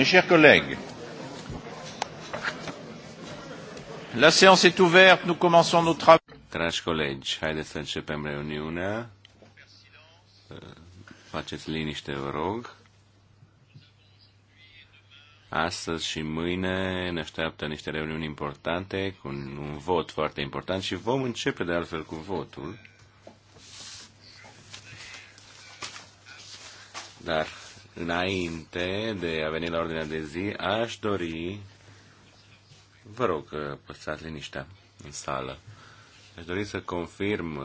Mes chers collègues, la séance est ouverte, nous commençons nos travaux. Dragi colegi, haideți să începem reuniunea. Uh, faceți liniște, vă rog. Astăzi și mâine ne așteaptă niște reuniuni importante, cu un vot foarte important și vom începe de altfel cu votul. Dar Înainte de a veni la ordinea de zi, aș dori, vă rog că păstrați liniștea în sală, aș dori să confirm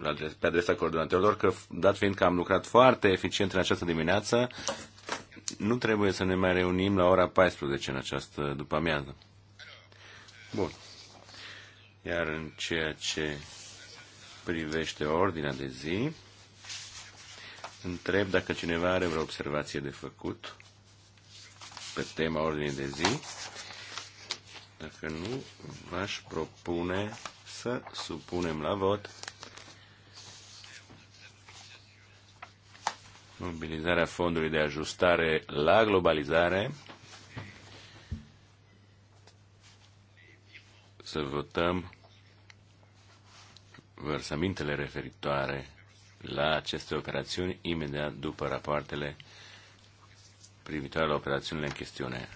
uh, pe adresa coordonatorilor că, dat fiind că am lucrat foarte eficient în această dimineață, nu trebuie să ne mai reunim la ora 14 în această după amiază. Bun. Iar în ceea ce privește ordinea de zi, întreb dacă cineva are vreo observație de făcut pe tema ordinii de zi. Dacă nu, v-aș propune să supunem la vot mobilizarea fondului de ajustare la globalizare. Să votăm Versamentele referitoare la aceste operațiuni imediat după rapoartele privitoare la operațiunile în chestiune.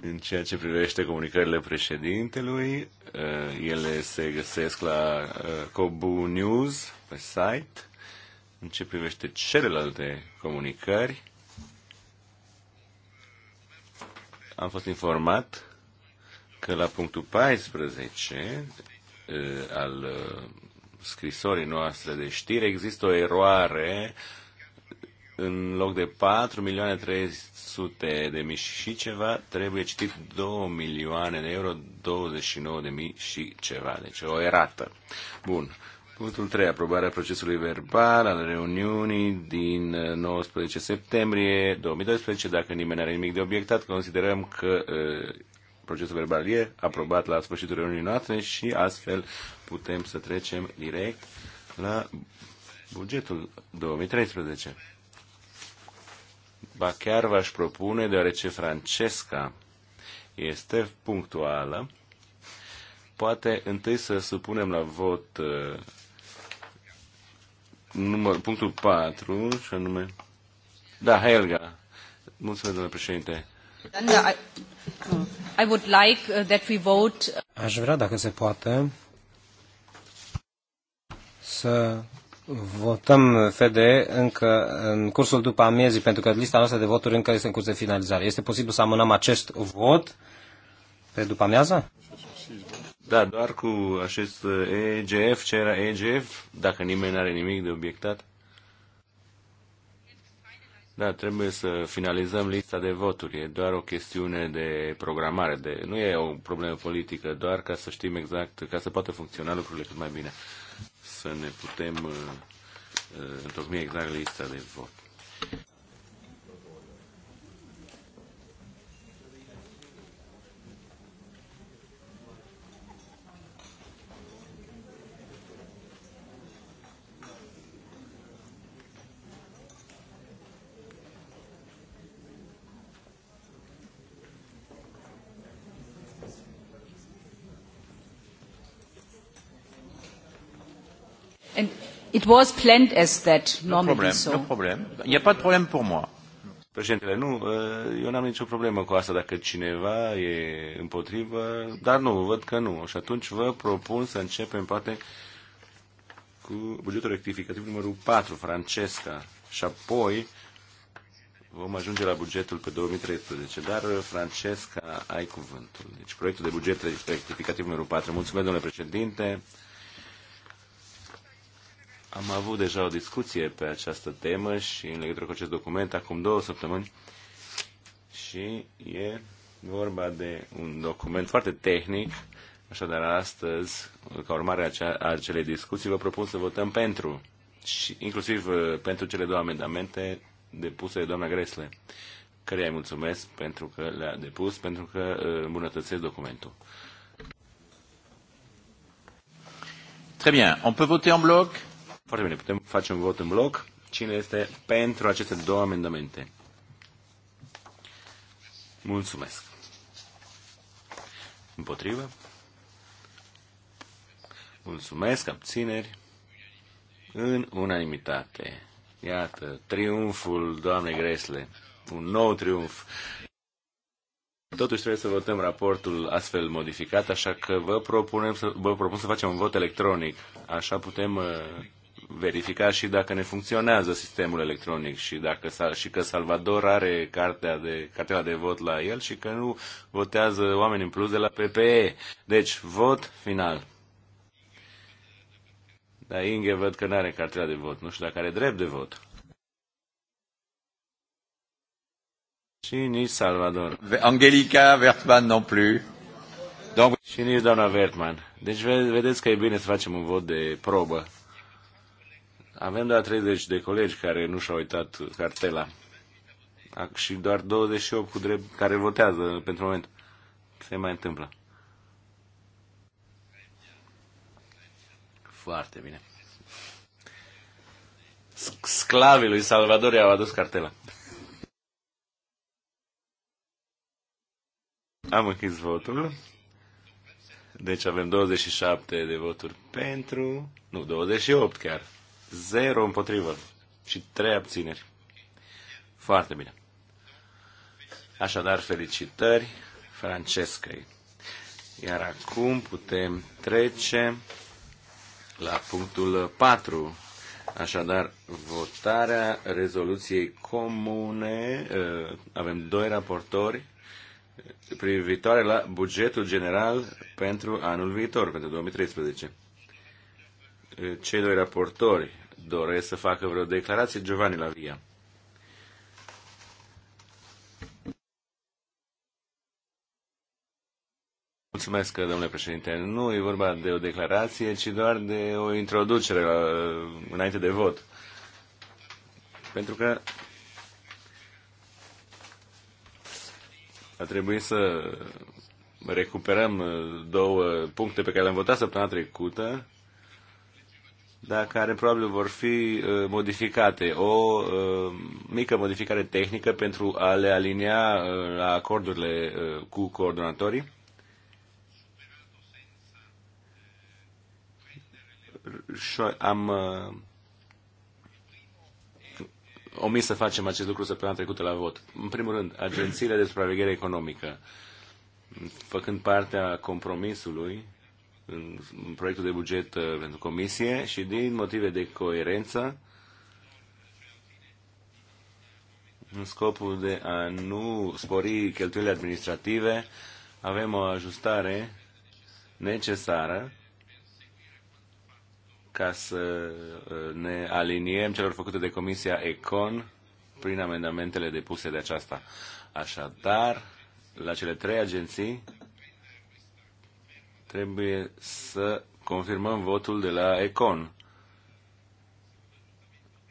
În ceea ce privește comunicările președintelui, eh, ele se găsesc la eh, Cobu News pe site. În ce privește celelalte comunicări, am fost informat că la punctul 14 Eh, al eh, scrisorii noastre de știri, există o eroare în loc de 4 milioane 300 de mii și ceva, trebuie citit 2 milioane de euro, 29 de mii și ceva. Deci o erată. Bun. Punctul 3. Aprobarea procesului verbal al reuniunii din 19 eh, septembrie 2012. Dacă nimeni are nimic de obiectat, considerăm că procesul verbal e aprobat la sfârșitul reuniunii noastre și astfel putem să trecem direct la bugetul 2013. Ba chiar v-aș propune, deoarece Francesca este punctuală, poate întâi să supunem la vot numărul uh, număr, punctul 4, și anume... Da, Helga. Mulțumesc, domnule președinte. I would like uh, that we vote. Uh, Aș vrea, dacă se poate, să votăm FDE încă în cursul după amiezii, pentru că lista noastră de voturi încă este în curs de finalizare. Este posibil să amânăm acest vot pe după amiază? Da, doar cu acest EGF, era EGF, dacă nimeni nu are nimic de obiectat. Da, trebuie să finalizăm lista de voturi. E doar o chestiune de programare. De... Nu e o problemă politică, doar ca să știm exact, ca să poată funcționa lucrurile cât mai bine. Să ne putem uh, uh întocmi exact lista de vot. It was planned as that, no problem, so. no problem. Il n'y a pas de problème pour moi. Președintele, nu, uh, eu n-am nicio problemă cu asta dacă cineva e împotrivă, dar nu, văd că nu. Și atunci vă propun să începem poate cu bugetul rectificativ numărul 4, Francesca, și apoi vom ajunge la bugetul pe 2013. Dar, uh, Francesca, ai cuvântul. Deci, proiectul de buget rectificativ numărul 4. Mulțumesc, domnule președinte. Am avut deja o discuție pe această temă și în legătură cu acest document acum două săptămâni și e vorba de un document foarte tehnic, așadar astăzi, ca urmare a acelei discuții, vă propun să votăm pentru, și inclusiv uh, pentru cele două amendamente depuse de doamna Gresle, care îi mulțumesc pentru că le-a depus, pentru că uh, îmbunătățesc documentul. Très bien, on peut voter en bloc foarte bine, putem face un vot în bloc. Cine este pentru aceste două amendamente? Mulțumesc. Împotrivă? Mulțumesc, abțineri. În unanimitate. Iată, triumful doamnei Gresle. Un nou triumf. Totuși trebuie să votăm raportul astfel modificat, așa că vă, propunem să, vă propun să facem un vot electronic. Așa putem uh, verifica și dacă ne funcționează sistemul electronic și, dacă, și că Salvador are cartea de, cartela de vot la el și că nu votează oameni în plus de la PPE. Deci, vot final. Dar Inge văd că nu are cartela de vot. Nu știu dacă are drept de vot. Și nici Salvador. Angelica Vertman non plus. Donc... Și nici doamna Vertman. Deci vedeți că e bine să facem un vot de probă. Avem doar 30 de colegi care nu și-au uitat cartela și doar 28 cu drept care votează pentru moment. Se mai întâmplă. Foarte bine. Sclavii lui Salvador i-au adus cartela. Am închis votul. Deci avem 27 de voturi pentru, nu, 28 chiar, 0 împotrivă și 3 abțineri. Foarte bine. Așadar, felicitări Francescăi. Iar acum putem trece la punctul 4. Așadar, votarea rezoluției comune. Eh, avem doi raportori eh, privitoare la bugetul general pentru anul viitor, pentru 2013 cei doi raportori doresc să facă vreo declarație. Giovanni la via. Mulțumesc, domnule președinte. Nu e vorba de o declarație, ci doar de o introducere la, uh, înainte de vot. Pentru că a trebuit să recuperăm uh, două puncte pe care le-am votat săptămâna trecută dar care probabil vor fi uh, modificate. O uh, mică modificare tehnică pentru a le alinia uh, la acordurile cu coordonatorii. Și am omis să facem acest lucru săptămâna trecută la vot. În primul rând, agențiile de supraveghere economică, făcând partea compromisului, în, proiectul de buget uh, pentru comisie și din motive de coerență în scopul de a nu spori cheltuielile administrative, avem o ajustare necesară ca să uh, ne aliniem celor făcute de Comisia ECON prin amendamentele depuse de aceasta. Așadar, la cele trei agenții trebuie să confirmăm votul de la Econ.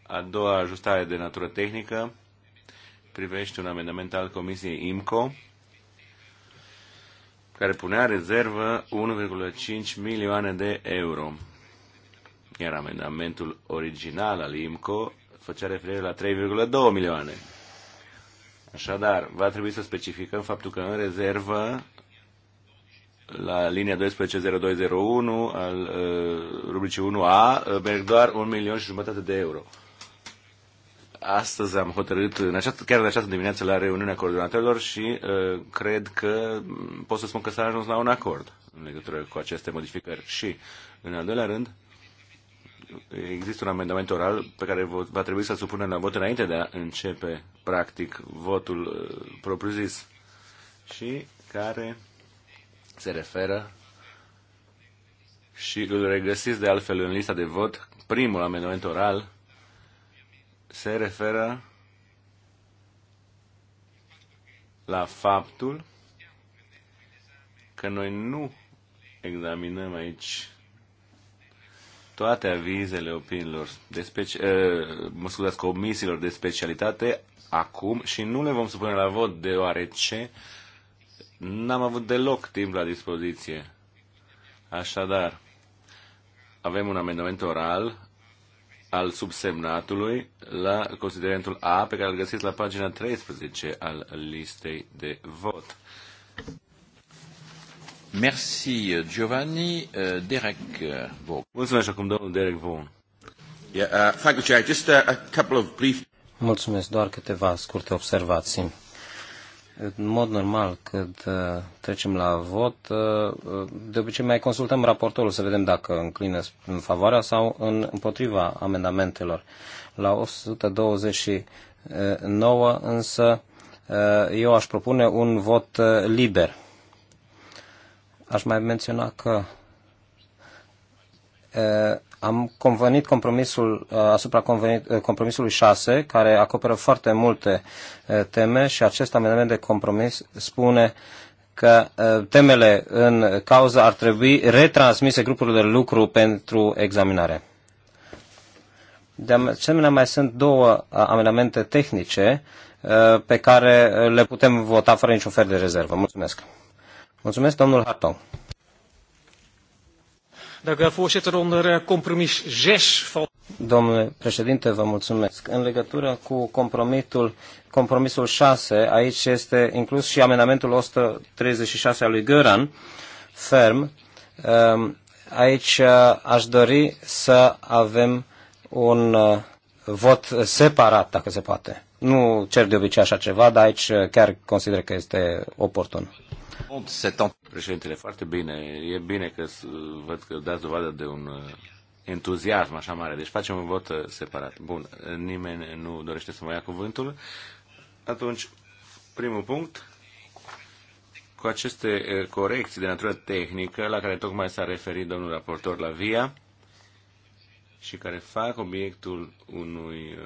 A doua ajustare de natură tehnică privește un amendament al Comisiei IMCO care punea rezervă 1,5 milioane de euro. Iar amendamentul original al IMCO făcea referire la 3,2 milioane. Așadar, va trebui să specificăm faptul că în rezervă la linia 120201 al uh, rubricii 1A uh, merg doar un milion și jumătate de euro. Astăzi am hotărât, în această, chiar în această dimineață, la reuniunea coordonatorilor și uh, cred că pot să spun că s-a ajuns la un acord în legătură cu aceste modificări. Și, în al doilea rând, există un amendament oral pe care va trebui să-l supunem la vot înainte de a începe, practic, votul uh, propriu-zis și care se referă și îl regăsiți de altfel în lista de vot, primul amendament oral se referă la faptul că noi nu examinăm aici toate avizele opinilor, de speci- uh, mă scuzați, comisiilor de specialitate acum și nu le vom supune la vot deoarece N-am avut deloc timp la dispoziție. Așadar, avem un amendament oral al subsemnatului la considerentul A, pe care îl găsiți la pagina 13 al listei de vot. Merci, Giovanni. Uh, Derek uh, Vaughan. Mulțumesc acum, domnul Derek Vaughan. Yeah, uh, thank you, Chair. Just a, uh, a couple of brief... Mulțumesc, doar câteva scurte observații. În mod normal, când uh, trecem la vot, uh, uh, de obicei mai consultăm raportorul să vedem dacă înclină în favoarea sau în împotriva amendamentelor. La 129 însă eu aș propune un vot liber. Aș mai menționa că am convenit compromisul uh, asupra convenit, uh, compromisului 6, care acoperă foarte multe uh, teme și acest amendament de compromis spune că temele în cauză ar trebui retransmise grupurilor de lucru pentru examinare. De asemenea, mai sunt două amendamente tehnice pe care le putem vota fără niciun fel de rezervă. Mulțumesc. Mulțumesc, domnul Hartong voorzitter. Onder eh, compromis 6 Domnule președinte, vă mulțumesc. În legătură cu compromisul, compromisul 6, aici este inclus și amendamentul 136 al lui Göran, ferm. Ehm, aici eh, aș dori să avem un eh, vot separat, dacă se poate. Nu cer de obicei așa ceva, dar aici chiar consider că este oportun. Președintele, foarte bine. E bine că văd că dați dovadă de un uh, entuziasm așa mare. Deci facem un vot uh, separat. Bun, nimeni nu dorește să mai ia cuvântul. Atunci, primul punct, cu aceste uh, corecții de natură tehnică la care tocmai s-a referit domnul raportor la VIA și care fac obiectul unui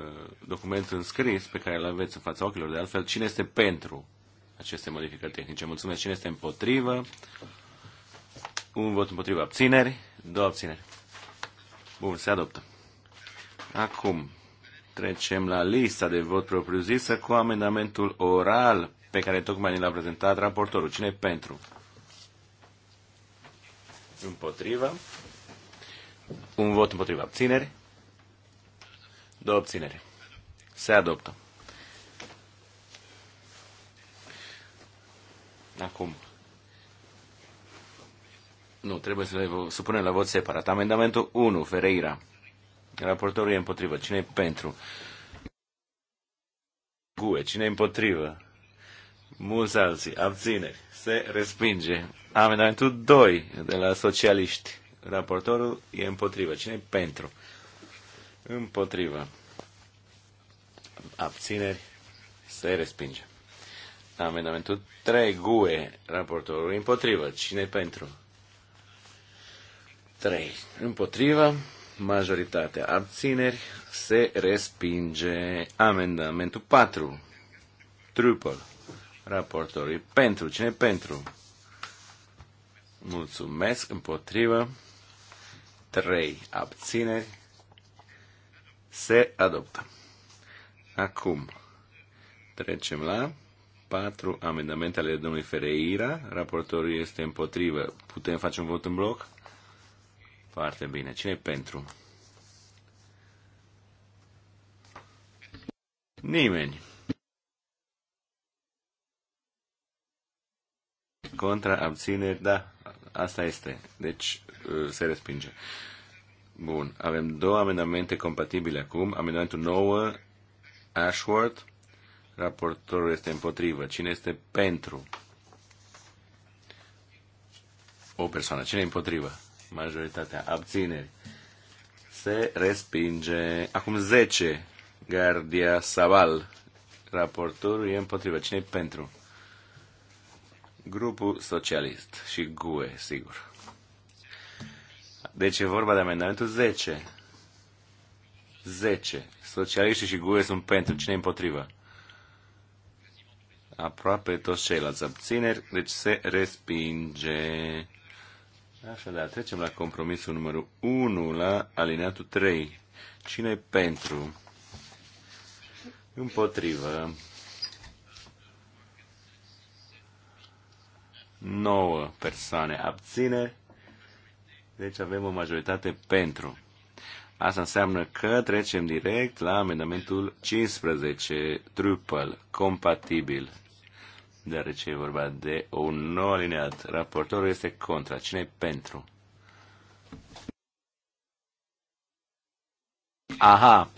document înscris pe care îl aveți în fața ochilor. De altfel, cine este pentru aceste modificări tehnice. Mulțumesc. Cine este împotrivă? Un vot împotrivă. Abțineri? Două abțineri. Bun, se adoptă. Acum trecem la lista de vot propriu-zisă cu amendamentul oral pe care tocmai ni l-a prezentat raportorul. Cine pentru? Împotrivă. Un vot împotrivă. abțineri. Două abțineri. Se adoptă. Acum. Nu, trebuie să le supunem la vot separat. Amendamentul 1, Ferreira. Raportorul e împotrivă. Cine e pentru? GUE, cine e împotrivă? Mulți alții, abțineri, se respinge. Amendamentul 2 de la socialiști. Raportorul e împotrivă. cine e pentru? Împotrivă. Abțineri, se respinge. Amendamentul 3, GUE, raportorului împotrivă. cine pentru? 3. Împotrivă, majoritatea abțineri, se respinge. Amendamentul 4, Triple, Raportorului pentru. Cine pentru? Mulțumesc, împotrivă, 3 abțineri, se adoptă. Acum, trecem la patru amendamente ale domnului Ferreira. Raportorul este împotrivă. Putem face un vot în bloc? Foarte bine. Cine e pentru? Nimeni. Contra, abțineri, da, asta este. Deci uh, se respinge. Bun, avem două amendamente compatibile acum. Amendamentul 9, Ashworth, Raportorul este împotrivă. Cine este pentru? O persoană. Cine e împotrivă? Majoritatea. Abțineri. Se respinge. Acum 10. Gardia Saval. Raportorul e împotrivă. Cine e pentru? Grupul Socialist și GUE, sigur. Deci e vorba de amendamentul 10. 10. Socialiștii și GUE sunt pentru. Cine e împotrivă? aproape toți ceilalți abțineri, deci se respinge. Așadar, trecem la compromisul numărul 1, la alineatul 3. Cine pentru? Împotrivă. 9 persoane abține, deci avem o majoritate pentru. Asta înseamnă că trecem direct la amendamentul 15, triple, compatibil deoarece e vorba de un nou alineat. Raportorul este contra. cine e pentru? Aha!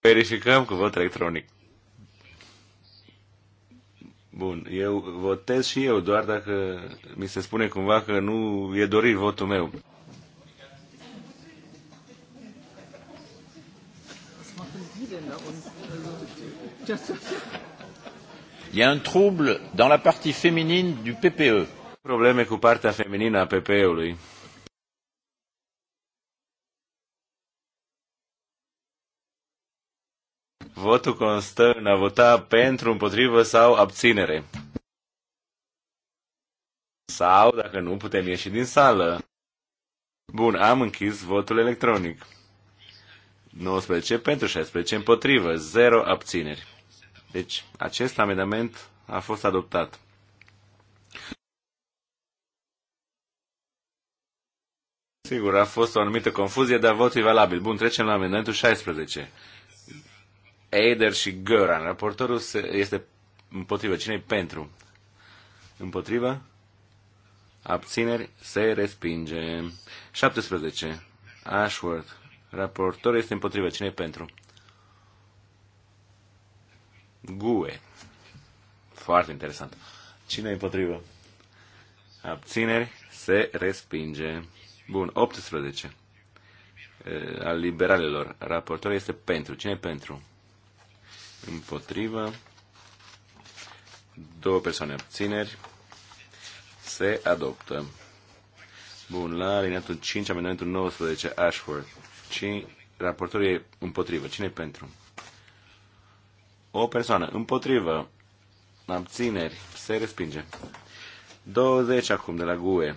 Verificăm cu vot electronic. Bun, eu votez și eu, doar dacă mi se spune cumva că nu e dorit votul meu. Da just, just. Il y a un trouble dans la partie féminine du PPE. Probleme cu partea feminină a PPE-ului. Votul constă în a vota pentru, împotrivă sau abținere. Sau, dacă nu, putem ieși din sală. Bun, am închis votul electronic. 19 pentru 16 împotrivă, 0 abțineri. Deci, acest amendament a fost adoptat. Sigur, a fost o anumită confuzie, dar votul e valabil. Bun, trecem la amendamentul 16. Eider și Göran. Raportorul este împotrivă. cine pentru? Împotrivă? Abțineri se respinge. 17. Ashworth. Raportorul este împotrivă. cine pentru? GUE. Foarte interesant. Cine e împotrivă? Abțineri se respinge. Bun, 18. Al liberalilor Raportorul este pentru. Cine e pentru? Împotrivă. Două persoane abțineri. Se adoptă. Bun, la alineatul 5, amendamentul 19, Ashworth. Cine, raportorul e împotrivă. Cine e pentru? o persoană. Împotrivă. Abțineri. Se respinge. 20 acum de la GUE.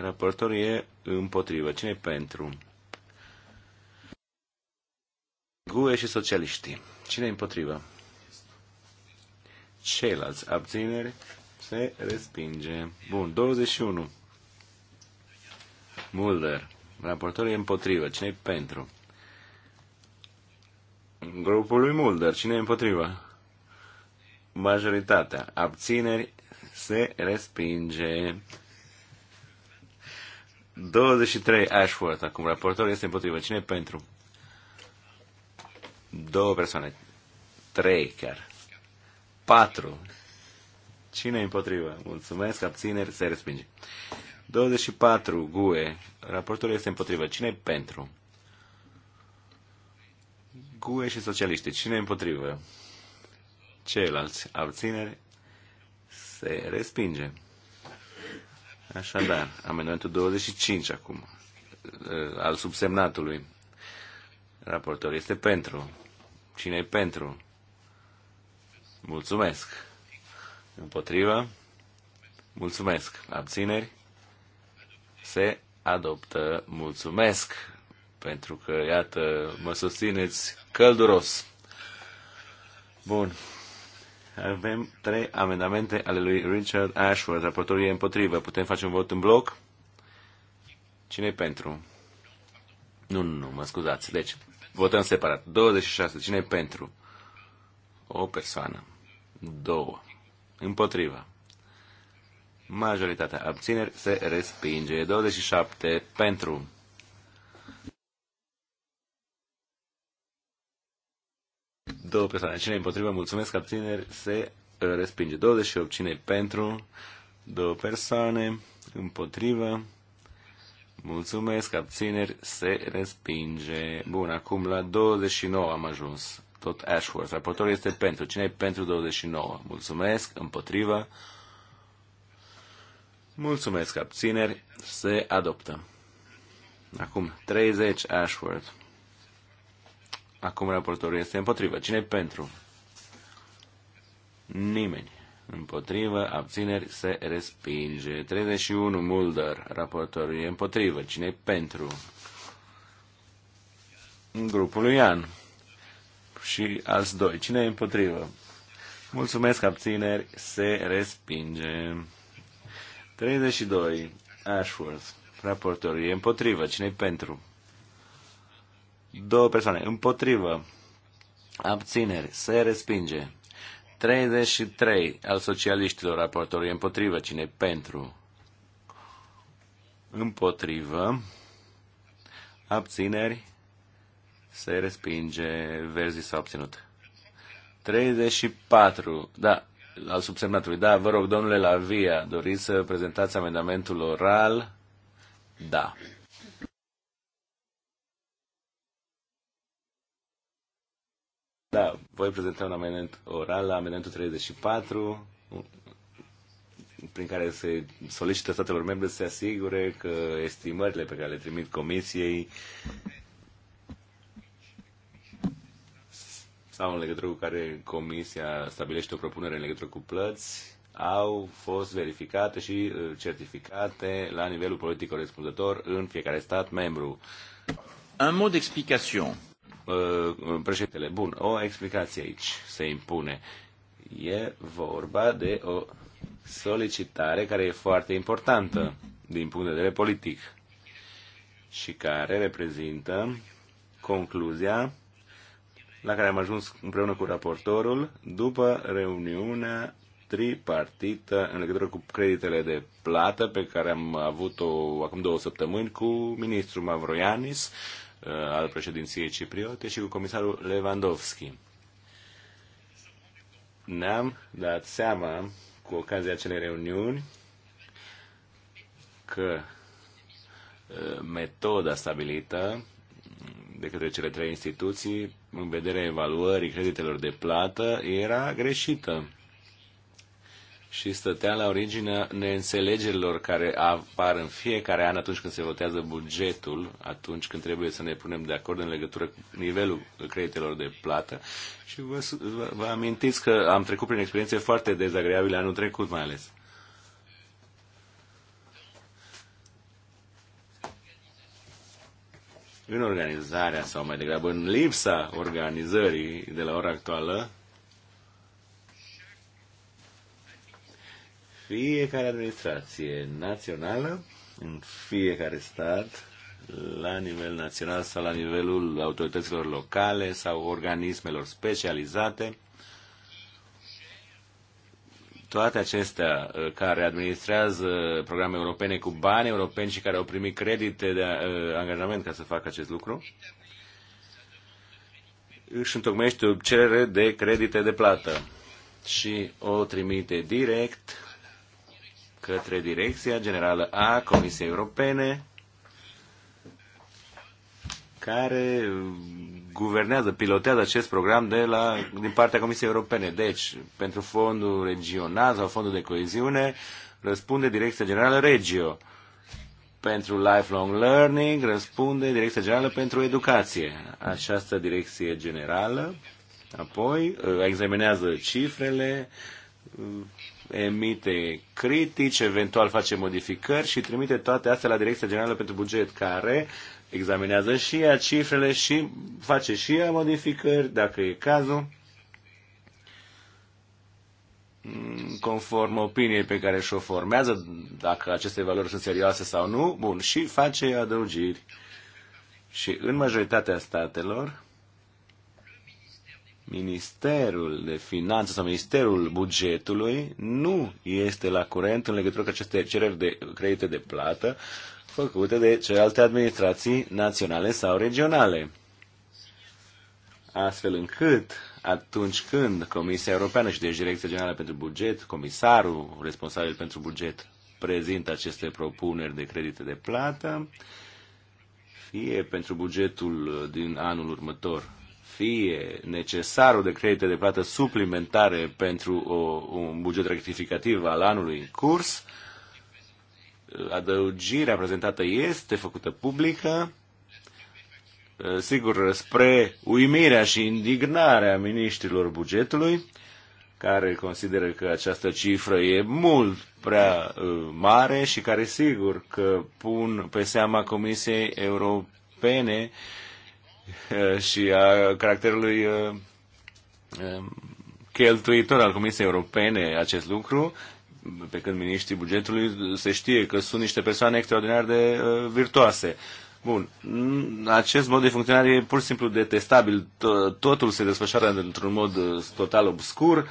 Raportorul e împotrivă. cine e pentru? GUE și socialiștii. cine e împotrivă? Ceilalți abțineri se respinge. Bun, 21. Mulder. Raportorul e împotrivă. cine e pentru? lui Mulder. Cine e împotriva? Majoritatea. Abțineri se respinge. 23 Ashworth. Acum raportorul este împotriva Cine e pentru? Două persoane. Trei chiar. Patru. Cine e împotriva? Mulțumesc. Abțineri se respinge. 24 GUE. Raportorul este împotriva Cine e pentru? GUE și socialiști. Cine împotrivă? Ceilalți abțineri se respinge. Așadar, amendamentul 25 acum, ă, al subsemnatului. Raportor este pentru. Cine e pentru? Mulțumesc. împotrivă Mulțumesc. Abțineri? Se adoptă. Mulțumesc pentru că, iată, mă susțineți călduros. Bun. Avem trei amendamente ale lui Richard Ashworth. Raportorul e împotrivă. Putem face un vot în bloc? cine pentru? Nu, nu, nu, mă scuzați. Deci, votăm separat. 26. cine pentru? O persoană. Două. Împotriva. Majoritatea abțineri se respinge. 27 pentru. 22 persoane. Cine împotrivă? Mulțumesc, abțineri. Se uh, respinge. 28. Cine pentru? Două persoane. Împotrivă. Mulțumesc, abțineri. Se respinge. Bun, acum la 29 am ajuns. Tot Ashworth. Raportorul este pentru. Cine e pentru 29? Mulțumesc. Împotrivă. Mulțumesc, abțineri. Se adoptă. Acum 30 Ashworth. Acum raportorul este împotrivă. cine pentru? Nimeni. Împotrivă, abțineri, se respinge. 31, Mulder. Raportorul e împotrivă. cine pentru? Grupul lui Ian. Și alți doi. Cine e împotrivă? Mulțumesc, abțineri, se respinge. 32, Ashworth. Raportorul e împotrivă. cine pentru? Două persoane. Împotrivă. Abțineri. Se respinge. 33 al socialiștilor raportorului împotrivă. Cine pentru? Împotrivă. Abțineri. Se respinge. verzi s-au obținut. 34. Da, al subsemnatului. Da, vă rog, domnule Lavia, doriți să prezentați amendamentul oral? Da. Da, voi prezenta un amendament oral la amendamentul 34, prin care se solicită statelor membre să se asigure că estimările pe care le trimit comisiei sau în legătură cu care comisia stabilește o propunere în legătură cu plăți au fost verificate și uh, certificate la nivelul politic corespunzător în fiecare stat membru. Un mot d'explication. Uh, președintele. Bun, o explicație aici se impune. E vorba de o solicitare care e foarte importantă din punct de vedere politic și care reprezintă concluzia la care am ajuns împreună cu raportorul după reuniunea tripartită în legătură cu creditele de plată pe care am avut-o acum două săptămâni cu ministrul Mavroianis Uh, al președinției cipriote și cu comisarul Lewandowski. Ne-am dat seama, cu ocazia acelei reuniuni, că uh, metoda stabilită de către cele trei instituții în vederea evaluării creditelor de plată era greșită și stătea la originea neînțelegerilor care apar în fiecare an atunci când se votează bugetul, atunci când trebuie să ne punem de acord în legătură cu nivelul creditelor de plată. Și vă, vă, vă amintiți că am trecut prin experiențe foarte dezagreabile anul trecut mai ales. În organizarea, sau mai degrabă în lipsa organizării de la ora actuală, fiecare administrație națională, în fiecare stat, la nivel național sau la nivelul autorităților locale sau organismelor specializate, toate acestea uh, care administrează programe europene cu bani europeni și care au primit credite de uh, angajament ca să facă acest lucru, își întocmește o cerere de credite de plată și o trimite direct către Direcția Generală a Comisiei Europene, care guvernează, pilotează acest program de la, din partea Comisiei Europene. Deci, pentru fondul regional sau fondul de coeziune, răspunde Direcția Generală Regio. Pentru Lifelong Learning răspunde Direcția Generală pentru Educație. Această direcție generală apoi examinează cifrele emite critici, eventual face modificări și trimite toate astea la Direcția Generală pentru Buget, care examinează și ea cifrele și face și ea modificări, dacă e cazul, mm, conform opiniei pe care și-o formează, dacă aceste valori sunt serioase sau nu, bun, și face adăugiri. Și în majoritatea statelor, Ministerul de Finanțe sau Ministerul Bugetului nu este la curent în legătură cu aceste cereri de credite de plată făcute de celelalte administrații naționale sau regionale. Astfel încât, atunci când Comisia Europeană și deci Direcția Generală pentru Buget, comisarul responsabil pentru buget, prezintă aceste propuneri de credite de plată, fie pentru bugetul din anul următor, fie necesar o de de plată suplimentare pentru o, un buget rectificativ al anului în curs. Adăugirea prezentată este făcută publică, sigur, spre uimirea și indignarea ministrilor bugetului, care consideră că această cifră e mult prea uh, mare și care sigur că pun pe seama Comisiei Europene uh, Eh, și a caracterului eh, eh, cheltuitor al Comisiei Europene acest lucru, pe când miniștrii bugetului se știe că sunt niște persoane extraordinar de virtuoase. Bun, mm, acest mod de funcționare e pur și simplu detestabil, totul se desfășoară într-un mod total obscur,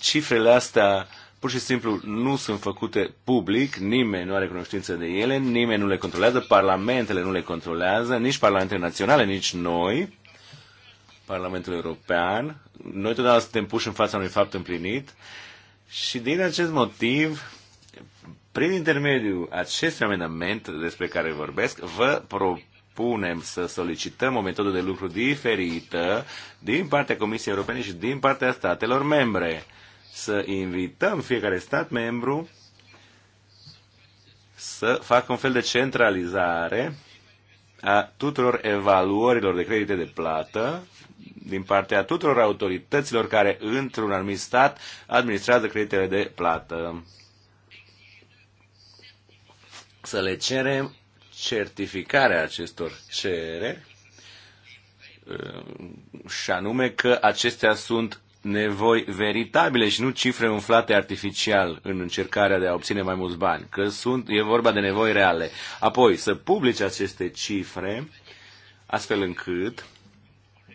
cifrele astea uh, pur și simplu nu sunt făcute public, nimeni nu are cunoștință de ele, nimeni nu le controlează, parlamentele nu le controlează, nici parlamentele naționale, nici noi, Parlamentul European. Noi totdeauna suntem puși în fața unui fapt împlinit și din acest motiv, prin intermediul acestui amendament despre care vorbesc, vă propun punem să solicităm o metodă de lucru diferită din partea Comisiei Europene și din partea statelor membre să invităm fiecare stat membru să facă un fel de centralizare a tuturor evaluărilor de credite de plată din partea tuturor autorităților care într-un anumit stat administrează creditele de plată. Să le cerem certificarea acestor cereri și anume că acestea sunt nevoi veritabile și nu cifre umflate artificial în încercarea de a obține mai mulți bani, că sunt, e vorba de nevoi reale. Apoi, să publice aceste cifre astfel încât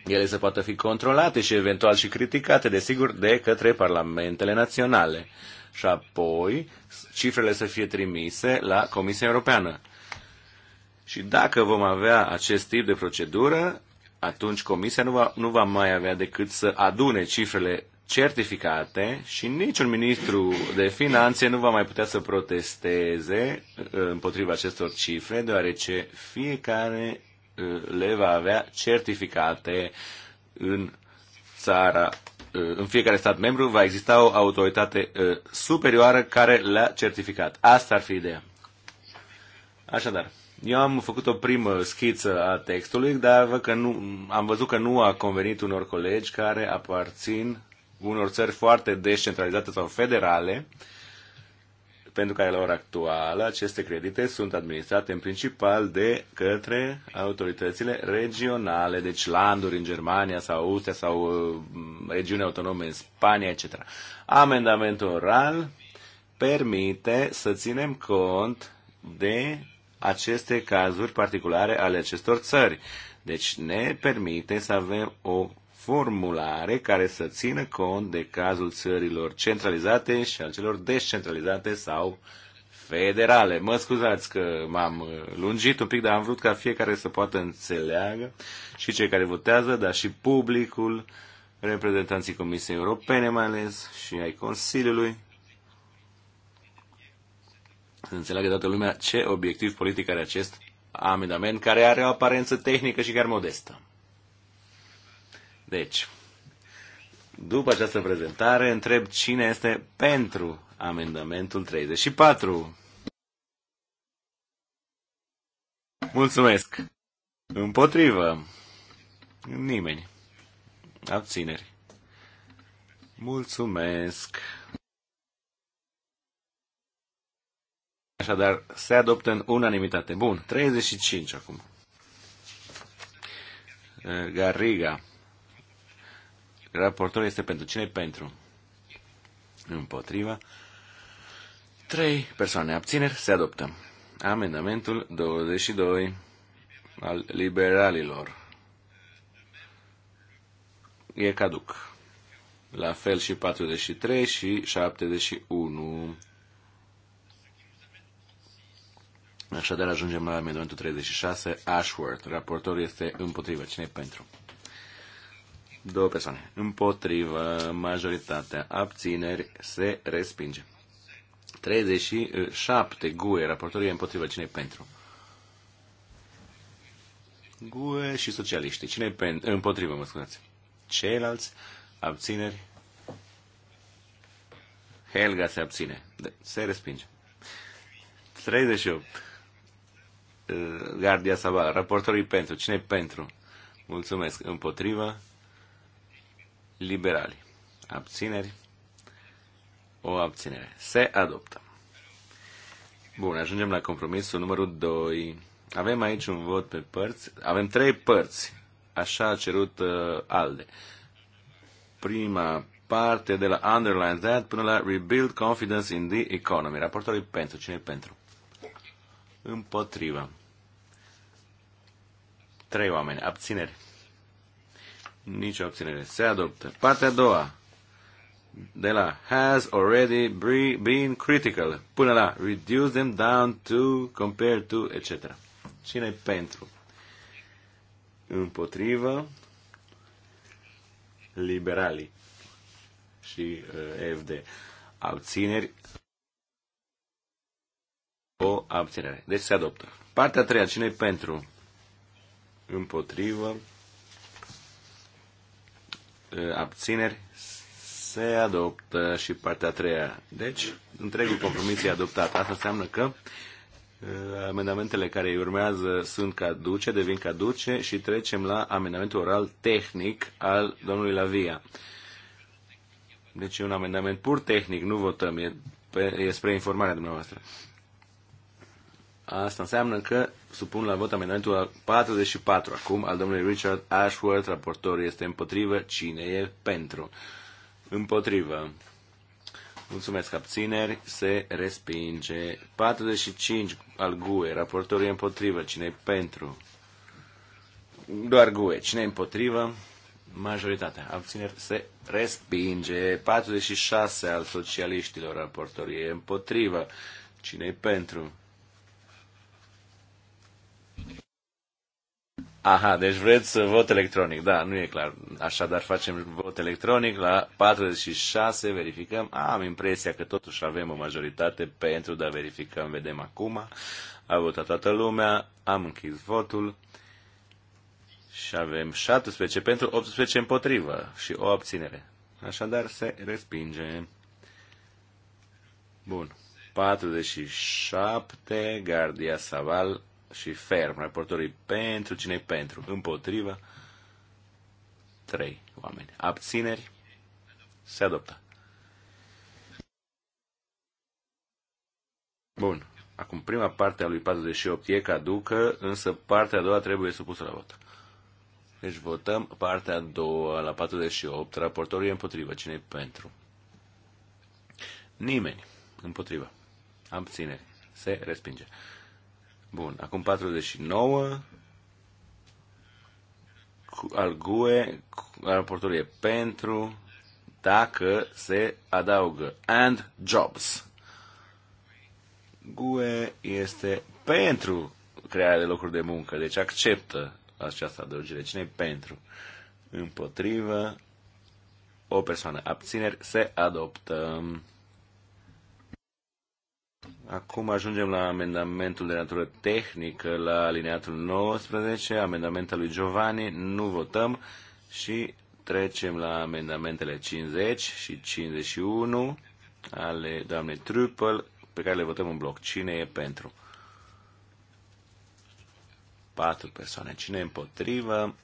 ele să poată fi controlate și eventual și criticate, desigur, de către parlamentele naționale. Și apoi, cifrele să fie trimise la Comisia Europeană. Și dacă vom avea acest tip de procedură, atunci Comisia nu va, nu va mai avea decât să adune cifrele certificate și niciun ministru de finanțe nu va mai putea să protesteze uh, împotriva acestor cifre, deoarece fiecare uh, le va avea certificate în țara uh, în fiecare stat membru va exista o autoritate superioară care le-a certificat. Asta ar fi ideea. Așadar, eu am făcut o primă schiță a textului, dar văd că nu, am văzut că nu a convenit unor colegi care aparțin unor țări foarte descentralizate sau federale, pentru care la ora actuală aceste credite sunt administrate în principal de către autoritățile regionale, deci landuri în Germania sau Austria sau uh, regiuni autonome în Spania, etc. Amendamentul oral permite să ținem cont de aceste cazuri particulare ale acestor țări. Deci ne permite să avem o formulare care să țină cont de cazul țărilor centralizate și al celor descentralizate sau federale. Mă scuzați că m-am uh, lungit un pic, dar am vrut ca fiecare să poată înțeleagă și cei care votează, dar și publicul, reprezentanții Comisiei Europene mai ales și ai Consiliului să înțeleagă toată lumea ce obiectiv politic are acest amendament, care are o aparență tehnică și chiar modestă. Deci, după această prezentare, întreb cine este pentru amendamentul 34. Mulțumesc! Împotrivă! Nimeni. Abțineri. Mulțumesc! Așadar, se adoptă în unanimitate. Bun, 35 acum. Eh, Garriga. Raportorul este pentru cine pentru? Împotriva. Trei persoane abțineri se adoptă. Amendamentul 22 al liberalilor. E caduc. La fel și 43 și 71. Așadar ajungem la amendamentul 36, Ashworth. Raportor este împotrivă. cine pentru? Două persoane. Împotrivă, majoritatea. Abțineri se respinge. 37, GUE. Raportorul e împotrivă. cine pentru? GUE și socialiștii. cine pentru? Împotrivă, mă scuzați. Ceilalți, abțineri. Helga se abține. Se respinge. 38. Uh, Gardia Sabal, raportorii pentru. cine pentru? Mulțumesc. Împotrivă. Liberali. Abțineri. O abținere. Se adoptă. Bun, ajungem la compromisul numărul 2. Avem aici un vot pe părți. Avem trei părți. Așa a cerut uh, ALDE. Prima parte de la Underline That până la Rebuild Confidence in the Economy. Raportorul pentru. cine pentru? Împotrivă trei oameni. Abțineri. Nici o abținere. Se adoptă. Partea a doua. De la has already been critical până la reduce them down to, compare to, etc. cine e pentru? Împotrivă liberalii și uh, FD. Abțineri. O abținere. Deci se adoptă. Partea a treia. cine e pentru? împotrivă, abțineri, se adoptă și partea a treia. Deci, întregul compromis e adoptat. Asta înseamnă că amendamentele care urmează sunt caduce, devin caduce și trecem la amendamentul oral tehnic al domnului Lavia. Deci e un amendament pur tehnic, nu votăm, e, pe, e spre informarea dumneavoastră. Asta înseamnă că supun la vot amendamentul 44 acum al domnului Richard Ashworth. raportor, este împotrivă. Cine e pentru? Împotrivă. Mulțumesc, abțineri, se respinge. 45 al GUE, raportorul e împotrivă, cine e pentru? Doar GUE, cine e împotrivă? Majoritatea, abțineri, se respinge. 46 al socialiștilor, raportorul e împotrivă, cine e pentru? Aha, deci vreți vot electronic. Da, nu e clar. Așadar facem vot electronic la 46, verificăm. am impresia că totuși avem o majoritate pentru, dar verificăm, vedem acum. A votat toată lumea, am închis votul și avem 17 pentru, 18 împotrivă și o abținere. Așadar se respinge. Bun. 47, Gardia Saval și ferm. Raportorii pentru, cine pentru? Împotrivă. trei oameni. Abțineri. Se adoptă. Bun. Acum, prima parte a lui 48 e caducă, însă partea a doua trebuie supusă la vot. Deci votăm partea a doua la 48. Raportorul e împotrivă. cine e pentru? Nimeni. Împotrivă. Abțineri. Se respinge. Bun, acum 49 al GUE, raportul e pentru dacă se adaugă and jobs. GUE este pentru crearea de locuri de muncă, deci acceptă această adăugire. Cine e pentru? Împotrivă, o persoană abțineri, se adoptă. Acum ajungem la amendamentul de natură tehnică, la alineatul 19, amendamentul lui Giovanni, nu votăm și trecem la amendamentele 50 și 51 ale doamnei Trupel, pe care le votăm în bloc. Cine e pentru? Patru persoane. Cine e împotrivă?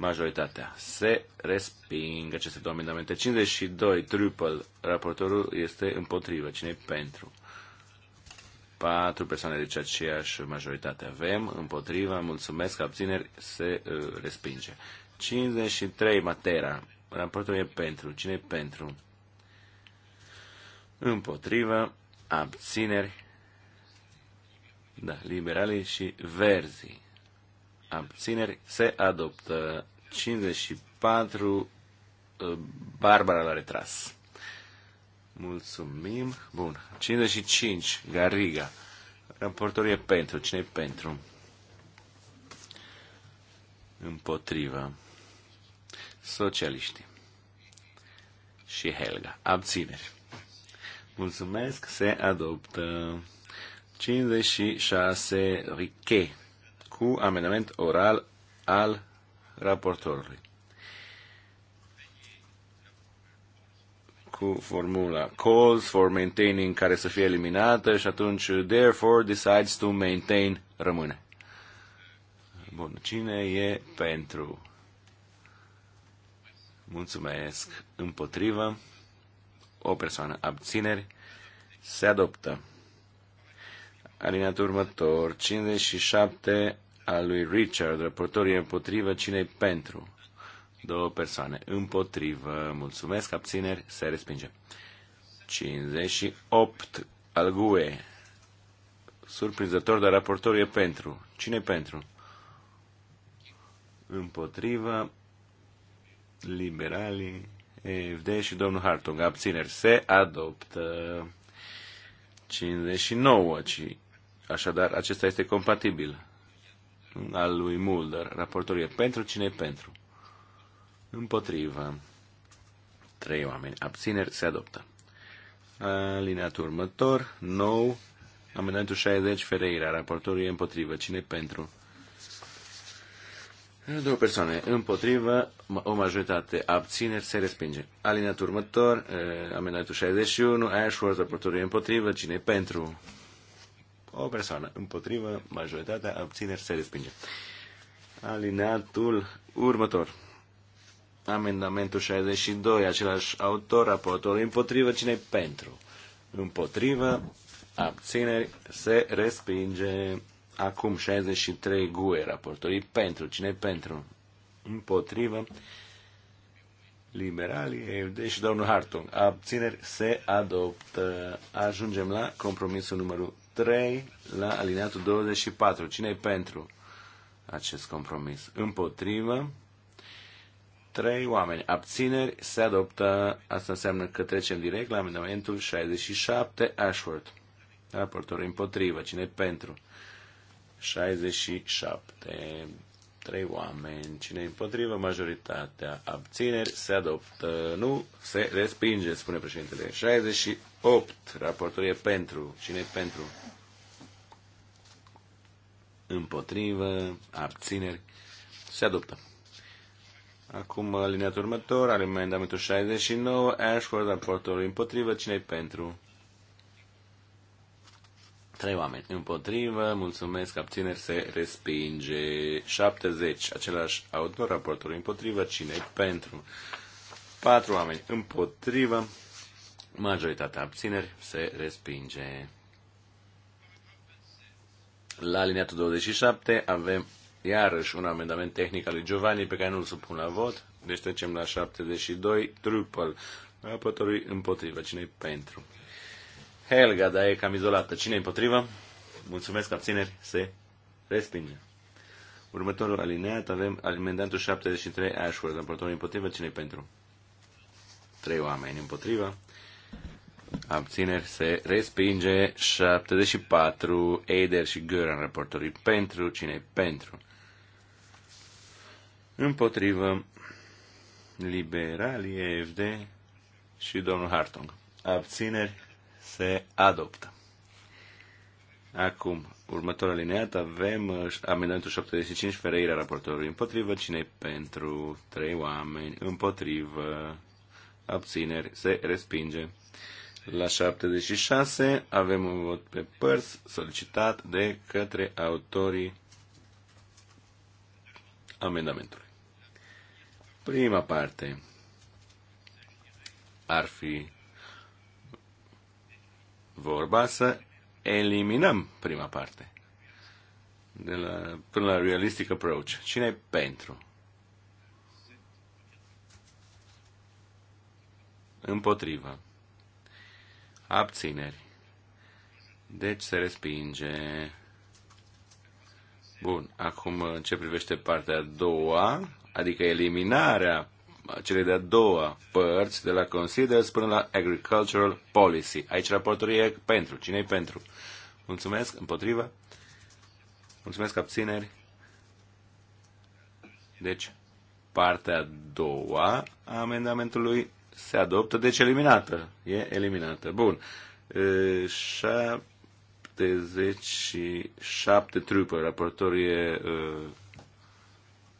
majoritatea. Se resping aceste două amendamente. 52, triple, raportorul este împotrivă. Cine pentru? Patru persoane, de deci aceeași majoritate avem. Împotriva, mulțumesc, abțineri, se uh, respinge. 53, Matera. Raportul e pentru. cine e pentru? împotriva abțineri, da, liberalii și verzi. abțineri se adoptă 54, uh, Barbara l-a retras. Mulțumim. Bun. 55, Gariga. Raportorie pentru. Cine pentru? Împotriva. Socialiștii. Și Helga. Abțineri. Mulțumesc. Se adoptă. 56 Riche cu amendament oral al raportorului. cu formula calls for maintaining care să fie eliminată și atunci therefore decides to maintain rămâne. Bun, cine e pentru? Mulțumesc. Împotrivă. O persoană. Abțineri. Se adoptă. Alineatul următor. 57 al lui Richard, raportorii împotrivă, cine pentru? Două persoane împotrivă, mulțumesc, abțineri, se respinge. 58 al GUE. Surprinzător, dar raportorul e pentru. cine pentru? Împotrivă, liberalii, EFD și domnul Hartung. Abțineri se adoptă. 59, așadar acesta este compatibil al lui Mulder, raportorie pentru cine e pentru. Împotrivă. Trei oameni. Abțineri se adoptă. Alineat următor, nou, amendamentul 60, Ferreira, raportorul e împotrivă. cine pentru? Două persoane împotrivă, o majoritate abțineri se respinge. Alineat următor, eh, amendamentul 61, Ashworth, raportorul e împotrivă. cine pentru? o persoană. Împotrivă, majoritatea, abțineri, se respinge. Alineatul următor. Amendamentul 62, același autor, raportor, împotrivă, cine pentru? Împotrivă, abțineri, se respinge. Acum 63 GUE, raportorii pentru, cine pentru? Împotrivă, liberalii, deși domnul Hartung. Abțineri se adoptă. Ajungem la compromisul numărul 3 la alineatul 24. cine e pentru acest compromis? Împotrivă. 3 oameni. Abțineri se adoptă. Asta înseamnă că trecem direct la amendamentul 67 Ashworth. Raportor împotrivă. Cine e pentru? 67 trei oameni, cine împotrivă, majoritatea abțineri, se adoptă, nu se respinge, spune președintele. 68, raportul e pentru, cine e pentru? Împotrivă, abțineri, se adoptă. Acum, alineatul următor, alimentamentul 69, Ashford, raportul împotrivă, cine e pentru? Trei oameni. Împotrivă, mulțumesc, abțineri, se respinge. 70, același autor raportului. Împotrivă, cine pentru? Patru oameni. Împotrivă, majoritatea abțineri, se respinge. La liniatul 27 avem iarăși un amendament tehnic al lui Giovanni pe care nu-l supun la vot. Deci trecem la 72, trupăl. Raportorului împotrivă, cine pentru? Helga, da e cam izolată. Cine împotrivă? Mulțumesc, abțineri, se respinge. Următorul alineat avem alimentantul 73 Ashworth, raportorul împotrivă, cine pentru? Trei oameni împotrivă. Abțineri se respinge 74 Eder și Göran raportorii pentru, cine pentru? Împotrivă liberalii EFD și domnul Hartung. Abțineri se adoptă. Acum, următoarea alineată, avem uh, amendamentul 75, Ferreira, raportorului împotrivă, cine pentru, trei oameni, împotrivă, abțineri, se respinge. La 76 avem un vot pe părți solicitat de către autorii amendamentului. Prima parte ar fi vorba să eliminăm prima parte. De la, până la realistic approach. Cine e pentru? Împotriva. Abțineri. Deci se respinge. Bun, acum în ce privește partea a doua, adică eliminarea cele de-a doua părți, de la Considers până la Agricultural Policy. Aici raportul e pentru. cine e pentru? Mulțumesc. Împotrivă? Mulțumesc. Abțineri? Deci, partea a doua a amendamentului se adoptă, deci eliminată. E eliminată. Bun. 77 trooper, raportor e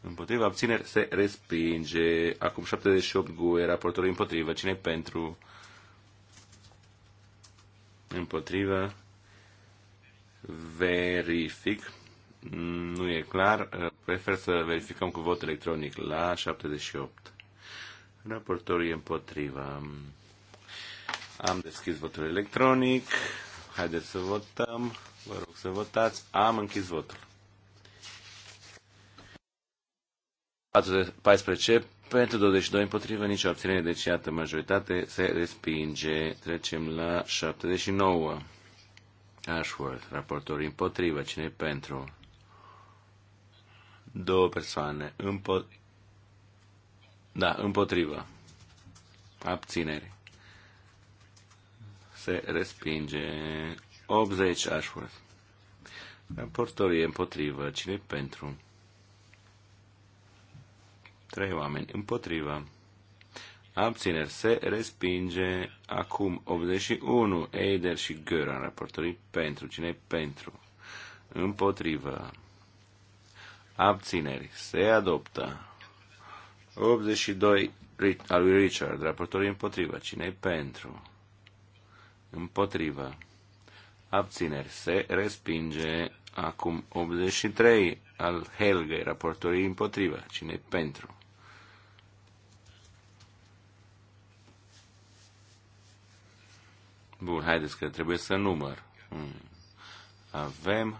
Împotriva abțineri se respinge. Acum 78 GUE, raportorul împotrivă. cine pentru? Împotrivă. Verific. Nu e clar. Prefer să verificăm cu vot electronic la 78. Raportorul e împotriva. Am deschis votul electronic. Haideți să votăm. Vă rog să votați. Am închis votul. 14 pentru 22 împotrivă, nicio abținere, deci iată, majoritate se respinge. Trecem la 79. Ashworth, raportor împotrivă, cine pentru? Două persoane. Împo... Da, împotrivă. Abțineri. Se respinge. 80 Ashworth. Raportorii împotrivă, cine pentru? Trei oameni împotriva. Abțineri se respinge. Acum 81. Eider și Göran, raportorii pentru. cine pentru? Împotrivă. Abțineri se adoptă. 82 al lui Richard, raportorii împotrivă. cine pentru? Împotrivă. Abțineri se respinge. Acum 83 al Helgei, raportorii împotrivă. cine pentru? Bun, haideți că trebuie să număr. Hmm. Avem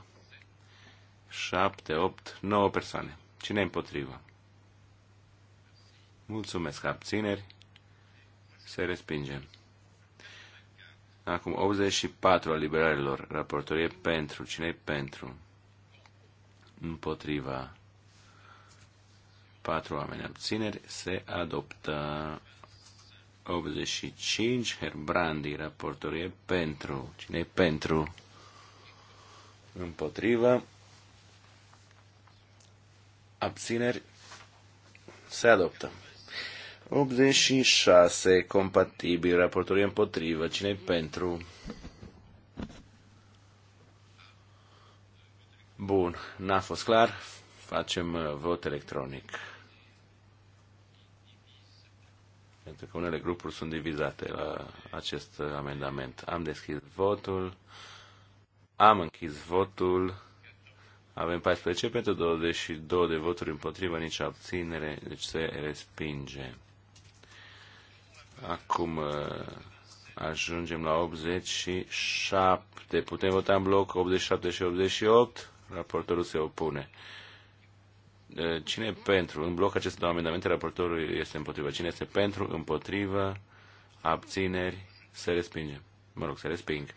7, 8, 9 persoane. Cine e împotrivă? Mulțumesc, abțineri. Se respinge. Acum 84 al liberalilor. Raportorie pentru. cine e pentru? Împotriva. Patru oameni abțineri. Se adoptă 85, Herbrandi, raportorie pentru. Cine pentru? Împotrivă. Abțineri. Se adoptă. 86, compatibil, raportorie împotrivă. Cine pentru? Bun, n-a fost clar. Facem uh, vot electronic. pentru că unele grupuri sunt divizate la acest amendament. Am deschis votul, am închis votul, avem 14 pentru 22 de voturi împotriva, nici abținere, deci se respinge. Acum uh, ajungem la 87. Putem vota în bloc 87 și 88? Raportorul se opune. Eh, cine e pentru? În bloc aceste două amendamente, raportorul este împotrivă. Cine este pentru? Împotrivă. Abțineri. Se respinge. Mă rog, se resping.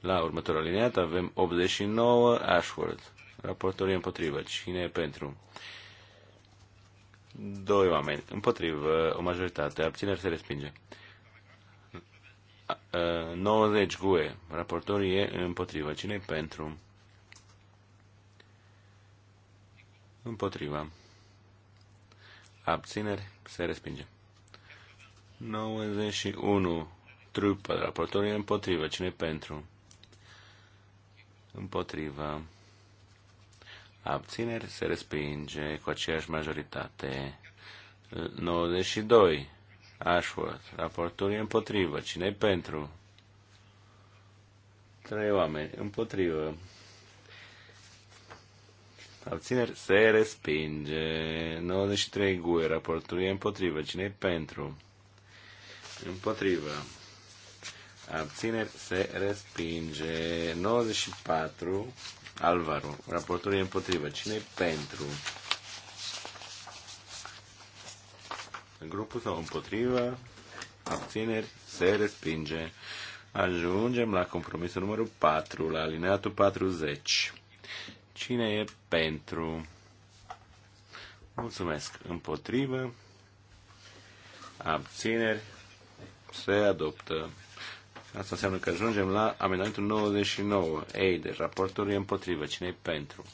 La următoarea alineată avem 89 Ashworth. Raportorul e împotrivă. Cine e pentru? Doi oameni. Împotrivă. O majoritate. Abțineri se respinge. 90 GUE. Raportorul e împotrivă. Cine e pentru? Împotriva. Abțineri. Se respinge. 91. Trupă de raportorii. Împotriva. Cine pentru? Împotriva. Abțineri se respinge cu aceeași majoritate. 92. Ashworth. Raportorii. Împotriva. împotrivă. cine pentru? Trei oameni. Împotriva abțineri, se respinge. 93 gui. raportul e împotrivă. cine e pentru? Împotrivă. Abțineri, se respinge. 94 Alvaro, raportul e împotrivă. cine e pentru? Grupul sau împotrivă? Abțineri, se respinge. Ajungem la compromisul numărul 4, la alineatul 40. Cine e pentru? Mulțumesc. Împotrivă. Abțineri. Se adoptă. Asta înseamnă că ajungem la amendamentul 99. Ei, de raportul e împotrivă. Cine e pentru?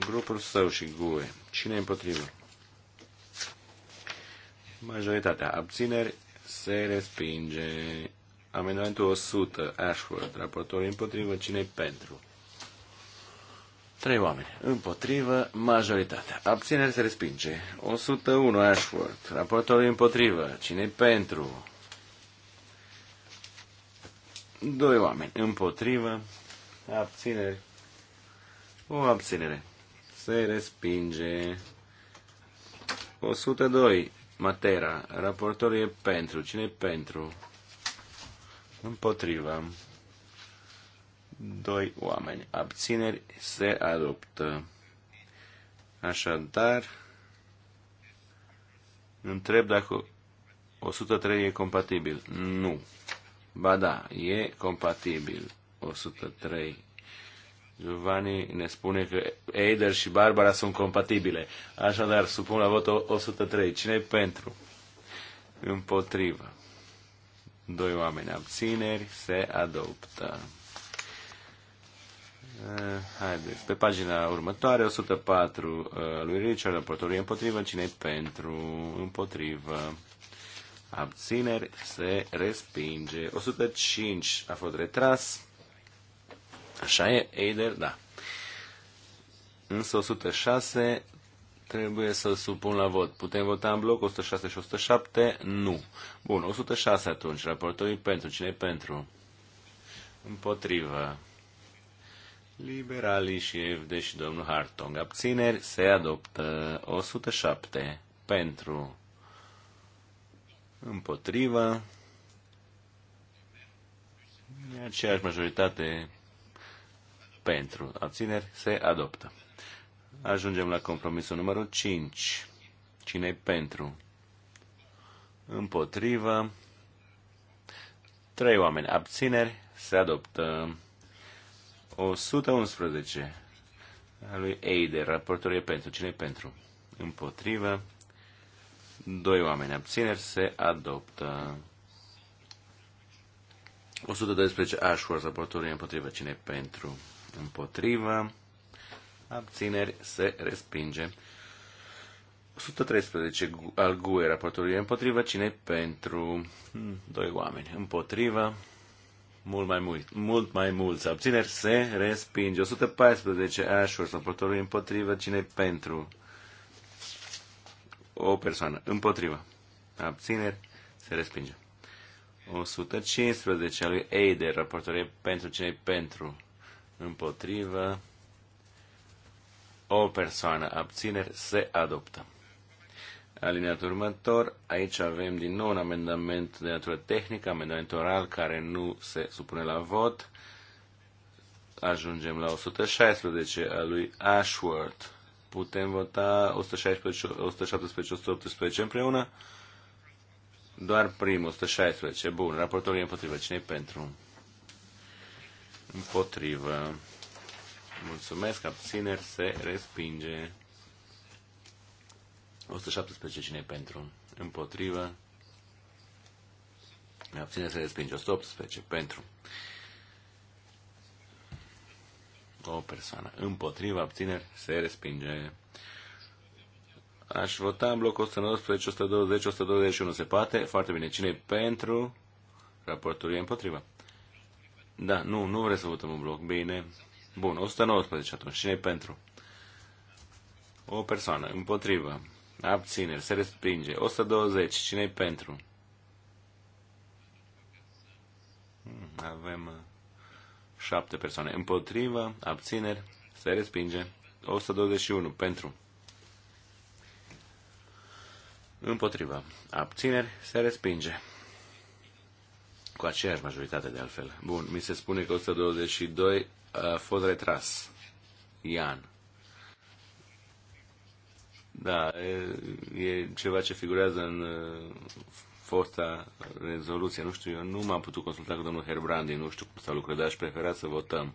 Grupul său și GUE. Cine e împotrivă? Majoritatea. Abțineri se respinge. Amendamentul 100. Ashford. Raportul e împotrivă. Cine e pentru? Trei oameni. Împotrivă, majoritatea. Abțineri se respinge. 101 Ashford. Raportorul împotrivă. cine pentru? Doi oameni. Împotrivă. Abțineri. O abținere. Se respinge. 102. Matera. Raportorul e pentru. cine pentru? Împotrivă doi oameni. Abțineri se adoptă. Așadar, întreb dacă 103 e compatibil. Nu. Ba da, e compatibil 103. Giovanni ne spune că Eider și Barbara sunt compatibile. Așadar, supun la vot 103. cine pentru? Împotrivă. Doi oameni abțineri se adoptă. Eh, haideți, pe pagina următoare, 104 eh, lui Richard, raportorul împotrivă, cine pentru, împotrivă, abțineri, se respinge. 105 a fost retras, așa e, Eider, da. Însă 106 trebuie să supun la vot. Putem vota în bloc 106 și 107? Nu. Bun, 106 atunci, raportorii pentru, cine pentru? Împotrivă. Liberalii și FD și domnul Hartong. Abțineri se adoptă 107 pentru împotriva e aceeași majoritate pentru abțineri se adoptă. Ajungem la compromisul numărul 5. cine pentru? Împotriva. Trei oameni abțineri se adoptă. 111 a lui Eider, raportul e pentru. Cine e pentru? Împotrivă. Doi oameni abțineri se adoptă. 112 Ashworth, raportul e împotrivă. Cine e pentru? Împotrivă. Abțineri se respinge. 113 al GUE, raportul e împotrivă. Cine e pentru? Doi oameni. Împotrivă mult mai mult, mult mai mulți abțineri, se respinge. 114 Ashworth, raportorul împotrivă, cine pentru? O persoană, împotrivă. Abțineri, se respinge. 115 a lui Eider, raportorul pentru, cine pentru? Împotrivă. O persoană, abțineri, se adoptă alineat următor, aici avem din nou un amendament de natură tehnică, amendament oral care nu se supune la vot. Ajungem la 116 a lui Ashworth. Putem vota 116, 117, 118 împreună? Doar primul, 116. Bun, raportorul e împotrivă. cine pentru? Împotrivă. Mulțumesc, abțineri, se respinge. 117 cine pentru? Împotrivă. Abține se respinge. 118 pentru. O persoană. Împotriva abțineri se respinge. Aș vota în bloc 119, 120, 121 se poate. Foarte bine. cine pentru? Raportul e împotriva. Da, nu, nu vreți să votăm în bloc. Bine. Bun, 119 atunci. cine pentru? O persoană. Împotriva. Abțineri. Se respinge. 120. Cine-i pentru? Avem uh, șapte persoane. Împotrivă. Abțineri. Se respinge. 121. Pentru. Împotrivă. Abțineri. Se respinge. Cu aceeași majoritate, de altfel. Bun. Mi se spune că 122 uh, a fost retras. Ian. Da, e, e ceva ce figurează în uh, fosta rezoluție. Nu știu, eu nu m-am putut consulta cu domnul Herbrandi, nu știu cum s-a lucrat, dar aș prefera să votăm.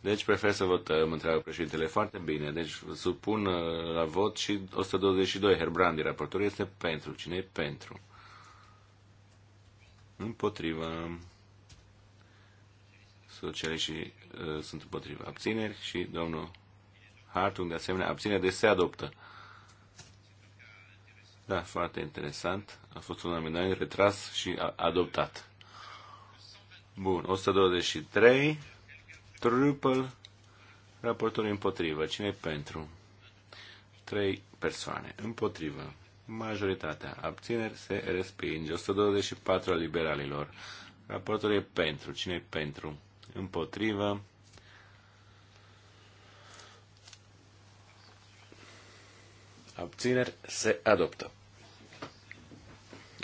Deci prefer să votăm, întreabă președintele. Foarte bine. Deci supun uh, la vot și 122. Herbrandi, raportorul este pentru. Cine e pentru? Împotrivă. Socialiștii uh, sunt împotrivă. Abțineri și domnul Hartung, de asemenea, abține de deci se adoptă. Da, foarte interesant. A fost un amendament retras și adoptat. Bun, 123. Triple. Raportul împotrivă. Cine pentru? Trei persoane. Împotrivă. Majoritatea. Abțineri se respinge. 124 liberalilor. Raportul e pentru. Cine e pentru? Împotrivă. Abțineri se adoptă.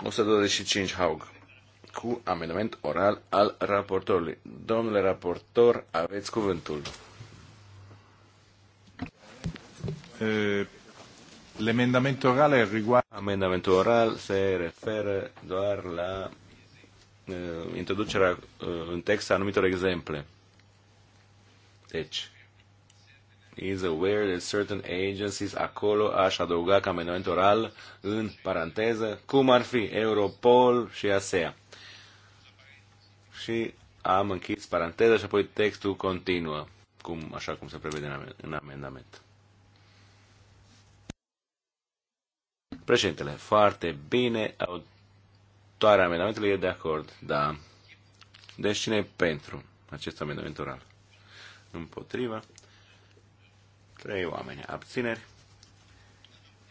125 Haug cu amendament oral al raportorului. Domnule raportor, aveți cuvântul. Eh, l'emendamento orale riguarda... Amendamentul oral se referă doar la uh, introducerea uh, în text a anumitor exemple. Deci, is aware that certain agencies, acolo aș adăuga ca amendament oral, în paranteză, cum ar fi Europol și ASEA. Și am închis paranteza și apoi textul continuă, cum, așa cum se prevede în amendament. Președintele, foarte bine, autoarea amendamentului e de acord, da. Deci cine e pentru acest amendament oral? Împotriva? Trei oameni. Abțineri.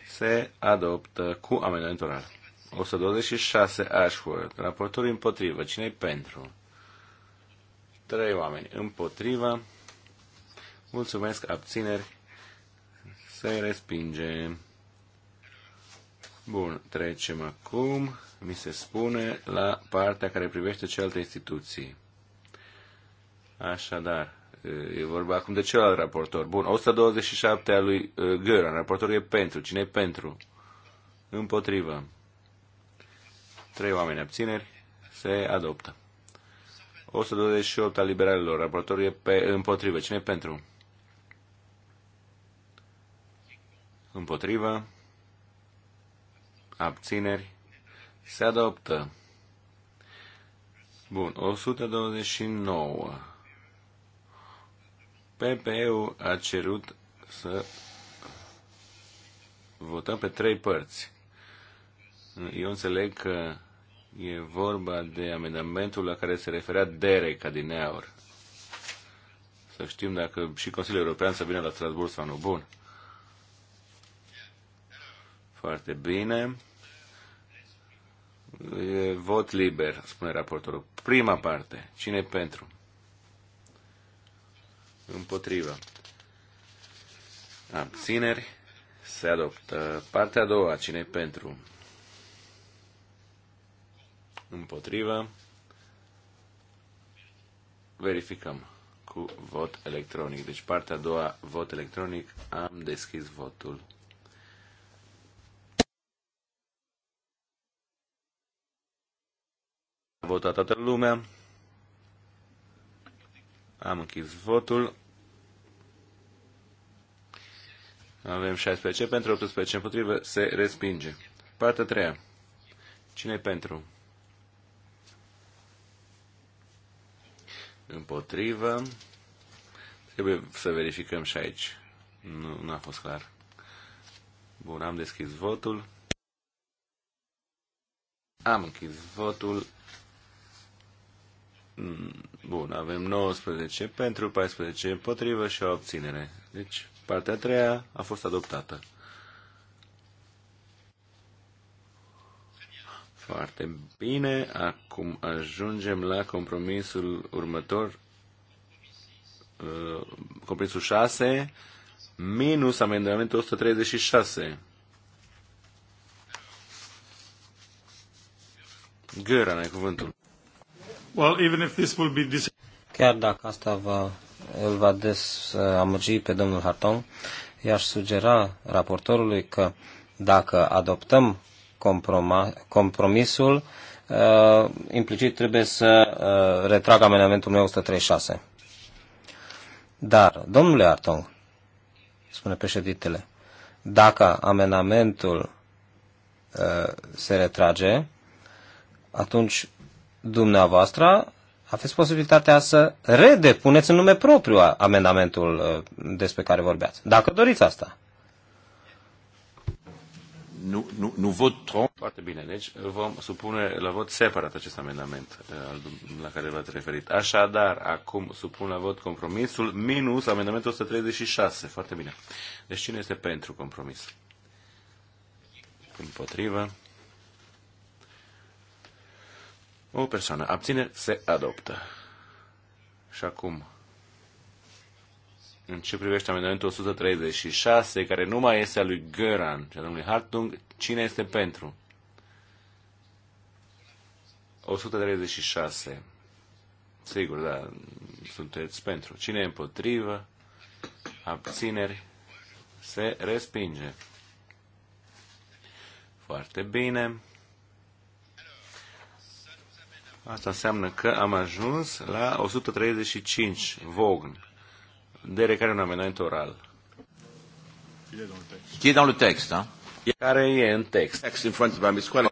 Se adoptă cu amendament oral. 126 Ashworth. Raportul împotrivă. Cine-i pentru? Trei oameni. Împotrivă. Mulțumesc. Abțineri. Se respinge. Bun, trecem acum, mi se spune, la partea care privește celelalte instituții. Așadar, E vorba acum de celălalt raportor. Bun, 127 a lui uh, Göran. Raportorul e pentru. Cine e pentru? Împotrivă. Trei oameni abțineri. Se adoptă. 128 a liberalilor. Raportorul e pe, împotrivă. Cine e pentru? Împotrivă. Abțineri. Se adoptă. Bun, 129 PPE-ul a cerut să votăm pe trei părți. Eu înțeleg că e vorba de amendamentul la care se referea Derek Adineaur. Să știm dacă și Consiliul European să vină la Strasburg sau nu. Bun. Foarte bine. E vot liber, spune raportorul. Prima parte. Cine pentru? Împotrivă. Abțineri. Se adoptă. Partea a doua. cine pentru? Împotrivă. Verificăm cu vot electronic. Deci partea a doua, vot electronic, am deschis votul. A votat toată lumea. Am închis votul. Avem 16 pentru, 18 împotrivă, se respinge. Partea 3. Cine pentru? Împotrivă. Trebuie să verificăm și aici. Nu, nu a fost clar. Bun, am deschis votul. Am închis votul. Mm, bun, avem 19 pentru, 14 împotrivă și o abținere. Deci, partea a treia a fost adoptată. Foarte bine, acum ajungem la compromisul următor, uh, compromisul 6, minus amendamentul 136. Găra, ai cuvântul. Chiar dacă asta va, îl va dezamăgi uh, pe domnul Hartong, i-aș sugera raportorului că dacă adoptăm compromisul, uh, implicit trebuie să uh, retrag amendamentul 1936. Dar, domnule Hartong, spune președintele, dacă amendamentul uh, se retrage, atunci dumneavoastră aveți posibilitatea să redepuneți în nume propriu amendamentul uh, despre care vorbeați, dacă doriți asta. Nu, nu, nu trom. Foarte bine, deci vom supune la vot separat acest amendament uh, la care v-ați referit. Așadar, acum supun la vot compromisul minus amendamentul 136. Foarte bine. Deci cine este pentru compromis? Împotrivă. O persoană. Abține, se adoptă. Și acum, în ce privește amendamentul 136, care nu mai este al lui Göran, și al domnului Hartung, cine este pentru? 136. Sigur, da, sunteți pentru. Cine e împotrivă? Abțineri? Se respinge. Foarte bine. Asta înseamnă că am ajuns la 135 Vogn, de recare un amendament oral. Qui dans le text, da? Care e în text. Text in front of Miss uh,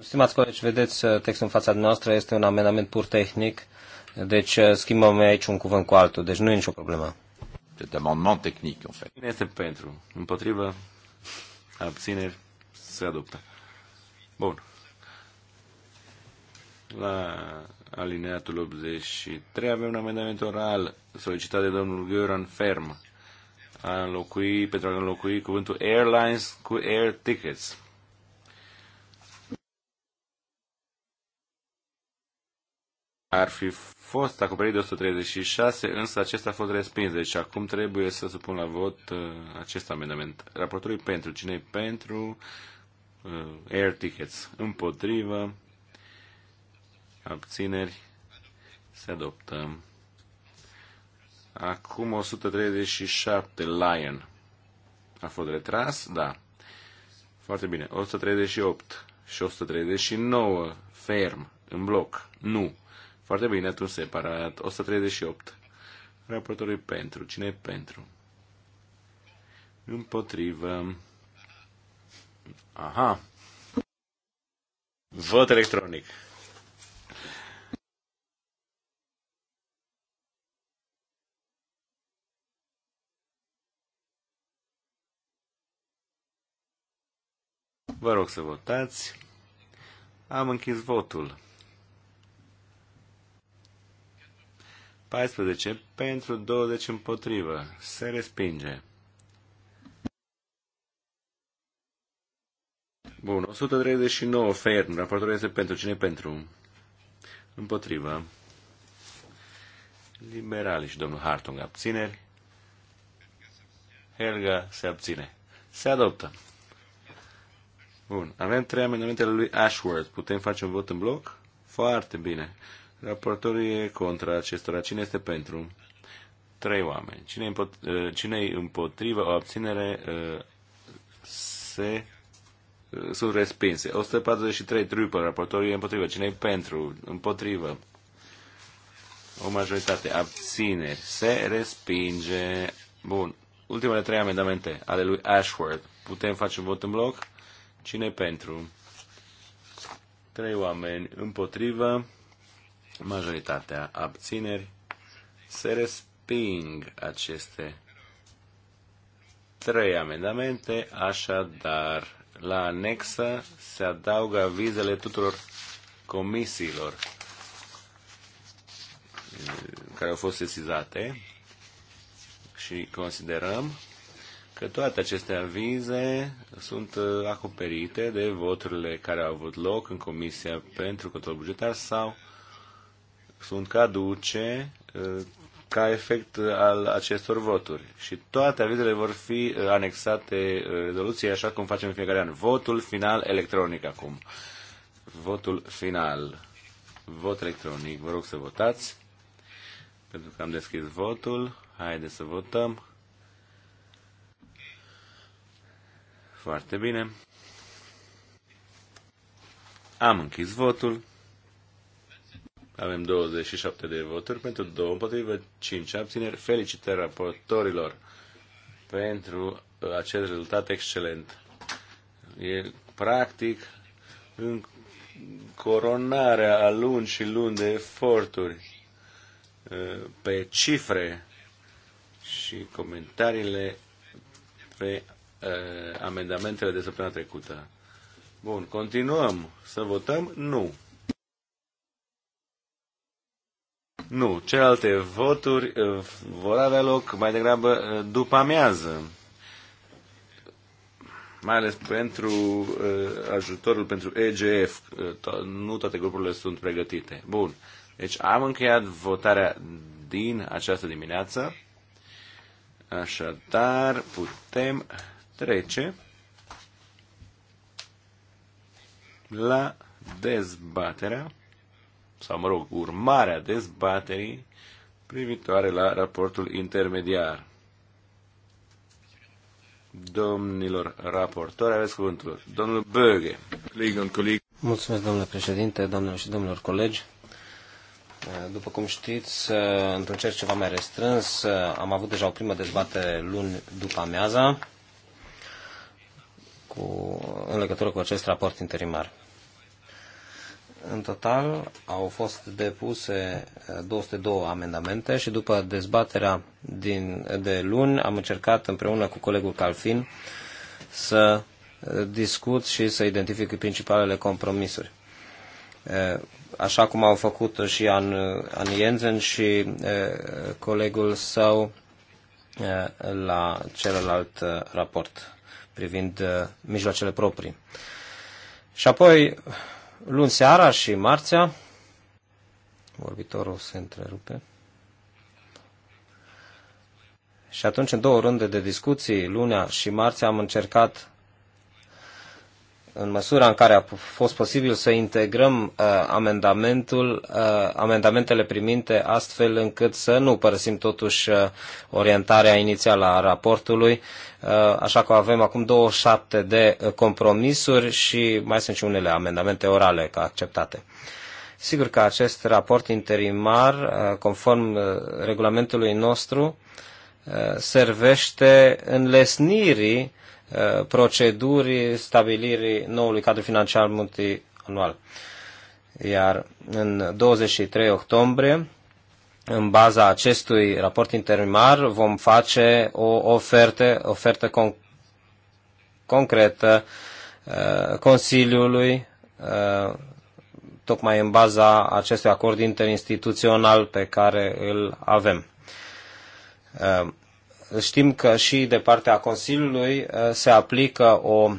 Stimați colegi, vedeți uh, textul în fața noastră, este un amenament pur tehnic, deci uh, schimbăm aici un cuvânt cu altul, deci nu e nicio problemă. Cet amendement tehnic, în fapt. Cine este pentru? Împotrivă? Abțineri? Se adoptă. Bun. La alineatul 83 avem un amendament oral solicitat de domnul Gheoran Ferm. A înlocui, pentru a înlocui cuvântul airlines cu air tickets. Ar fi fost acoperit de 136, însă acesta a fost respins. Deci acum trebuie să supun la vot uh, acest amendament. Raportorii pentru. cine pentru? Uh, air tickets. Împotrivă abțineri, se adoptăm. Acum 137, Lion. A fost retras? Da. Foarte bine. 138 și 139, ferm, în bloc. Nu. Foarte bine, atunci separat. 138. Raportorul pentru. Cine e pentru? Împotrivă. Aha. Vot electronic. Vă rog să votați. Am închis votul. 14 pentru 20 împotrivă. Se respinge. Bun, 139 ferm. Raportul este pentru cine pentru? Împotrivă. Liberali și domnul Hartung abțineri. Helga se abține. Se adoptă. Bun. Avem trei amendamentele lui Ashworth. Putem face un vot în bloc? Foarte bine. Raportorul e contra acestora. Cine este pentru? Trei oameni. Cine uh, e împotrivă o abținere uh, se uh, sunt respinse. 143 trupă, raportorul e împotrivă. Cine e pentru? Împotrivă. O majoritate. Abțineri. Se respinge. Bun. Ultimele trei amendamente ale lui Ashworth. Putem face un vot în bloc? Cine pentru? Trei oameni împotrivă, majoritatea abțineri, se resping aceste trei amendamente, așadar la anexă se adaugă avizele tuturor comisiilor eh, care au fost sesizate și considerăm că toate aceste avize sunt uh, acoperite de voturile care au avut loc în Comisia pentru Control Bugetar sau sunt caduce uh, ca efect al acestor voturi. Și toate avizele vor fi uh, anexate rezoluției, așa cum facem în fiecare an. Votul final electronic acum. Votul final. Vot electronic. Vă rog să votați. Pentru că am deschis votul. Haideți să votăm. Foarte bine. Am închis votul. Avem 27 de voturi pentru 2 împotrivă, 5 abțineri. Felicitări raportorilor pentru acest rezultat excelent. E practic în coronarea a luni și luni de eforturi pe cifre și comentariile pe Eh, amendamentele de săptămâna trecută. Bun, continuăm să votăm? Nu. Nu, celelalte voturi eh, vor avea loc mai degrabă eh, după amiază mai ales pentru uh, ajutorul pentru EGF. To- nu toate grupurile sunt pregătite. Bun. Deci am încheiat votarea din această dimineață. Așadar, putem trece la dezbaterea, sau mă rog, urmarea dezbaterii privitoare la raportul intermediar. Domnilor raportori, aveți cuvântul. Domnul Böge. Mulțumesc, domnule președinte, doamnelor și domnilor colegi. După cum știți, într-un cer ceva mai restrâns, am avut deja o primă dezbatere luni după amiaza cu, în legătură cu acest raport interimar. În total au fost depuse 202 eh, amendamente și după dezbaterea din, de luni am încercat împreună cu colegul Calfin să eh, discut și să identific principalele compromisuri. Eh, așa cum au făcut și An, An Jensen și colegul său la celălalt raport privind uh, mijloacele proprii. Și apoi, luni seara și marțea, vorbitorul se întrerupe, și atunci, în două runde de discuții, lunea și marțea, am încercat în măsura în care a fost posibil să integrăm uh, amendamentul, uh, amendamentele primite astfel încât să nu părăsim totuși uh, orientarea inițială a raportului, așa că avem acum 27 de compromisuri și mai sunt și unele amendamente orale ca acceptate. Sigur că acest raport interimar, conform regulamentului nostru, servește înlesnirii Uh, proceduri stabilirii noului cadru financiar multianual. Iar în 23 octombrie, în baza acestui raport interimar, vom face o ofertă, ofertă con- concretă uh, Consiliului uh, tocmai în baza acestui acord interinstituțional pe care îl avem. Știm că și de partea Consiliului uh, se aplică o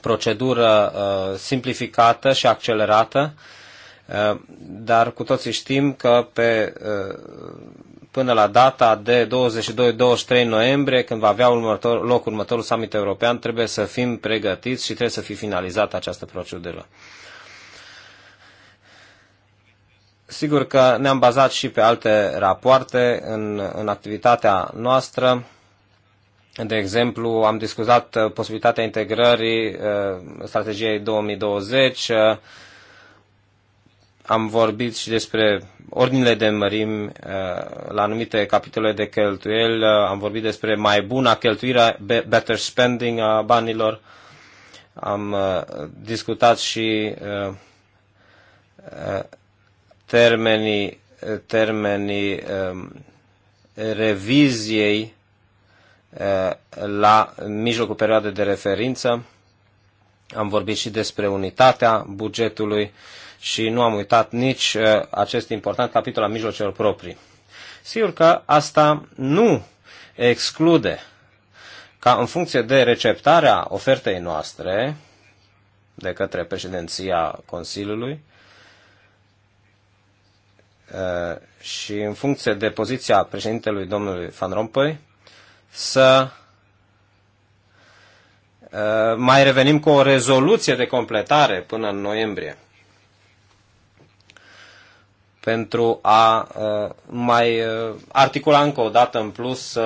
procedură uh, simplificată și accelerată, uh, dar cu toții știm că pe, până la data de 22-23 noiembrie, când va avea următor, loc următorul summit european, trebuie să fim pregătiți și trebuie să fie finalizată această procedură. Sigur că ne-am bazat și pe alte rapoarte în, în activitatea noastră. De exemplu, am discutat uh, posibilitatea integrării uh, strategiei 2020, uh, am vorbit și despre ordinile de mărim la anumite capitole de cheltuieli, am vorbit despre mai bună cheltuire, better spending a banilor, am discutat și termenii, termenii um, reviziei uh, la mijlocul perioadei de referință. Am vorbit și despre unitatea bugetului și nu am uitat nici uh, acest important capitol al mijlocelor proprii. Sigur că asta nu exclude ca în funcție de receptarea ofertei noastre de către președinția Consiliului, Uh, și în funcție de poziția președintelui domnului Van Rompuy să uh, mai revenim cu o rezoluție de completare până în noiembrie pentru a uh, mai articula încă o dată în plus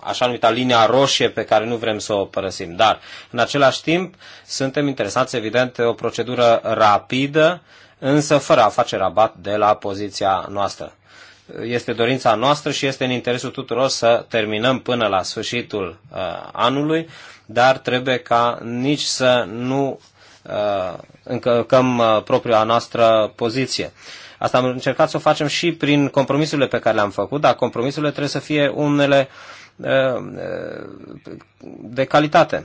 așa numita linia roșie pe care nu vrem să o părăsim. Dar, în același timp, suntem interesați, evident, de o procedură rapidă însă fără a face rabat de la poziția noastră. Este dorința noastră și este în interesul tuturor să terminăm până la sfârșitul uh, anului, dar trebuie ca nici să nu uh, încălcăm uh, propria noastră poziție. Asta am încercat să o facem și prin compromisurile pe care le-am făcut, dar compromisurile trebuie să fie unele uh, uh de calitate.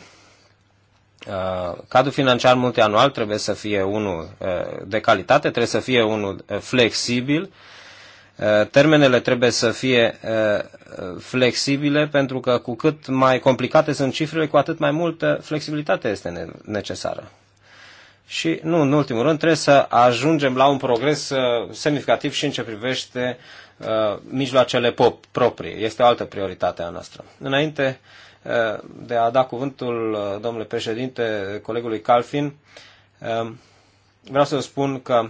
Uh, cadrul financiar multianual trebuie să fie unul uh, de calitate, trebuie să fie unul uh, flexibil, termenele trebuie să fie flexibile pentru că cu cât mai complicate sunt cifrele, cu atât mai multă flexibilitate este necesară. Și nu în ultimul rând trebuie să ajungem la un progres semnificativ și în ce privește mijloacele proprii. Este o altă prioritate a noastră. Înainte Eh, de a da cuvântul, eh, domnule președinte, colegului Calfin, eh, vreau să spun că,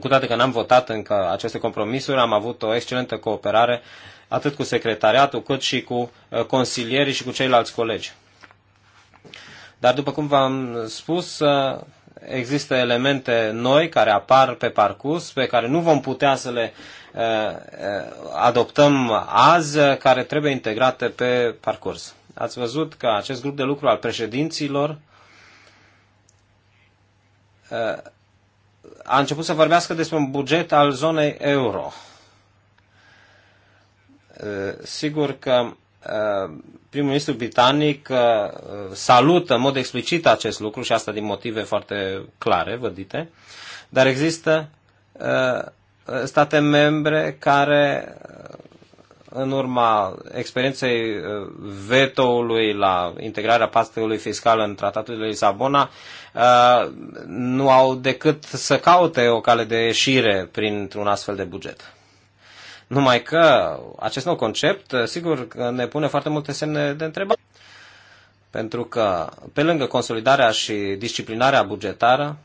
cu toate că n-am votat încă aceste compromisuri, am avut o excelentă cooperare atât cu secretariatul, cât și cu consilierii și cu ceilalți colegi. Dar, după cum v-am spus, există elemente noi care apar pe parcurs, pe care nu vom putea să le Uh, adoptăm azi, care trebuie integrate pe parcurs. Ați văzut că acest grup de lucru al președinților uh, a început să vorbească despre un buget al zonei euro. Uh, sigur că primul ministru britanic salută în mod explicit acest lucru și asta din motive foarte clare, vădite, dar există state membre care în urma experienței uh, vetoului la integrarea pactului fiscal în tratatul de Lisabona, uh, nu au decât să caute o cale de ieșire printr-un astfel de buget. Numai că acest nou concept, uh, sigur, ne pune foarte multe semne de întrebare. Pentru că, pe lângă consolidarea și disciplinarea bugetară,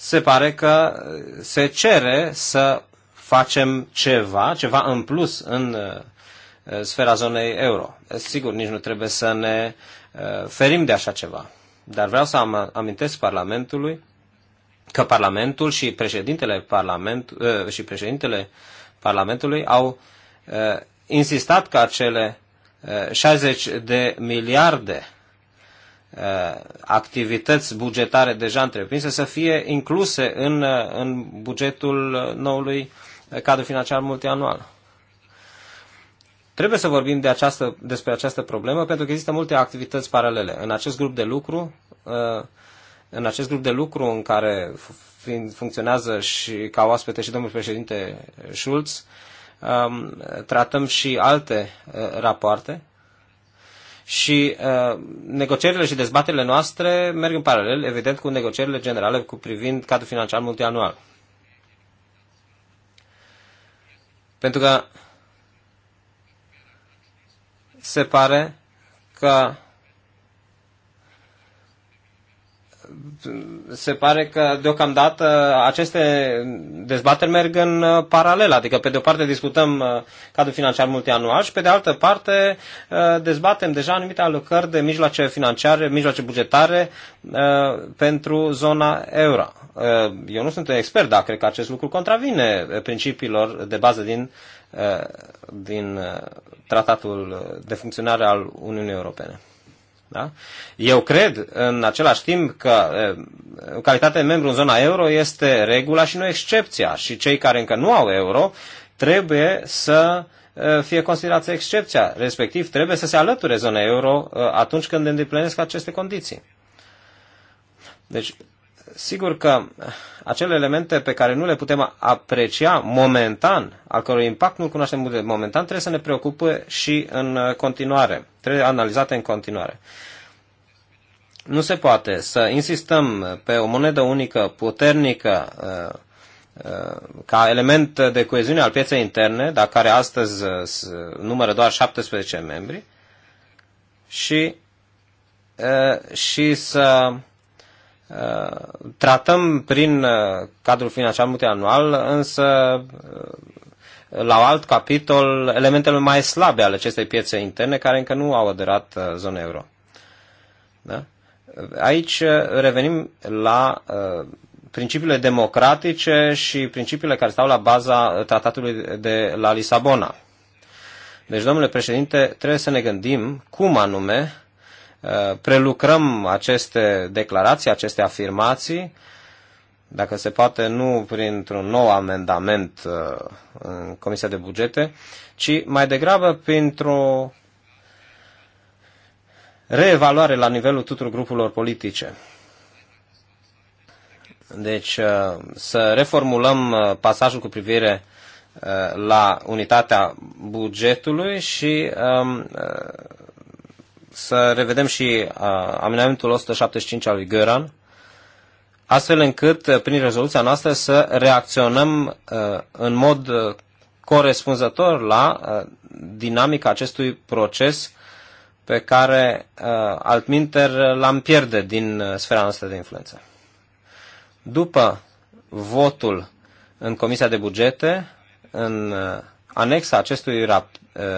se pare că se cere să facem ceva, ceva în plus în uh, uh, sfera zonei euro. Sigur, nici nu trebuie să ne uh, ferim de așa ceva. Dar vreau să amintesc Parlamentului că Parlamentul și președintele, Parlament, și președintele Parlamentului au insistat că acele 60 de miliarde Uh, activități bugetare deja întreprinse să fie incluse în, uh, în bugetul uh, noului cadru financiar multianual. Trebuie să vorbim de această, despre această problemă pentru că există multe activități paralele. În acest grup de lucru, în acest grup de lucru în care funcționează și ca oaspete și domnul președinte Schulz, um, tratăm și alte rapoarte și uh, negocierile și dezbaterile noastre merg în paralel, evident, cu negocierile generale cu privind cadrul financiar multianual. Pentru că se pare că se pare că deocamdată aceste dezbateri merg în uh, paralel, adică pe de o parte discutăm uh, cadrul financiar multianual și pe de altă parte uh, dezbatem deja anumite alocări de mijloace financiare, mijloace bugetare pentru zona euro. Eu nu sunt un expert, dar cred că acest lucru contravine principiilor de bază din, din tratatul de funcționare al Uniunii Europene. Da? Eu cred în același timp că calitatea de membru în zona euro este regula și nu excepția și cei care încă nu au euro trebuie să fie considerați excepția, respectiv trebuie să se alăture zonei euro atunci când îndeplinesc aceste condiții. Deci Sigur că eh, acele elemente pe care nu le putem aprecia momentan, al căror impact nu cunoaștem momentan, trebuie să ne preocupe și în eh, continuare, trebuie analizate în continuare. Nu se poate să insistăm pe o monedă unică puternică eh, ca element de coeziune al pieței interne, dar care astăzi numără doar 17 membri, și, și să Uh, tratăm prin uh, cadrul financiar multianual, însă uh, la alt capitol elementele mai slabe ale acestei piețe interne care încă nu au aderat zona euro. Da? Aici revenim la principiile democratice și principiile care stau la baza tratatului de la Lisabona. Deci, domnule președinte, trebuie să ne gândim cum anume Uh, prelucrăm aceste declarații, aceste afirmații, dacă se poate, nu printr-un nou amendament uh, în Comisia de Bugete, ci mai degrabă printr-o reevaluare la nivelul tuturor grupurilor politice. Deci uh, să reformulăm pasajul cu privire la unitatea bugetului și um, să revedem și uh, amendamentul 175 al lui Göran, astfel încât, uh, prin rezoluția noastră, să reacționăm uh, în mod corespunzător la dinamica acestui proces pe care altminter l-am pierde din sfera noastră de influență. După votul în Comisia de Bugete, în anexa acestui rap,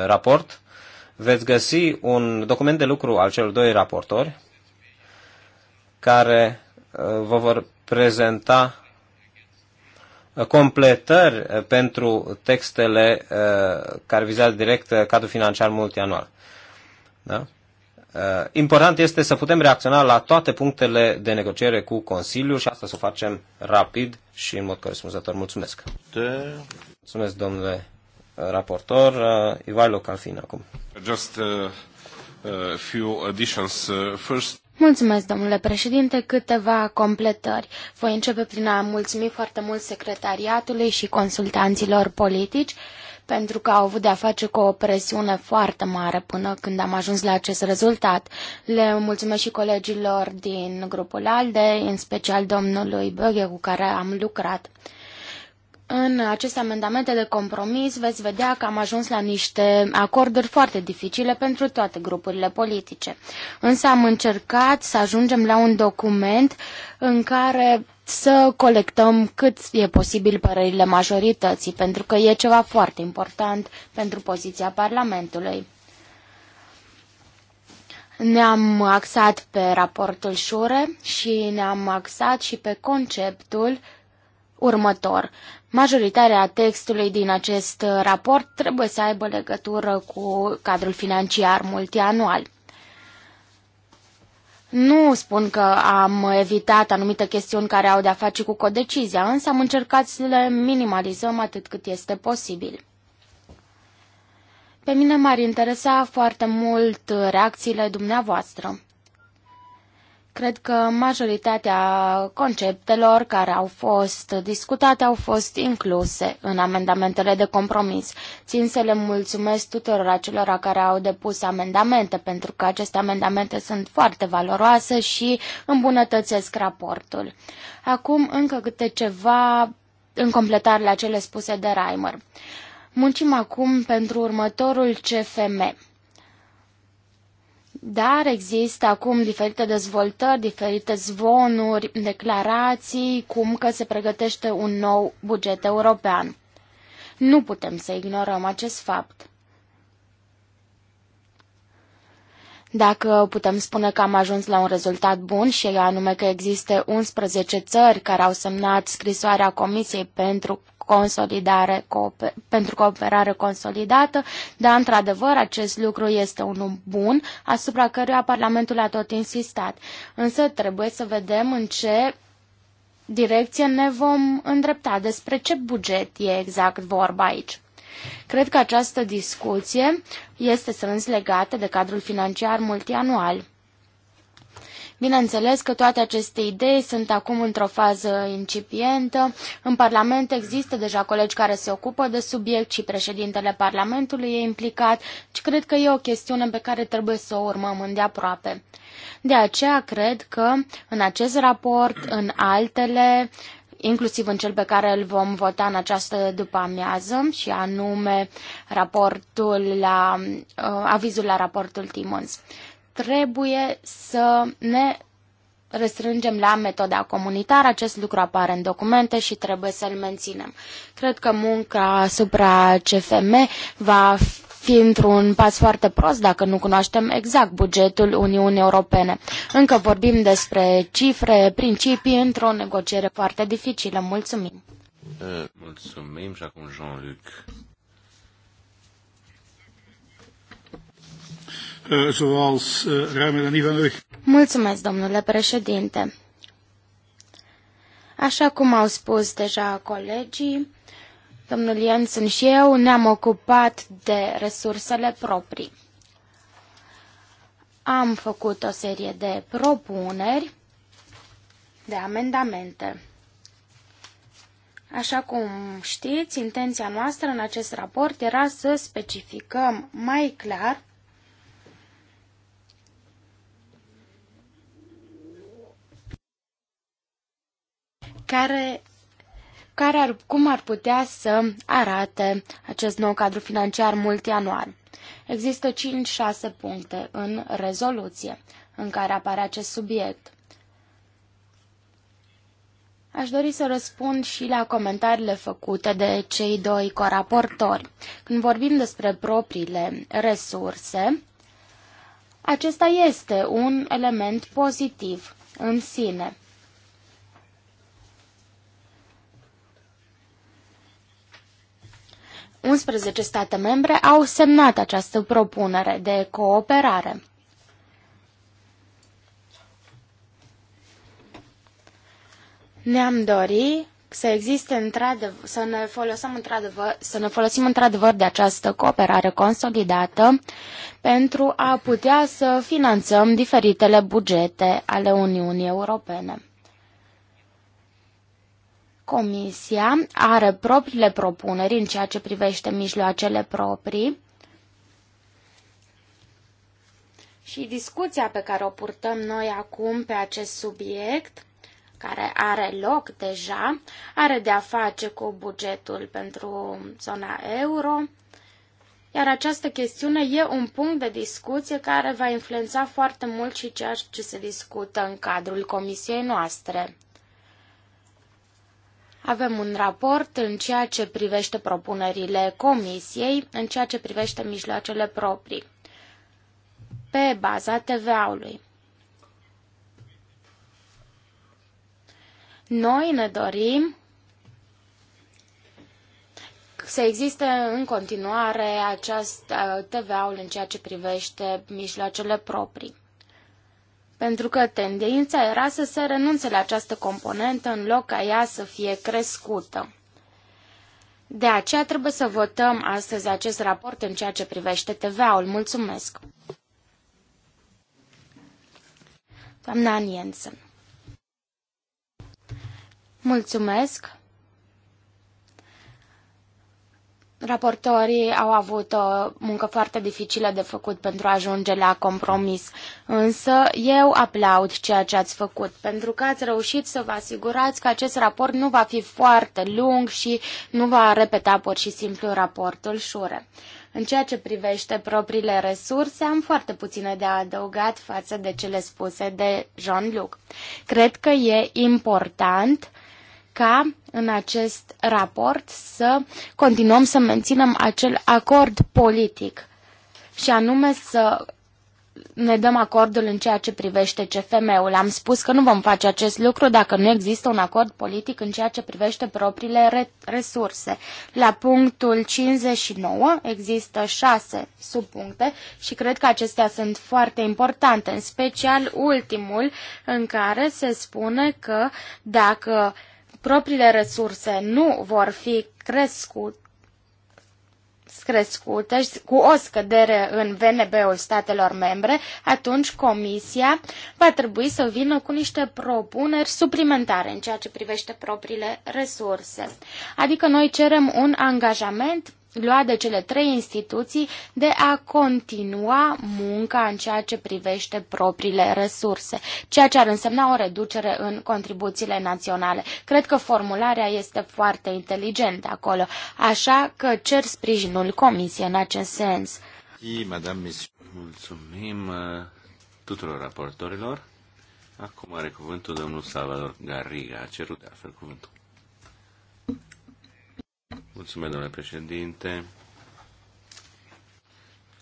raport, veți găsi un document de lucru al celor doi raportori care uh, vă vor prezenta uh, completări uh, pentru textele care vizează direct cadrul financiar multianual. Da? Important este să putem reacționa la toate punctele de negociere cu Consiliul și asta să o facem rapid și în mod corespunzător. Mulțumesc! De... Mulțumesc, domnule raportor, uh, Ivailo Calfin acum. Just a, uh, uh, a few additions. First... Mulțumesc, domnule președinte, câteva completări. Voi începe prin a mulțumi foarte mult secretariatului și consultanților politici pentru că au avut de-a face cu o presiune foarte mare până când am ajuns la acest rezultat. Le mulțumesc și colegilor din grupul ALDE, în special domnului Băghe cu care am lucrat. În aceste amendamente de compromis veți vedea că am ajuns la niște acorduri foarte dificile pentru toate grupurile politice. Însă am încercat să ajungem la un document în care să colectăm cât e posibil părerile majorității, pentru că e ceva foarte important pentru poziția Parlamentului. Ne-am axat pe raportul Șure și ne-am axat și pe conceptul următor. Majoritatea textului din acest uh, raport trebuie să aibă legătură cu cadrul financiar multianual. Nu spun că am evitat anumite chestiuni care au de-a face cu codecizia, însă am încercat să le minimalizăm atât cât este posibil. Pe mine m-ar interesa foarte mult reacțiile dumneavoastră. Cred că majoritatea conceptelor care au fost discutate au fost incluse în amendamentele de compromis. Țin să le mulțumesc tuturor acelora care au depus amendamente, pentru că aceste amendamente sunt foarte valoroase și îmbunătățesc raportul. Acum încă câte ceva în completare la cele spuse de Reimer. Muncim acum pentru următorul CFM dar există acum diferite dezvoltări, diferite zvonuri, declarații, cum că se pregătește un nou buget european. Nu putem să ignorăm acest fapt. Dacă putem spune că am ajuns la un rezultat bun și anume că există 11 țări care au semnat scrisoarea Comisiei pentru consolidare, pentru cooperare consolidată, dar într-adevăr acest lucru este unul bun asupra căruia Parlamentul a tot insistat. Însă trebuie să vedem în ce direcție ne vom îndrepta, despre ce buget e exact vorba aici. Cred că această discuție este strâns legată de cadrul financiar multianual. Bineînțeles că toate aceste idei sunt acum într-o fază incipientă. În Parlament există deja colegi care se ocupă de subiect și președintele Parlamentului e implicat și deci cred că e o chestiune pe care trebuie să o urmăm îndeaproape. De aceea cred că în acest raport, în altele, inclusiv în cel pe care îl vom vota în această după-amiază și anume raportul la, uh, avizul la raportul Timons trebuie să ne restrângem la metoda comunitară. Acest lucru apare în documente și trebuie să-l menținem. Cred că munca asupra CFM va fi într-un pas foarte prost dacă nu cunoaștem exact bugetul Uniunii Europene. Încă vorbim despre cifre, principii într-o negociere foarte dificilă. Mulțumim! Mulțumim și acum Jean-Luc. Eh, zoals eh, Mulțumesc, domnule președinte. Așa cum au spus deja colegii, domnul Jensen și eu ne-am ocupat de resursele proprii. Am făcut o serie de propuneri, de amendamente. Așa cum știți, intenția noastră în acest raport era să specificăm mai clar care, care ar, cum ar putea să arate acest nou cadru financiar multianual. Există 5-6 puncte în rezoluție în care apare acest subiect. Aș dori să răspund și la comentariile făcute de cei doi coraportori. Când vorbim despre propriile resurse, acesta este un element pozitiv în sine. 11 state membre au semnat această propunere de cooperare. Ne-am dorit să existe într-adevăr, să ne folosim într-adevăr, să ne folosim într-adevăr de această cooperare consolidată pentru a putea să finanțăm diferitele bugete ale Uniunii Europene. Comisia are propriile propuneri în ceea ce privește mijloacele proprii și discuția pe care o purtăm noi acum pe acest subiect, care are loc deja, are de-a face cu bugetul pentru zona euro, iar această chestiune e un punct de discuție care va influența foarte mult și ceea ce se discută în cadrul comisiei noastre. Avem un raport în ceea ce privește propunerile comisiei, în ceea ce privește mijloacele proprii, pe baza TVA-ului. Noi ne dorim să existe în continuare acest uh, TVA-ul în ceea ce privește mijloacele proprii pentru că tendința era să se renunțe la această componentă în loc ca ea să fie crescută. De aceea trebuie să votăm astăzi acest raport în ceea ce privește TVA-ul. Mulțumesc! Doamna Aniensen. Mulțumesc! Raportorii au avut o muncă foarte dificilă de făcut pentru a ajunge la compromis, însă eu aplaud ceea ce ați făcut, pentru că ați reușit să vă asigurați că acest raport nu va fi foarte lung și nu va repeta pur și simplu raportul Șure. În ceea ce privește propriile resurse, am foarte puține de adăugat față de cele spuse de Jean-Luc. Cred că e important ca în acest raport să continuăm să menținem acel acord politic și anume să ne dăm acordul în ceea ce privește CFM-ul. Am spus că nu vom face acest lucru dacă nu există un acord politic în ceea ce privește propriile re- resurse. La punctul 59 există șase subpuncte și cred că acestea sunt foarte importante, în special ultimul în care se spune că dacă uh, propriile resurse nu vor fi crescut, crescute cu o scădere în VNB-ul statelor membre, atunci Comisia va trebui să vină cu niște propuneri suplimentare în ceea ce privește propriile resurse. Adică noi cerem un angajament lua de cele trei instituții de a continua munca în ceea ce privește propriile resurse, ceea ce ar însemna o reducere în contribuțiile naționale. Cred că formularea este foarte inteligentă acolo, așa că cer sprijinul Comisiei în acest sens. Mulțumim uh, tuturor raportorilor. Acum are cuvântul domnul Salvador Garriga. A cerut de altfel cuvântul. Mulțumesc, domnule președinte.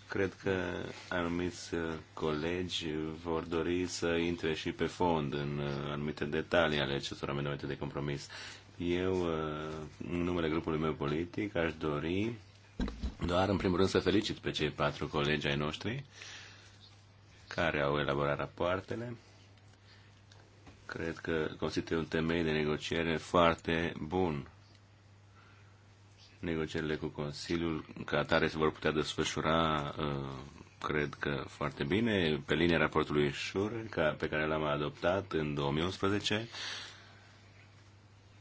Cred că anumiți uh, colegi vor dori să intre și pe fond în uh, anumite detalii ale acestor amendamente de compromis. Eu, uh, în numele grupului meu politic, aș dori doar, în primul rând, să felicit pe cei patru colegi ai noștri care au elaborat rapoartele. Cred că constituie un temei de negociere foarte bun negocierile cu Consiliul ca atare se vor putea desfășura, uh, cred că foarte bine, pe linia raportului Șur, pe care l-am adoptat în 2011.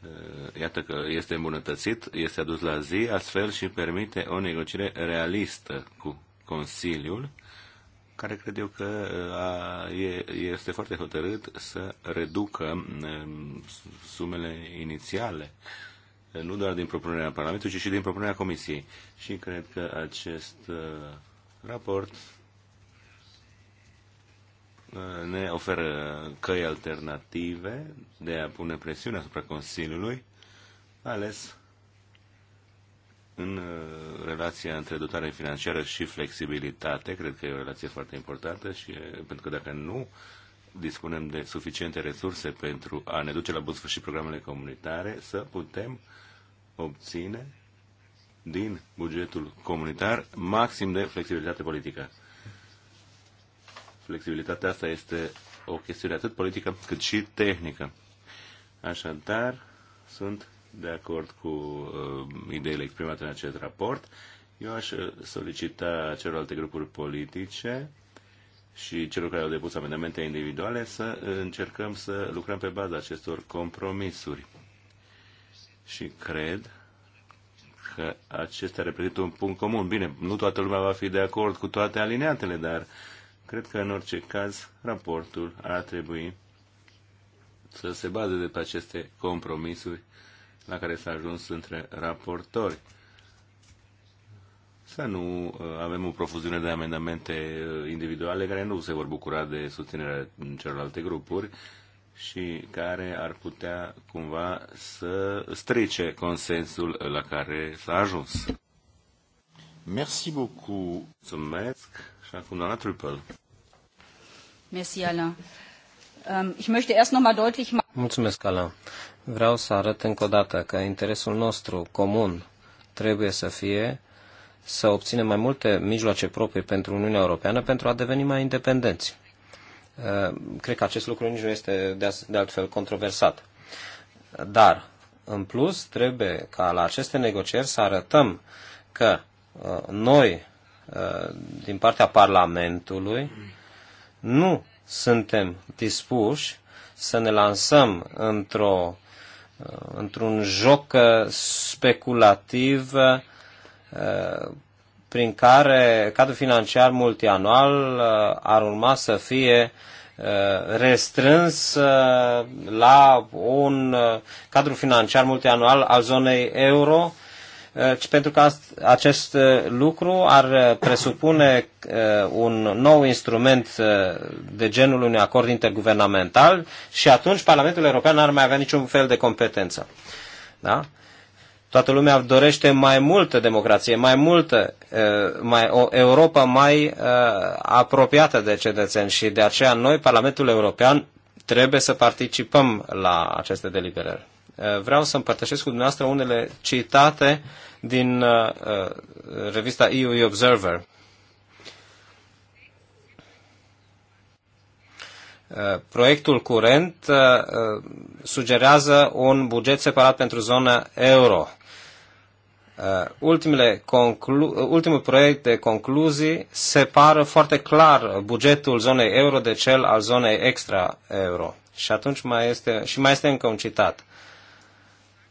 Uh, iată că este îmbunătățit, este adus la zi, astfel și permite o negociere realistă cu Consiliul, care cred eu că uh, a, e, este foarte hotărât să reducă um, sumele inițiale uh, nu doar din propunerea Parlamentului, ci și din propunerea Comisiei. Și cred că acest uh, raport uh, ne oferă căi alternative de a pune presiune asupra Consiliului, ales în uh, relația între dotare financiară și flexibilitate. Cred că e o relație foarte importantă și pentru că dacă nu dispunem de suficiente resurse pentru a ne duce la bun sfârșit programele comunitare, să putem uh, obține din bugetul comunitar maxim de flexibilitate politică. Flexibilitatea asta este o chestiune atât politică cât și tehnică. Așadar, sunt de acord cu uh, ideile exprimate în acest raport. Eu aș uh, solicita celorlalte grupuri politice și celor care au depus amendamente individuale să încercăm să lucrăm pe baza acestor compromisuri și cred că acesta reprezintă un punct comun. Bine, nu toată lumea va fi de acord cu toate alineatele, dar cred că în orice caz raportul ar trebui să se bazeze pe aceste compromisuri la care s-a ajuns între raportori. Să nu uh, avem o profuziune de amendamente uh, individuale care nu se vor bucura de susținerea celorlalte grupuri și care ar putea cumva să strice consensul la care s-a ajuns. Merci beaucoup. Mulțumesc și acum doamna Trupel. Merci, Alain. Um, ich möchte erst noch mal deutlich machen. Mulțumesc, Alain. Vreau să arăt încă o dată că interesul nostru comun trebuie să fie să obținem mai multe mijloace proprii pentru Uniunea Europeană pentru a deveni mai independenți. Eh, cred că acest lucru nici nu este de altfel controversat. Dar, în plus, trebuie ca la aceste negocieri să arătăm că eh, noi, eh, din partea Parlamentului, nu suntem dispuși să ne lansăm într-o, într-un joc speculativ prin care cadrul financiar multianual uh, ar urma să fie uh, restrâns uh, la un cadru financiar multianual al zonei euro, pentru că acest lucru ar presupune un nou instrument de genul unui acord interguvernamental și atunci Parlamentul European n-ar mai avea niciun fel de competență. Da? Toată lumea dorește mai multă democrație, mai multă, eh, mai, o Europa mai eh, apropiată de cetățeni și de aceea noi, Parlamentul European, trebuie să participăm la aceste deliberări. Eh, vreau să împărtășesc cu dumneavoastră unele citate din revista EU Observer Uh, proiectul curent uh, uh, sugerează un buget separat pentru zona euro. Ultimele conclu- ultimul proiect de concluzii separă foarte clar bugetul zonei euro de cel al zonei extra-euro. Și atunci mai este, și mai este încă un citat.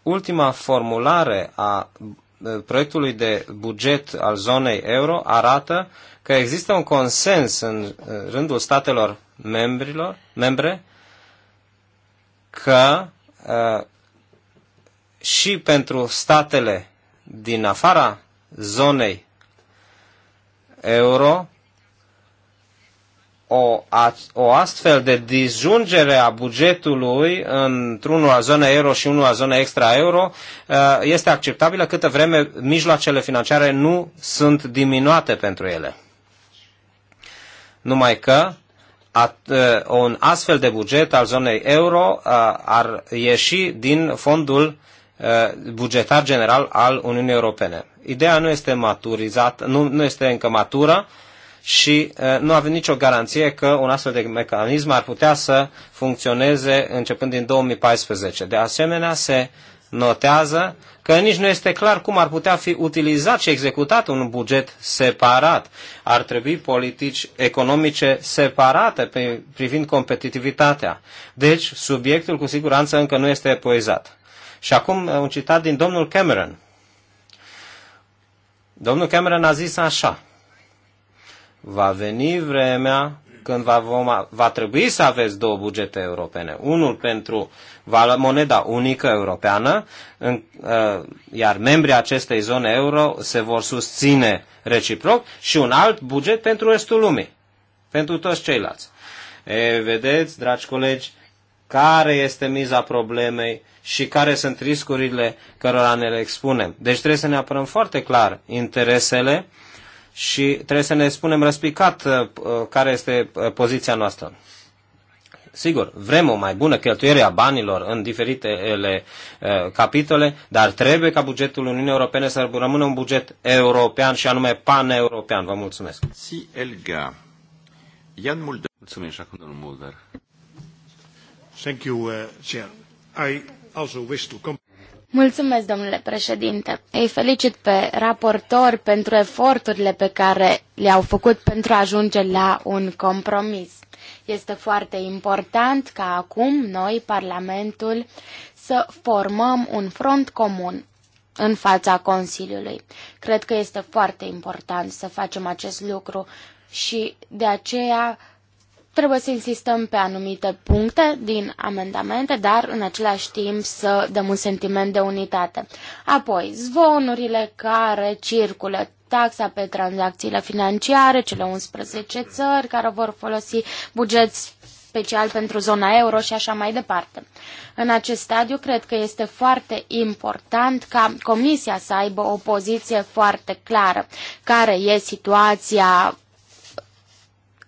Ultima formulare a proiectului de buget al zonei euro arată că există un consens în rândul statelor membrilor, membre că uh, și pentru statele din afara zonei euro, o, a, o astfel de disjungere a bugetului într-unul a zonei euro și unul a zonei extra euro uh, este acceptabilă câtă vreme mijloacele financiare nu sunt diminuate pentru ele numai că at, uh, un astfel de buget al zonei euro uh, ar ieși din fondul uh, bugetar general al Uniunii Europene. Ideea nu este maturizată, nu, nu este încă matură și nu avem nicio garanție că un astfel de mecanism ar putea să funcționeze începând din 2014. De asemenea, se notează că nici nu este clar cum ar putea fi utilizat și executat un buget separat. Ar trebui politici economice separate privind competitivitatea. Deci, subiectul cu siguranță încă nu este epuizat. Și acum uh, un citat din domnul Cameron. Domnul Cameron a zis așa. Va veni vremea când va, vom, va trebui să aveți două bugete europene. Unul pentru uh, moneda unică europeană, în, ă, iar membrii acestei zone euro se vor susține reciproc și un alt buget pentru restul lumii, pentru toți ceilalți. E, vedeți, dragi colegi, care este miza problemei și care sunt riscurile cărora ne le expunem. Deci trebuie să ne apărăm foarte clar interesele și trebuie să ne spunem răspicat ă, ă, care este poziția noastră. Sigur, vrem o mai bună cheltuire a banilor în diferitele eh, capitole, dar trebuie ca bugetul Uniunii Europene să rămână un buget european și anume pan-european. Vă mulțumesc. Si Elga. Jan Mulder. Mulțumim și acum domnul Mulder. Thank you, uh, Chair. I also wish to come... Mulțumesc, domnule președinte. Îi felicit pe raportori pentru eforturile pe care le-au făcut pentru a ajunge la un compromis. Este foarte important ca acum noi, Parlamentul, să formăm un front comun în fața Consiliului. Cred că este foarte important să facem acest lucru și de aceea trebuie să insistăm pe anumite puncte din amendamente, dar în același timp să dăm un sentiment de unitate. Apoi, zvonurile care circulă taxa pe tranzacțiile financiare, cele 11 țări care vor folosi buget special pentru zona euro și așa mai departe. În acest stadiu, cred că este foarte important ca Comisia să aibă o poziție foarte clară, care e situația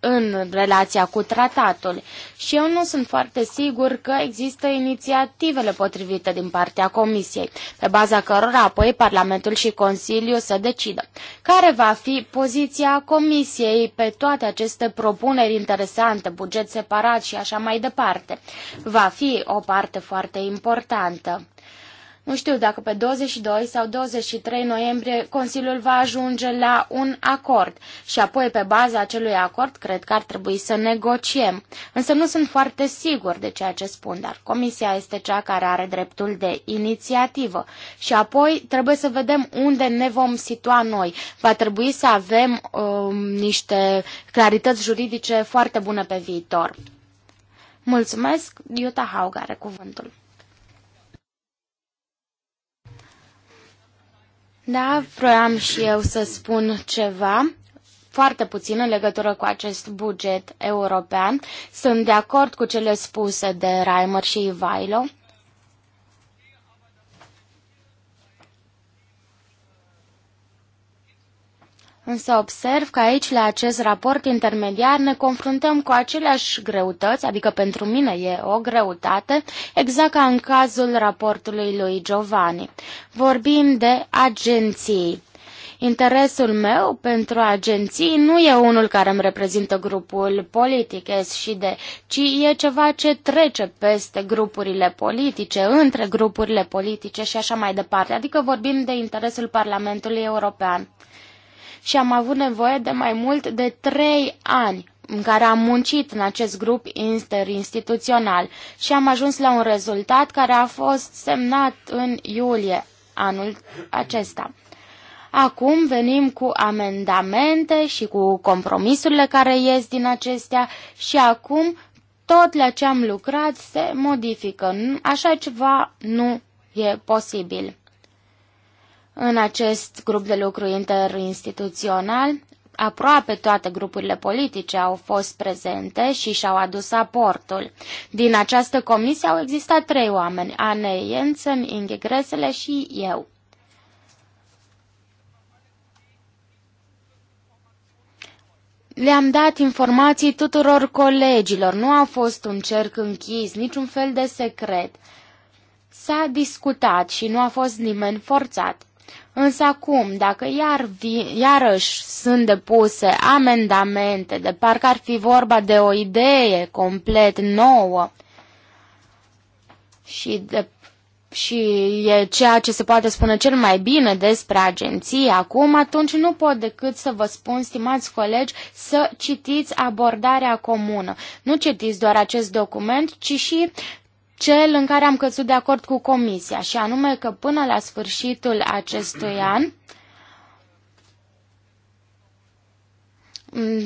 în relația cu tratatul și eu nu sunt foarte sigur că există inițiativele potrivite din partea Comisiei, pe baza cărora apoi Parlamentul și Consiliul să decidă. Care va fi poziția Comisiei pe toate aceste propuneri interesante, buget separat și așa mai departe? Va fi o parte foarte importantă. Nu știu dacă pe 22 sau 23 noiembrie Consiliul va ajunge la un acord și apoi pe baza acelui acord cred că ar trebui să negociem. Însă nu sunt foarte sigur de ceea ce spun, dar Comisia este cea care are dreptul de inițiativă. Și apoi trebuie să vedem unde ne vom situa noi. Va trebui să avem um, niște clarități juridice foarte bune pe viitor. Mulțumesc, Iuta Haug are cuvântul. Da, vroiam și eu să spun ceva foarte puțin în legătură cu acest buget european. Sunt de acord cu cele spuse de Reimer și Ivailo. Însă observ că aici, la acest raport intermediar, ne confruntăm cu aceleași greutăți, adică pentru mine e o greutate, exact ca în cazul raportului lui Giovanni. Vorbim de agenții. Interesul meu pentru agenții nu e unul care îmi reprezintă grupul politic S și D, ci e ceva ce trece peste grupurile politice, între grupurile politice și așa mai departe. Adică vorbim de interesul Parlamentului European și am avut nevoie de mai mult de trei ani în care am muncit în acest grup interinstituțional și am ajuns la un rezultat care a fost semnat în iulie anul acesta. Acum venim cu amendamente și cu compromisurile care ies din acestea și acum tot la ce am lucrat se modifică. Așa ceva nu e posibil. În acest grup de lucru interinstituțional, aproape toate grupurile politice au fost prezente și și-au adus aportul. Din această comisie au existat trei oameni, Anne Jensen, Inge Gresele și eu. Le-am dat informații tuturor colegilor, nu a fost un cerc închis, niciun fel de secret. S-a discutat și nu a fost nimeni forțat. Însă acum, dacă iar vi, iarăși sunt depuse amendamente, de parcă ar fi vorba de o idee complet nouă și, de, și e ceea ce se poate spune cel mai bine despre agenție acum, atunci nu pot decât să vă spun, stimați colegi, să citiți abordarea comună. Nu citiți doar acest document, ci și cel în care am căzut de acord cu Comisia, și anume că până la sfârșitul acestui an,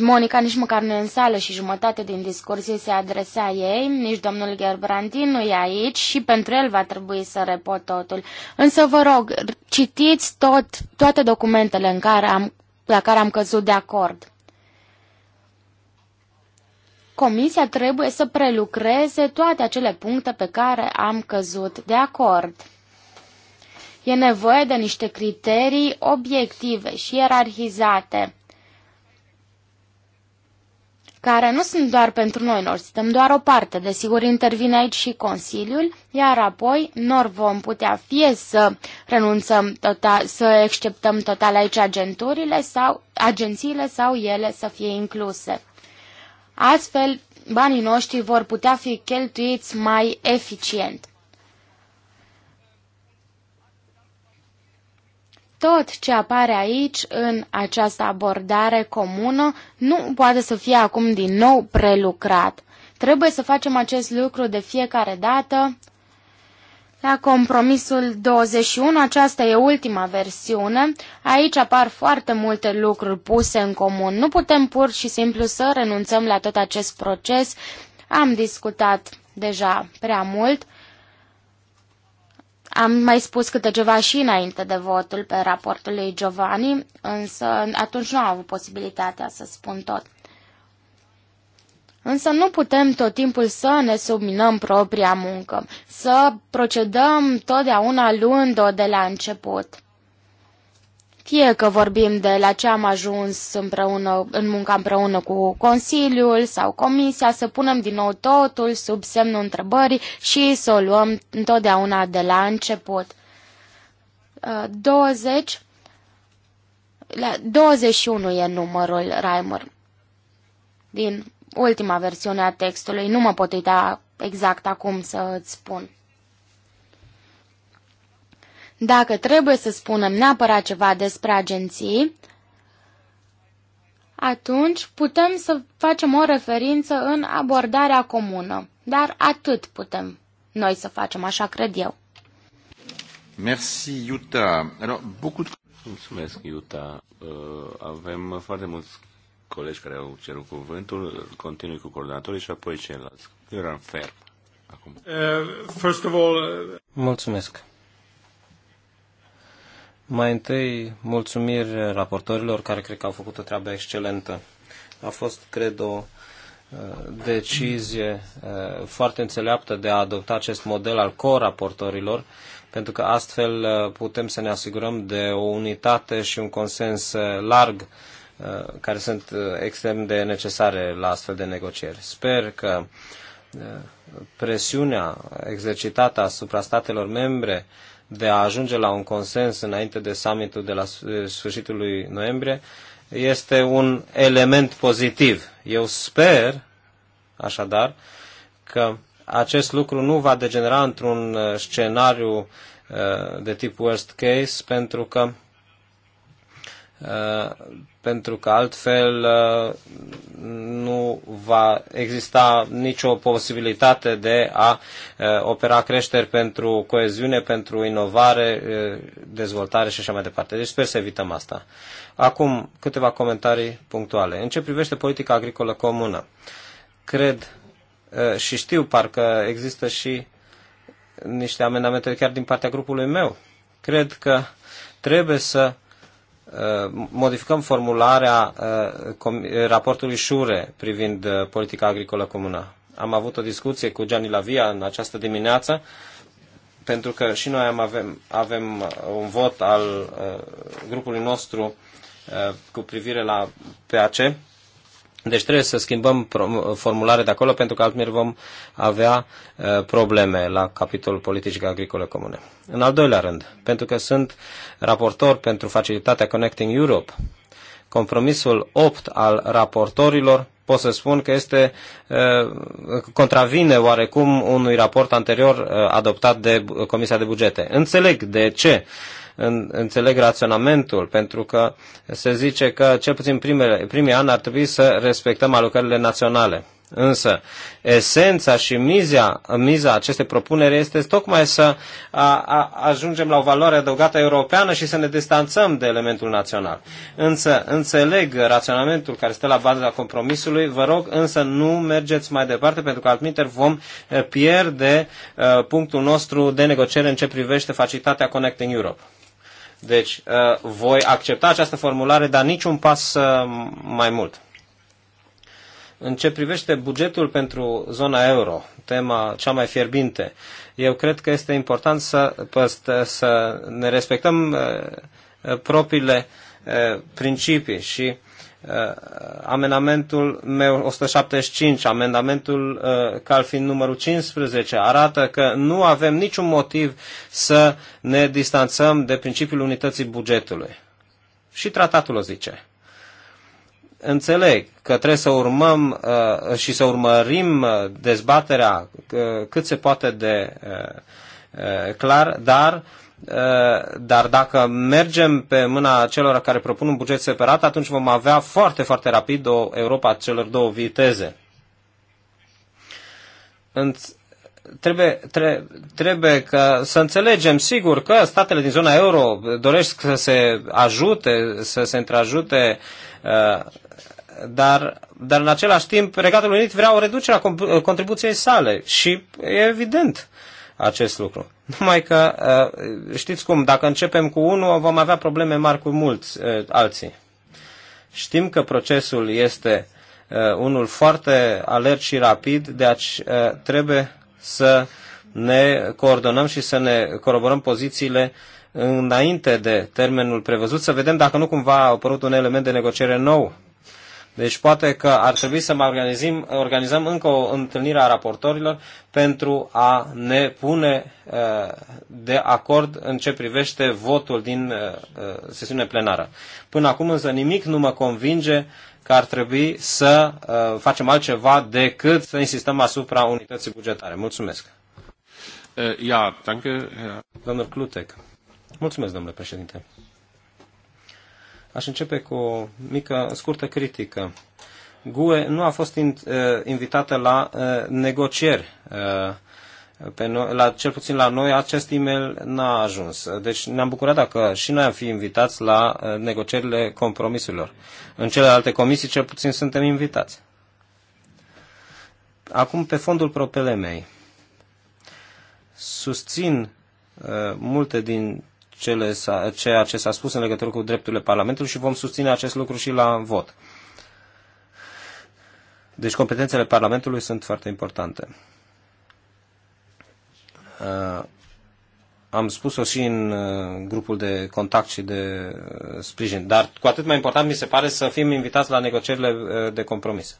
Monica nici măcar nu e în sală și jumătate din discursie se adresa ei, nici domnul Gerbrandin nu e aici și pentru el va trebui să repot totul. Însă vă rog, citiți tot, toate documentele în care am, la care am căzut de acord. Comisia trebuie să prelucreze toate acele puncte pe care am căzut de acord. E nevoie de niște criterii obiective și ierarhizate, care nu sunt doar pentru noi, noi suntem doar o parte. Desigur, intervine aici și Consiliul, iar apoi nor vom putea fie să renunțăm, total, să exceptăm total aici agenturile sau agențiile sau ele să fie incluse. Astfel, banii noștri vor putea fi cheltuiți mai eficient. Tot ce apare aici, în această abordare comună, nu poate să fie acum din nou prelucrat. Trebuie să facem acest lucru de fiecare dată, la compromisul 21, aceasta e ultima versiune, aici apar foarte multe lucruri puse în comun. Nu putem pur și simplu să renunțăm la tot acest proces. Am discutat deja prea mult. Am mai spus câte ceva și înainte de votul pe raportul lui Giovanni, însă atunci nu am avut posibilitatea să spun tot. Însă nu putem tot timpul să ne subminăm propria muncă, să procedăm totdeauna luând-o de la început. Fie că vorbim de la ce am ajuns împreună, în munca împreună cu Consiliul sau Comisia, să punem din nou totul sub semnul întrebării și să o luăm întotdeauna de la început. 20, uh, 21 e numărul Reimer din ultima versiune a textului. Nu mă pot uita exact acum să îți spun. Dacă trebuie să spunem neapărat ceva despre agenții, atunci putem să facem o referință în abordarea comună. Dar atât putem noi să facem, așa cred eu. Merci, Iuta. Alors, beaucoup de... Mulțumesc, Iuta. Uh, avem foarte mulți colegi care au cerut cuvântul. Continui cu coordonatorii și apoi ceilalți. Eu eram ferm. Acum. Uh, first of all... Uh... Mulțumesc. Mai întâi, mulțumiri raportorilor care cred că au făcut o treabă excelentă. A fost, cred, o uh, decizie uh, foarte înțeleaptă de a adopta acest model al co-raportorilor, pentru că astfel uh, putem să ne asigurăm de o unitate și un consens larg Uh, care sunt uh, extrem de necesare la astfel de negocieri. Sper că uh, presiunea exercitată asupra statelor membre de a ajunge la un consens înainte de summitul de la sfârșitul lui noiembrie este un element pozitiv. Eu sper, așadar, că acest lucru nu va degenera într-un scenariu de tip worst case, pentru că Uh, pentru că altfel uh, nu va exista nicio posibilitate de a uh, opera creșteri pentru coeziune, pentru inovare, dezvoltare și așa mai departe. Deci sper să evităm asta. Acum câteva comentarii punctuale. În ce privește politica agricolă comună, cred și știu parcă există și niște amendamente chiar din partea grupului meu. Cred că trebuie să Uh, modificăm formularea uh, raportului Șure privind uh, politica agricolă comună. Am avut o discuție cu Gianni Lavia în această dimineață, pentru că și noi am avem, avem un vot al grupului nostru cu privire la PAC deci trebuie să schimbăm formulare de acolo pentru că altmir vom avea uh, probleme la capitolul politicii agricole comune. În al doilea rând, pentru că sunt raportor pentru facilitatea Connecting Europe, compromisul 8 al raportorilor pot să spun că este uh, contravine oarecum unui raport anterior uh, adoptat de Comisia de Bugete. Înțeleg de ce în, înțeleg raționamentul, pentru că se zice că cel puțin primele, primii ani ar trebui să respectăm alocările naționale. Însă, esența și mizia, miza acestei propuneri este tocmai să a, a, ajungem la o valoare adăugată europeană și să ne distanțăm de elementul național. Însă, înțeleg raționamentul care stă la baza compromisului, vă rog, însă nu mergeți mai departe, pentru că altminteri vom eh, pierde a, eh, punctul nostru de negociere în ce privește facilitatea Connecting Europe. Deci, uh, voi accepta această formulare, dar niciun pas uh, mai mult. În ce privește bugetul pentru zona euro, tema cea mai fierbinte, eu cred că este important să, să ne respectăm uh, propriile principii și uh, Uh, amendamentul meu 175, amendamentul uh, Calfin numărul 15 arată că nu avem niciun motiv să ne distanțăm de principiul unității bugetului. Și tratatul o zice. Înțeleg că trebuie să urmăm uh, și să urmărim dezbaterea cât se poate de clar, dar uh, Eh, dar dacă mergem pe mâna celor care propun un buget separat, atunci vom avea foarte, foarte rapid o Europa a celor două viteze. Trebuie, trebuie, trebuie că să înțelegem sigur că statele din zona euro doresc să se ajute, să se întreajute, eh, dar, dar în același timp Regatul Unit vrea o reducere a contribuției sale și e evident. Uh, acest lucru. Numai că, uh, știți cum, dacă începem cu unul, vom avea probleme mari cu mulți uh, alții. Știm că procesul este uh, unul foarte alert și rapid, deci trebuie să ne coordonăm și să ne coroborăm pozițiile înainte de termenul prevăzut, să vedem dacă nu cumva a apărut un element de negociere nou deci poate că ar trebui să mai organizăm, organizăm încă o întâlnire a raportorilor pentru a ne pune uh, de acord în ce privește votul din uh, uh, sesiune plenară. Până acum însă nimic nu mă convinge că ar trebui să facem altceva decât să insistăm asupra unității bugetare. Mulțumesc. Ja, danke. Domnul Klutek. Mulțumesc, domnule președinte. Aș începe cu o mică, scurtă critică. GUE nu a fost in, uh, invitată la uh, negocieri. Uh, pe noi, la, cel puțin la noi acest e-mail n-a ajuns. Deci ne-am bucurat dacă și noi am fi invitați la uh, negocierile compromisurilor. În celelalte comisii cel puțin suntem invitați. Acum pe fondul propelemei. Susțin uh, multe din cele, ceea ce s-a spus în legătură cu drepturile Parlamentului și vom susține acest lucru și la vot. Deci competențele Parlamentului sunt foarte importante. Uh, am spus-o și în uh, grupul de contact și de uh, sprijin, dar cu atât mai important mi se pare să fim invitați la negocierile de compromis.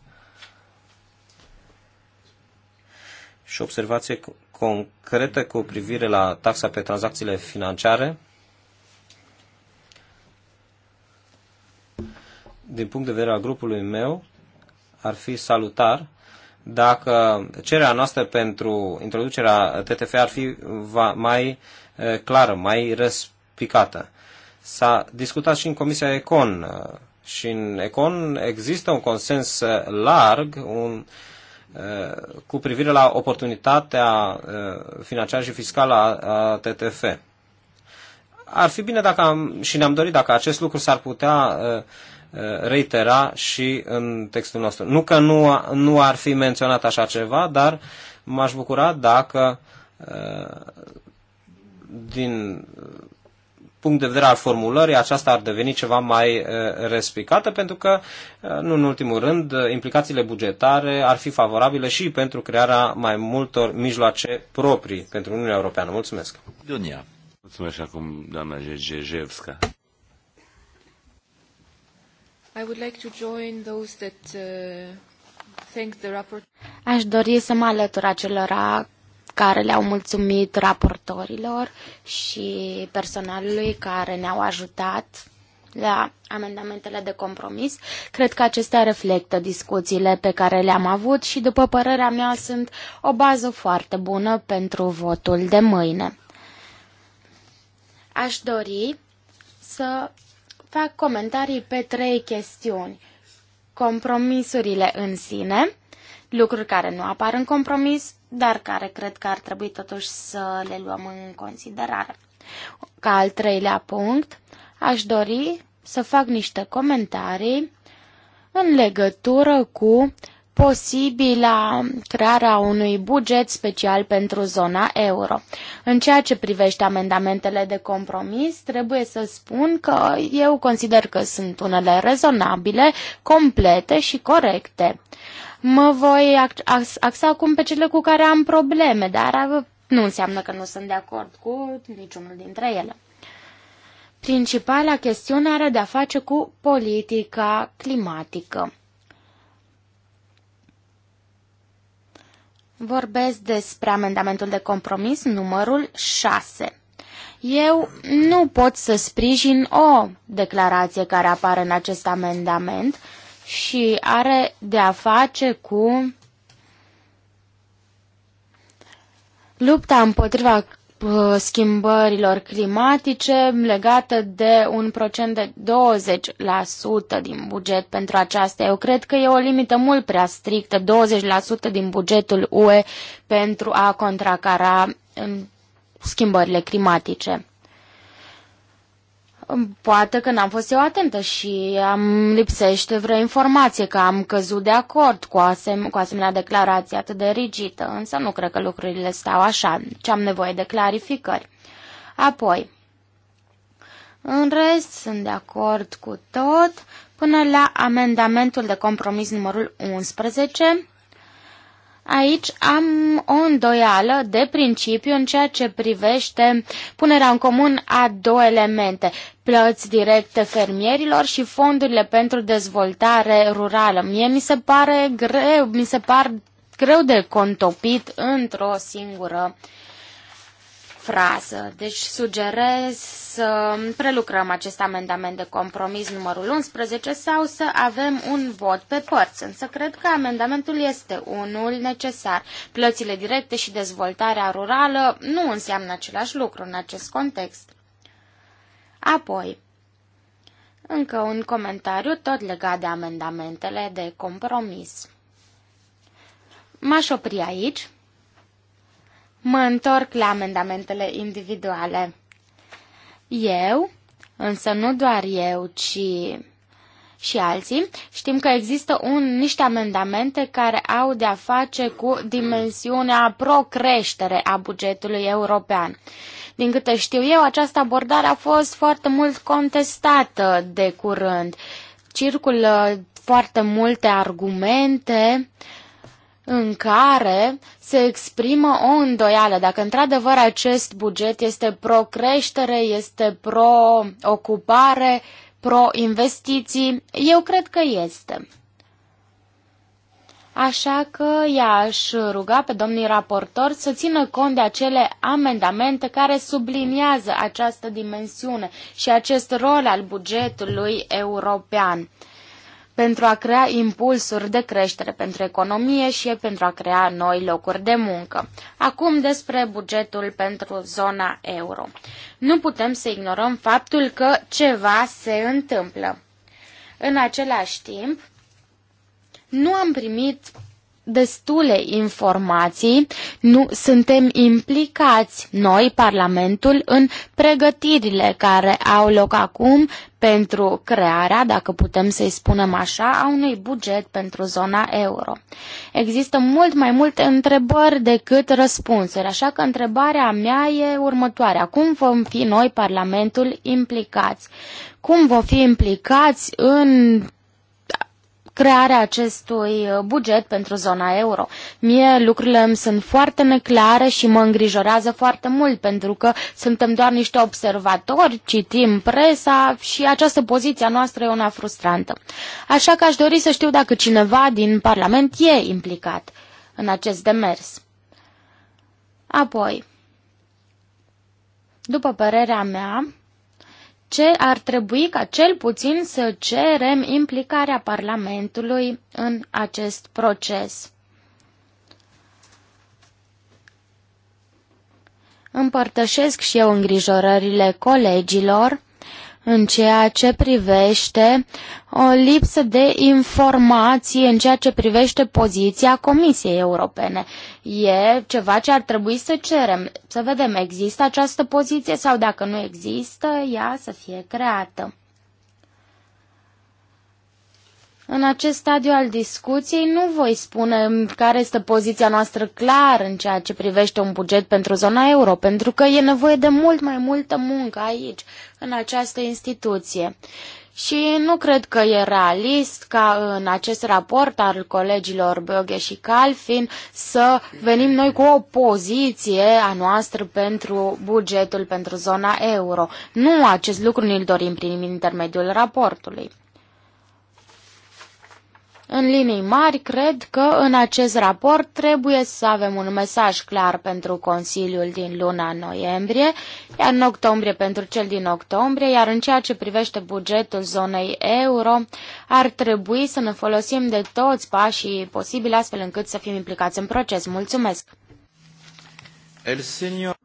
și observație concretă cu privire la taxa pe tranzacțiile financiare. din punct de vedere al grupului meu, ar fi salutar dacă cererea noastră pentru introducerea TTF ar fi mai clară, mai răspicată. S-a discutat și în Comisia Econ și în Econ există un consens larg un, cu privire la oportunitatea financiară și fiscală a TTF. Ar fi bine dacă am, și ne-am dorit dacă acest lucru s-ar putea uh, reitera și în textul nostru. Nu că nu, nu ar fi menționat așa ceva, dar m-aș bucura dacă uh, din punct de vedere al formulării, aceasta ar deveni ceva mai uh, respicată, pentru că, uh, nu în ultimul rând, implicațiile bugetare ar fi favorabile și pentru crearea mai multor mijloace proprii pentru Uniunea Europeană. Mulțumesc! Dunia. Mulțumesc acum, doamna Jejevska. I would like to join those that uh, thank the rapport. Aș dori să mă alătur acelora care le-au mulțumit raportorilor și personalului care ne-au ajutat la amendamentele de compromis. Cred că acestea reflectă discuțiile pe care le-am avut și, după părerea mea, sunt o bază foarte bună pentru votul de mâine. Aș dori să fac comentarii pe trei chestiuni. Compromisurile în sine, lucruri care nu apar în compromis, dar care cred că ar trebui totuși să le luăm în considerare. Ca al treilea punct, aș dori să fac niște comentarii în legătură cu posibilă crearea unui buget special pentru zona euro. În ceea ce privește amendamentele de compromis, trebuie să spun că eu consider că sunt unele rezonabile, complete și corecte. Mă voi axa acum pe cele cu care am probleme, dar nu înseamnă că nu sunt de acord cu niciunul dintre ele. Principala chestiune are de-a face cu politica climatică. Vorbesc despre amendamentul de compromis numărul 6. Eu nu pot să sprijin o declarație care apare în acest amendament și are de a face cu lupta împotriva Uh, schimbărilor climatice legată de un procent de 20% din buget pentru aceasta. Eu cred că e o limită mult prea strictă, 20% din bugetul UE pentru a contracara um, schimbările climatice. Poate că n-am fost eu atentă și am lipsește vreo informație că am căzut de acord cu, asem- cu asemenea declarație atât de rigidă, însă nu cred că lucrurile stau așa, ce am nevoie de clarificări. Apoi, în rest, sunt de acord cu tot, până la amendamentul de compromis numărul 11, Aici am o îndoială de principiu în ceea ce privește punerea în comun a două elemente, plăți directe fermierilor și fondurile pentru dezvoltare rurală. Mie mi se pare greu, mi se par greu de contopit într-o singură uh, frază. Deci sugerez să prelucrăm acest amendament de compromis numărul 11 sau să avem un vot pe părți. Însă cred că amendamentul este unul necesar. Plățile directe și dezvoltarea rurală nu înseamnă același lucru în acest context. Apoi, încă un comentariu tot legat de amendamentele de compromis. M-aș opri aici. Mă întorc la amendamentele individuale. Eu, însă nu doar eu, ci și alții, știm că există un, niște amendamente care au de-a face cu dimensiunea pro-creștere a bugetului european. Din câte știu eu, această abordare a fost foarte mult contestată de curând. Circulă foarte multe argumente uh, în care se exprimă o îndoială dacă într-adevăr acest buget este pro-creștere, este pro-ocupare, pro-investiții. Eu cred că este. Așa că i-aș ruga pe domnii raportori să țină cont de acele amendamente care subliniază această dimensiune și acest rol al bugetului european pentru a crea impulsuri de creștere pentru economie și pentru a crea noi locuri de muncă. Acum despre bugetul pentru zona euro. Nu putem să ignorăm faptul că ceva se întâmplă. În același timp, nu am primit destule informații, nu suntem implicați noi, Parlamentul, în pregătirile care au loc acum pentru crearea, dacă putem să-i spunem așa, a unui buget pentru zona euro. Există mult mai multe întrebări decât răspunsuri, așa că întrebarea mea e următoarea. Cum vom fi noi, Parlamentul, implicați? Cum vom fi implicați în crearea acestui uh, buget pentru zona euro. Mie lucrurile îmi sunt foarte neclare și mă îngrijorează foarte mult pentru că suntem doar niște observatori, citim presa și această poziție a noastră e una frustrantă. Așa că aș dori să știu dacă cineva din Parlament e implicat în acest demers. Apoi, după părerea mea, ce ar trebui ca cel puțin să cerem implicarea Parlamentului în acest proces. Împărtășesc și eu îngrijorările colegilor în ceea ce privește o lipsă de informații în ceea ce privește poziția Comisiei Europene. E ceva ce ar trebui să cerem, să vedem există această poziție sau dacă nu există, ea să fie creată. În acest stadiu al discuției nu voi spune care este poziția noastră clar în ceea ce privește un buget pentru zona euro, pentru că e nevoie de mult mai multă muncă aici în această instituție. Și nu cred că e realist ca în acest raport al colegilor Böge și Calfin să venim noi cu o poziție a noastră pentru bugetul pentru zona euro. Nu acest lucru ne-l dorim prin intermediul raportului. În linii mari, cred că în acest raport trebuie să avem un mesaj clar pentru Consiliul din luna noiembrie, iar în octombrie pentru cel din octombrie, iar în ceea ce privește bugetul zonei euro, ar trebui să ne folosim de toți pașii posibili astfel încât să fim implicați în proces. Mulțumesc! El senior...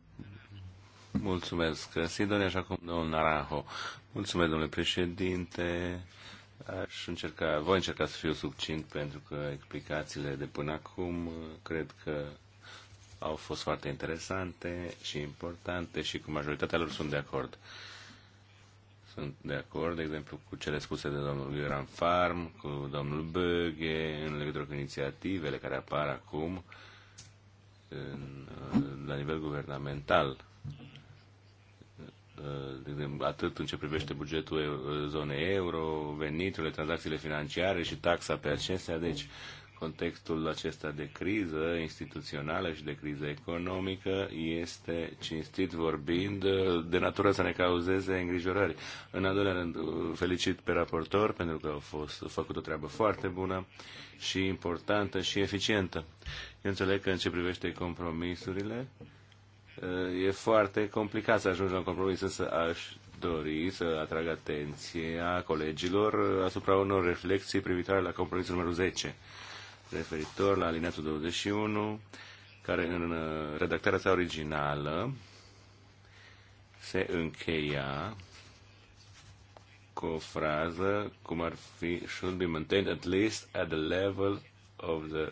Mulțumesc. Sidonia așa cum domnul Naraho. Mulțumesc, domnule președinte. Aș încerca, voi încerca să fiu succint pentru că explicațiile de până acum uh, cred că au fost foarte interesante și importante și cu majoritatea lor sunt de acord. Sunt de acord, de exemplu, cu cele spuse de domnul Gran Farm, cu domnul Băghe, în legătură cu inițiativele care apar acum în, uh, la nivel guvernamental atât în ce privește bugetul eh, zonei euro, veniturile, tranzacțiile financiare și taxa pe acestea. Deci, contextul acesta de criză instituțională și de criză economică este, cinstit vorbind, eh, de natură să ne cauzeze îngrijorări. În al doilea rând, eh, felicit pe raportor pentru că a fost făcut o treabă foarte bună și importantă și eficientă. Eu înțeleg că în ce privește compromisurile, Eh, e foarte complicat să ajungi la un compromis, însă aș dori să atrag atenția colegilor asupra unor reflexii privitoare la compromisul numărul 10, referitor la alineatul 21, care în redactarea sa originală se încheia cu o frază cum ar fi should be maintained at least at the level of the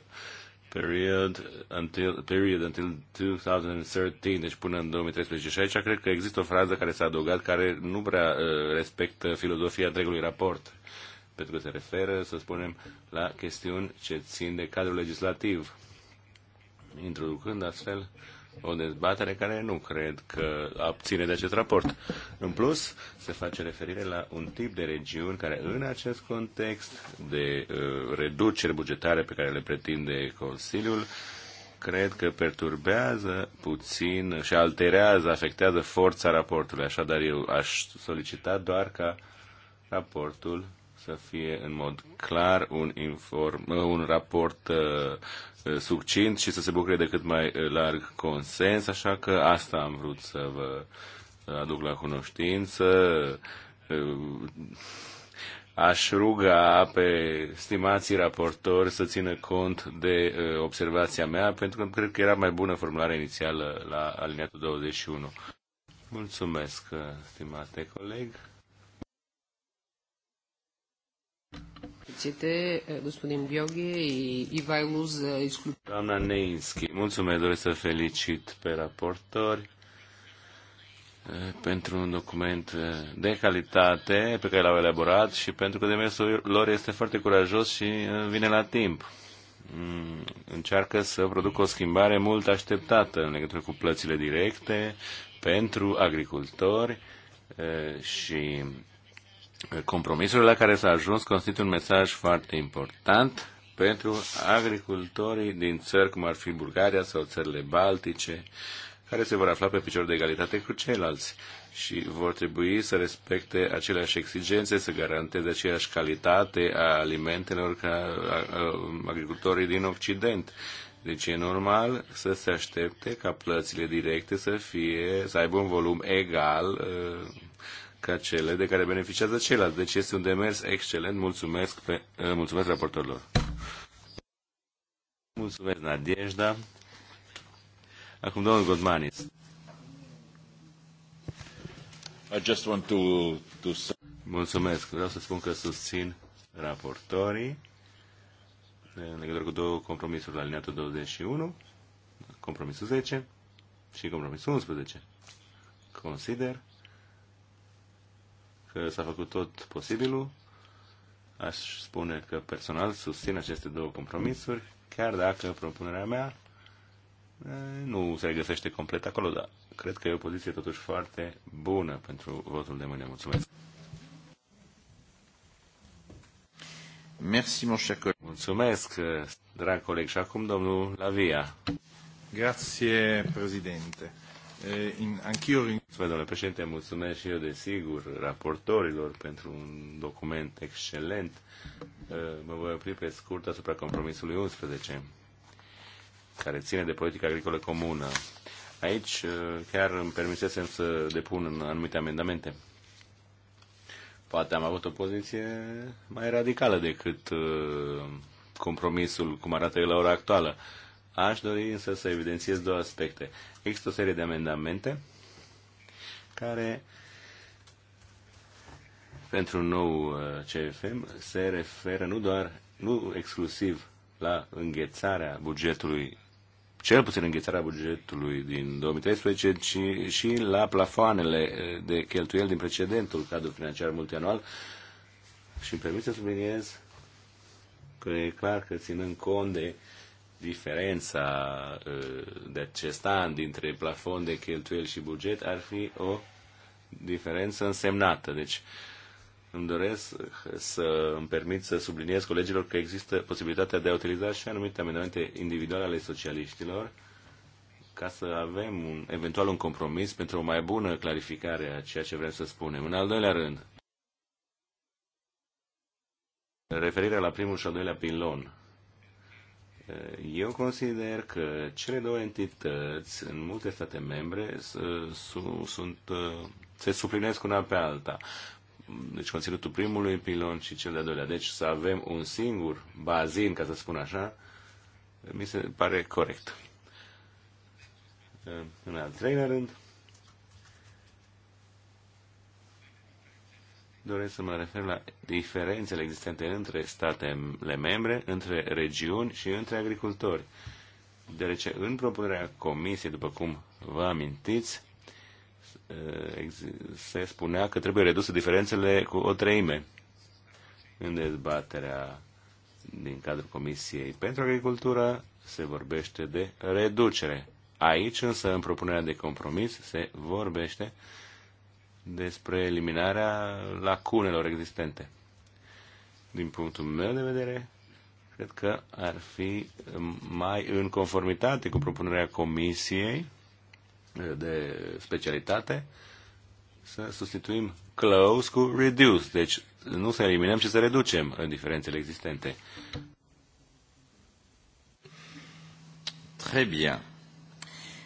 period until, period until 2013, deci până în 2013. Și aici cred că există o frază care s-a adăugat, care nu prea uh, respectă filozofia întregului raport, pentru că se referă, să spunem, la chestiuni ce țin de cadrul legislativ, introducând astfel uh, o dezbatere care nu cred că abține de acest raport. În plus, se face referire la un tip de regiuni care în acest context de uh, reduceri bugetare pe care le pretinde Consiliul, cred că perturbează puțin și alterează, afectează forța raportului. Așadar, eu aș solicita doar ca raportul să fie în mod clar un, inform, uh, un raport uh, uh, succint și să se bucure de cât mai uh, larg consens, așa că asta am vrut să vă aduc la cunoștință. Uh, aș ruga pe stimații raportori să țină cont de uh, observația mea, pentru că cred că era mai bună formularea inițială la alineatul 21. Mulțumesc, stimate coleg. situațiите, господин eh, Bioghe, и Ivailuz exclusiv. Eh, Doamna Neinski, mulțumesc, doresc să felicit pe raportori eh, pentru un document de calitate pe care l-au elaborat și pentru că demersul lor este foarte curajos și vine la timp. Mm, încearcă să producă o schimbare mult așteptată în legătură cu plățile directe pentru agricultori și Compromisul la care s-a ajuns constituie un mesaj foarte important pentru agricultorii din țări cum ar fi Bulgaria sau țările Baltice, care se vor afla pe picior de egalitate cu ceilalți și vor trebui să respecte aceleași exigențe, să garanteze aceeași calitate a alimentelor ca agricultorii din Occident. Deci e normal să se aștepte ca plățile directe să fie, să aibă un volum egal uh, ca cele de care beneficiază ceilalți. Deci este un demers excelent. Mulțumesc, pe, eh, mulțumesc raportorilor. Mulțumesc, Nadiejda. Acum domnul Godmanis. I just want to, to... Mulțumesc. Vreau să spun că susțin raportorii în legătură cu două compromisuri la alineatul 21, compromisul 10 și compromisul 11. Consider că s-a făcut tot posibilul. Aș spune că personal susțin aceste două compromisuri, chiar dacă propunerea mea nu se regăsește complet acolo, dar cred că e o poziție totuși foarte bună pentru votul de mâine. Mulțumesc! Merci, mon cher coleg. Mulțumesc, drag coleg. Și acum, domnul Lavia. Grazie, președinte. Mulțumesc, domnule președinte, mulțumesc și eu, desigur, raportorilor pentru un document excelent. Mă voi opri pe scurt asupra compromisului 11, care ține de politica agricolă comună. Aici chiar îmi permisesem să depun anumite amendamente. Poate am avut o poziție mai radicală decât compromisul cum arată el la ora actuală. Aș dori însă să evidențiez două aspecte. Există o serie de amendamente care pentru un nou uh, CFM se referă nu doar, nu exclusiv la înghețarea bugetului, cel puțin înghețarea bugetului din 2013, ci și la plafoanele uh, de cheltuieli din precedentul cadru financiar multianual. Și îmi permit să subliniez că e clar că ținând cont de uh, diferența uh, de acest an dintre plafon de cheltuieli și buget ar fi o diferență însemnată. Deci îmi doresc să îmi permit să subliniez colegilor că există posibilitatea de a utiliza și anumite amendamente individuale ale socialiștilor ca să avem un, eventual un compromis pentru o mai bună clarificare a ceea ce vrem să spunem. În al doilea rând, referirea la primul și al doilea pilon eu consider că cele două entități în multe state membre sunt, se suplinesc una pe alta. Deci conținutul primului pilon și cel de-al doilea. Deci să avem un singur bazin, ca să spun așa, mi se pare corect. În al treilea rând, doresc să mă refer la diferențele existente între statele membre, între regiuni și între agricultori. Deoarece în propunerea comisiei, după cum vă amintiți, se spunea că trebuie reduse diferențele cu o treime în dezbaterea din cadrul Comisiei pentru Agricultură se vorbește de reducere. Aici însă, în propunerea de compromis, se vorbește uh, despre eliminarea lacunelor existente. Din punctul meu de vedere, cred că ar fi mai în conformitate cu propunerea Comisiei de specialitate să substituim close cu reduce. Deci nu să eliminăm, ci să reducem diferențele existente. Très bien.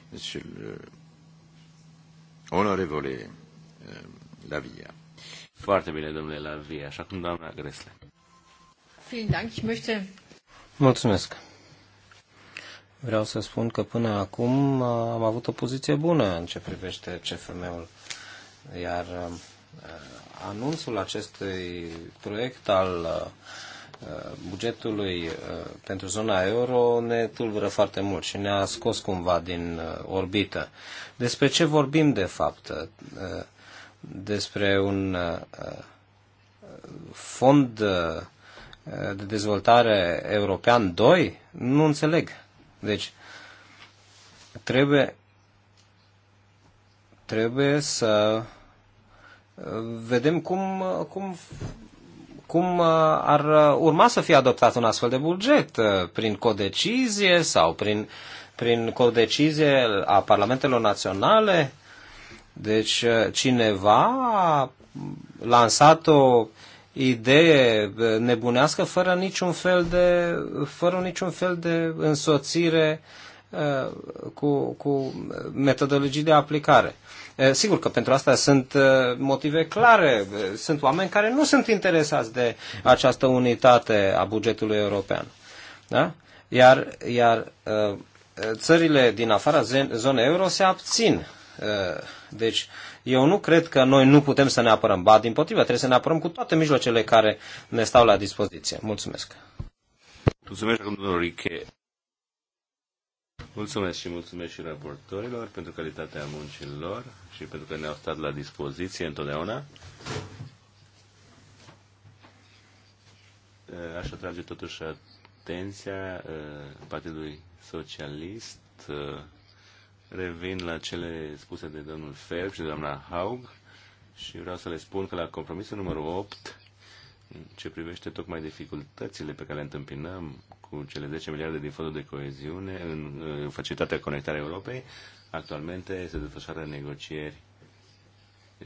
Monsieur le... Honorevole, la via. Foarte bine, domnule la via. Așa cum doamna Gresle. Mulțumesc. Vreau să spun că până acum am avut o poziție bună în ce privește CFM-ul, iar anunțul acestui proiect al bugetului pentru zona euro ne tulbură foarte mult și ne-a scos cumva din orbită. Despre ce vorbim de fapt? despre un uh, fond uh, de dezvoltare european 2, nu înțeleg. Deci, trebuie, trebuie să uh, vedem cum, cum, cum ar urma să fie adoptat un astfel de buget, prin codecizie sau prin, prin codecizie a parlamentelor naționale. Deci uh, cineva a lansat o idee uh, nebunească fără niciun fel de, fără niciun fel de însoțire uh, cu, cu metodologii de aplicare. Sigur că pentru asta sunt motive clare. Sunt oameni care nu sunt interesați de această unitate a bugetului european. Da? Iar, iar țările din afara zonei euro se abțin deci, eu nu cred că noi nu putem să ne apărăm. Ba, din potrivă, trebuie să ne apărăm cu toate mijloacele care ne stau la dispoziție. Mulțumesc. Mulțumesc, domnul Riche. Mulțumesc și mulțumesc și raportorilor pentru calitatea muncilor și pentru că ne-au stat la dispoziție întotdeauna. Eh, aș atrage totuși atenția eh, Partidului Socialist eh, revin la cele spuse de domnul Ferb și de doamna Haug și vreau să le spun că la compromisul numărul 8, ce privește tocmai dificultățile pe care le întâmpinăm cu cele 10 miliarde din fondul de coeziune în, în facilitatea conectarea Europei, actualmente se desfășoară negocieri Eh,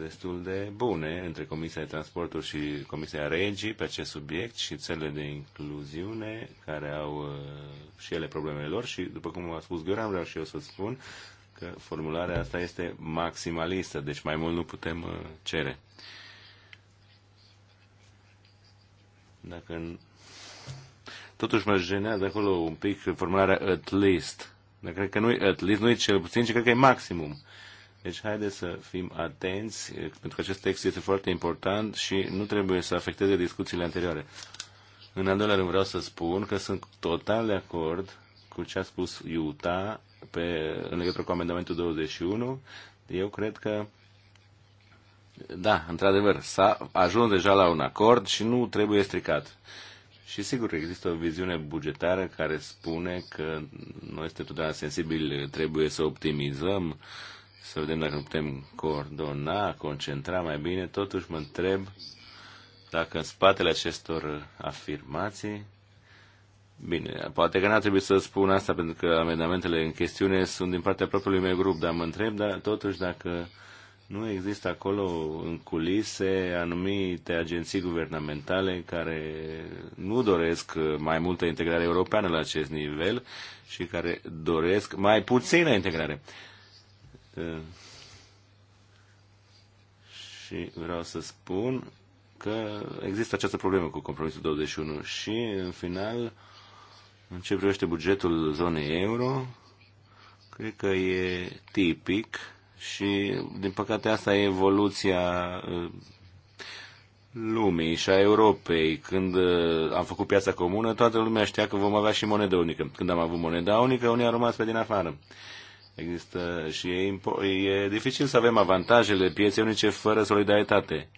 destul de bune între Comisia de Transporturi și Comisia Regii pe acest subiect și țările de incluziune care au eh, și ele problemele lor și, după cum a spus Gheorghe, vreau și eu să spun că formularea asta este maximalistă, deci mai mult nu putem eh, cere. Dacă Totuși mă jenează acolo un pic formularea at least. Dar cred că nu e at least, nu e cel puțin, ci cred că e maximum. Uh, deci haideți să fim atenți, pentru că acest text este foarte important și nu trebuie să afecteze discuțiile anterioare. În al doilea rând vreau să spun că sunt total de acord cu ce a spus Iuta pe, în legătură cu amendamentul 21. Eu cred că da, într-adevăr, s-a ajuns deja la un acord și nu trebuie stricat. Și sigur că există o viziune bugetară care spune că noi suntem totdeauna sensibili, trebuie să optimizăm uh, să vedem dacă putem coordona, concentra mai bine. Totuși mă întreb dacă în spatele acestor afirmații Bine, poate că n a trebuit să spun asta pentru că amendamentele în chestiune sunt din partea propriului meu grup, dar mă întreb dar, totuși dacă nu există acolo în culise anumite agenții guvernamentale care nu doresc mai multă integrare europeană la acest nivel și care doresc mai puțină integrare. Uh, și vreau să spun că există această problemă cu compromisul 21 și, în final, în ce privește bugetul zonei euro, cred că e tipic și, din păcate, asta e evoluția uh, lumii și a Europei. Când uh, am făcut piața comună, toată lumea știa că vom avea și monedă unică. Când am avut moneda unică, unii au rămas pe din afară. Există și e, e dificil să avem avantajele pieței unice fără solidaritate.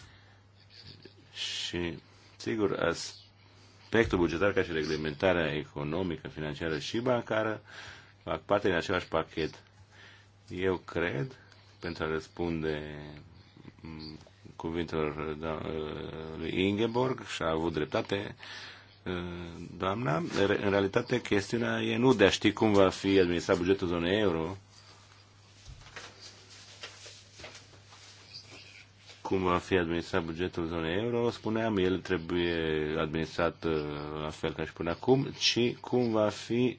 Și, sigur, aspectul bugetar ca și reglementarea economică, financiară și bancară fac parte din același pachet. Eu cred, pentru a răspunde mm, cuvintelor da, lui Ingeborg și a avut dreptate, ă, doamna, în realitate chestiunea e nu de a ști cum va fi administrat bugetul zonei euro, cum va fi administrat bugetul zonei euro, spuneam, el trebuie administrat uh, la fel ca și până acum, ci cum va fi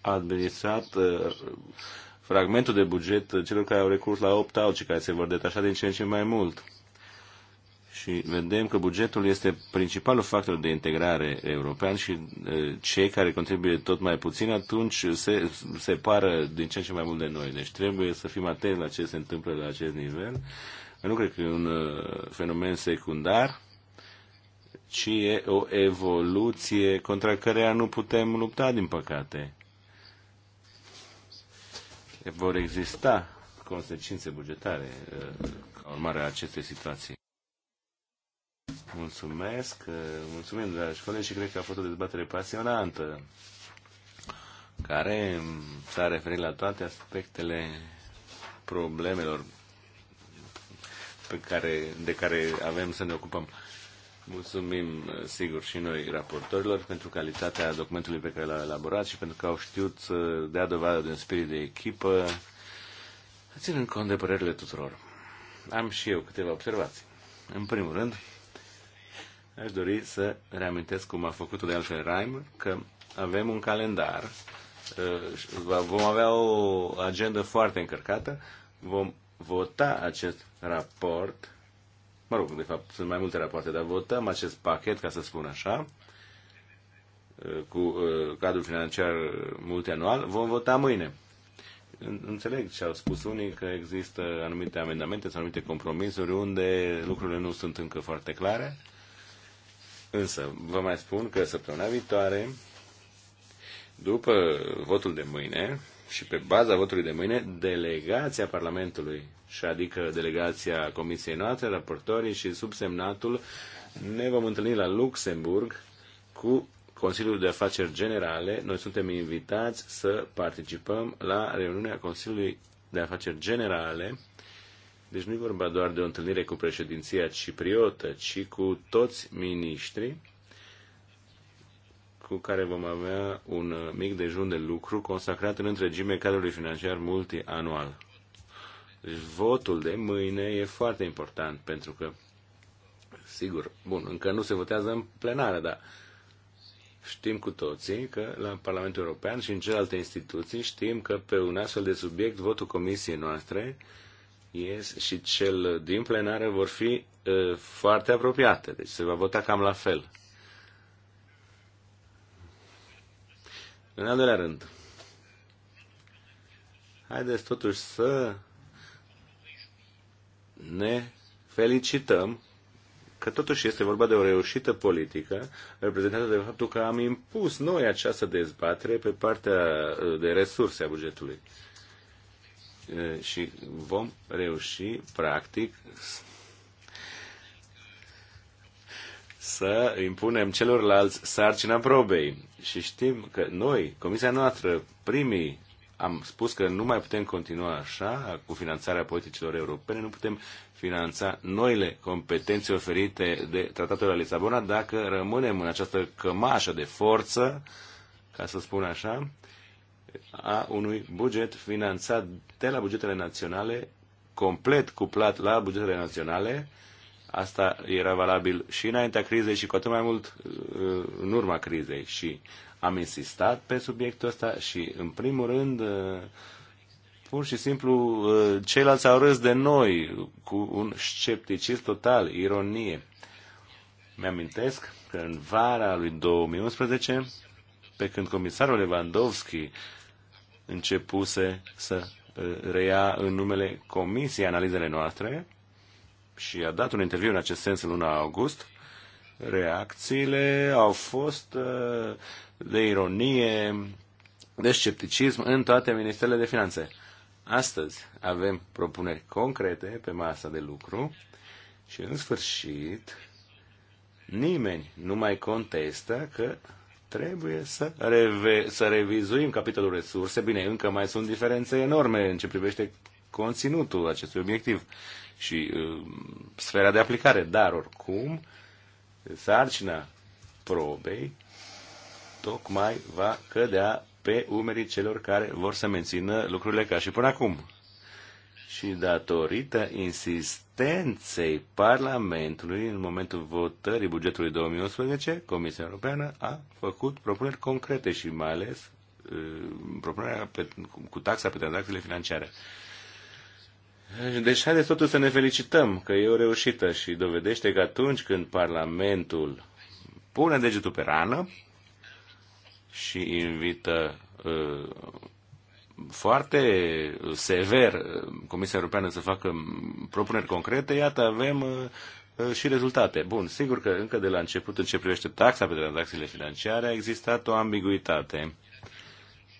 administrat uh, fragmentul de buget celor care au recurs la opt-out și care se vor detașa din ce în ce mai mult. Și vedem că bugetul este principalul factor de integrare european și uh, cei care contribuie tot mai puțin atunci se separă din ce în ce mai mult de noi. Deci trebuie să fim atenți la ce se întâmplă la acest nivel eu nu cred că e un uh, fenomen secundar, ci e o evoluție contra căreia nu putem lupta, din păcate. Vor exista consecințe bugetare uh, ca urmare a acestei situații. Mulțumesc, uh, mulțumim, dragi colegi, și cred că a fost o dezbatere pasionantă care s-a referit la toate aspectele problemelor pe care, de care avem să ne ocupăm. Mulțumim, sigur, și noi raportorilor pentru calitatea documentului pe care l-au elaborat și pentru că au știut să dea dovadă de un spirit de echipă, ținând cont de părerile tuturor. Am și eu câteva observații. În primul rând, aș dori să reamintesc cum a făcut-o de altfel Raim, că avem un calendar, uh, vom avea o agendă foarte încărcată, vom vota acest raport, mă rog, de fapt sunt mai multe rapoarte, dar votăm acest pachet, ca să spun așa, uh, cu uh, cadrul financiar multianual, vom vota mâine. Înțeleg ce au spus unii că există anumite amendamente sau anumite compromisuri unde lucrurile nu sunt încă foarte clare. Însă, vă mai spun că săptămâna viitoare, după votul de mâine, și pe baza votului de mâine, delegația Parlamentului, și adică delegația Comisiei noastre, raportorii și subsemnatul, ne vom întâlni la Luxemburg cu Consiliul de Afaceri Generale. Noi suntem invitați să participăm la reuniunea Consiliului de Afaceri Generale. Deci nu e vorba doar de o întâlnire cu președinția cipriotă, ci cu toți miniștrii cu care vom avea un mic dejun de lucru consacrat în întregime cadrului financiar multianual. Deci votul de mâine e foarte important pentru că, sigur, bun, încă nu se votează în plenară, dar știm cu toții că la Parlamentul European și în celelalte instituții știm că pe un astfel de subiect votul comisiei noastre yes, și cel din plenară vor fi uh, foarte apropiate. Deci se va vota cam la fel. În al doilea rând, haideți totuși să ne felicităm că totuși este vorba de o reușită politică reprezentată de faptul că am impus noi această dezbatere pe partea uh, de resurse a bugetului. Uh, și vom reuși, practic, să impunem celorlalți sarcina probei. Și știm că noi, comisia noastră, primii, am spus că nu mai putem continua așa cu finanțarea politicilor europene, nu putem finanța noile competențe oferite de Tratatul de la Lisabona dacă rămânem în această cămașă de forță, ca să spun așa, a unui buget finanțat de la bugetele naționale, complet cuplat la bugetele naționale, Asta era valabil și înaintea crizei și cu atât mai mult uh, în urma crizei. Și am insistat pe subiectul ăsta și, în primul rând, uh, pur și simplu uh, ceilalți au râs de noi cu un scepticism total, ironie. Mi-amintesc că în vara lui 2011, pe când comisarul Lewandowski începuse să reia în numele Comisiei analizele noastre, și a dat un interviu în acest sens în luna august, reacțiile au fost uh, de ironie, de scepticism în toate ministerele de finanțe. Astăzi avem propuneri concrete pe masa de lucru și, în sfârșit, nimeni nu mai contestă că trebuie să, reve- să revizuim capitolul resurse. Bine, încă mai sunt diferențe enorme în ce privește conținutul acestui obiectiv și uh, sfera de aplicare. Dar, oricum, sarcina probei tocmai va cădea pe umerii celor care vor să mențină lucrurile ca și până acum. Și datorită insistenței Parlamentului în momentul votării bugetului 2011, Comisia Europeană a făcut propuneri concrete și mai ales uh, propunerea pe, cu taxa pe tranzacțiile financiare. Uh, deci haideți totuși să ne felicităm că e o reușită și dovedește că atunci când Parlamentul pune degetul pe rană și invită uh, foarte sever uh, Comisia Europeană să facă propuneri concrete, iată, avem uh, uh, și rezultate. Bun, sigur că încă de la început, în ce privește taxa pe tranzacțiile financiare, a existat o ambiguitate.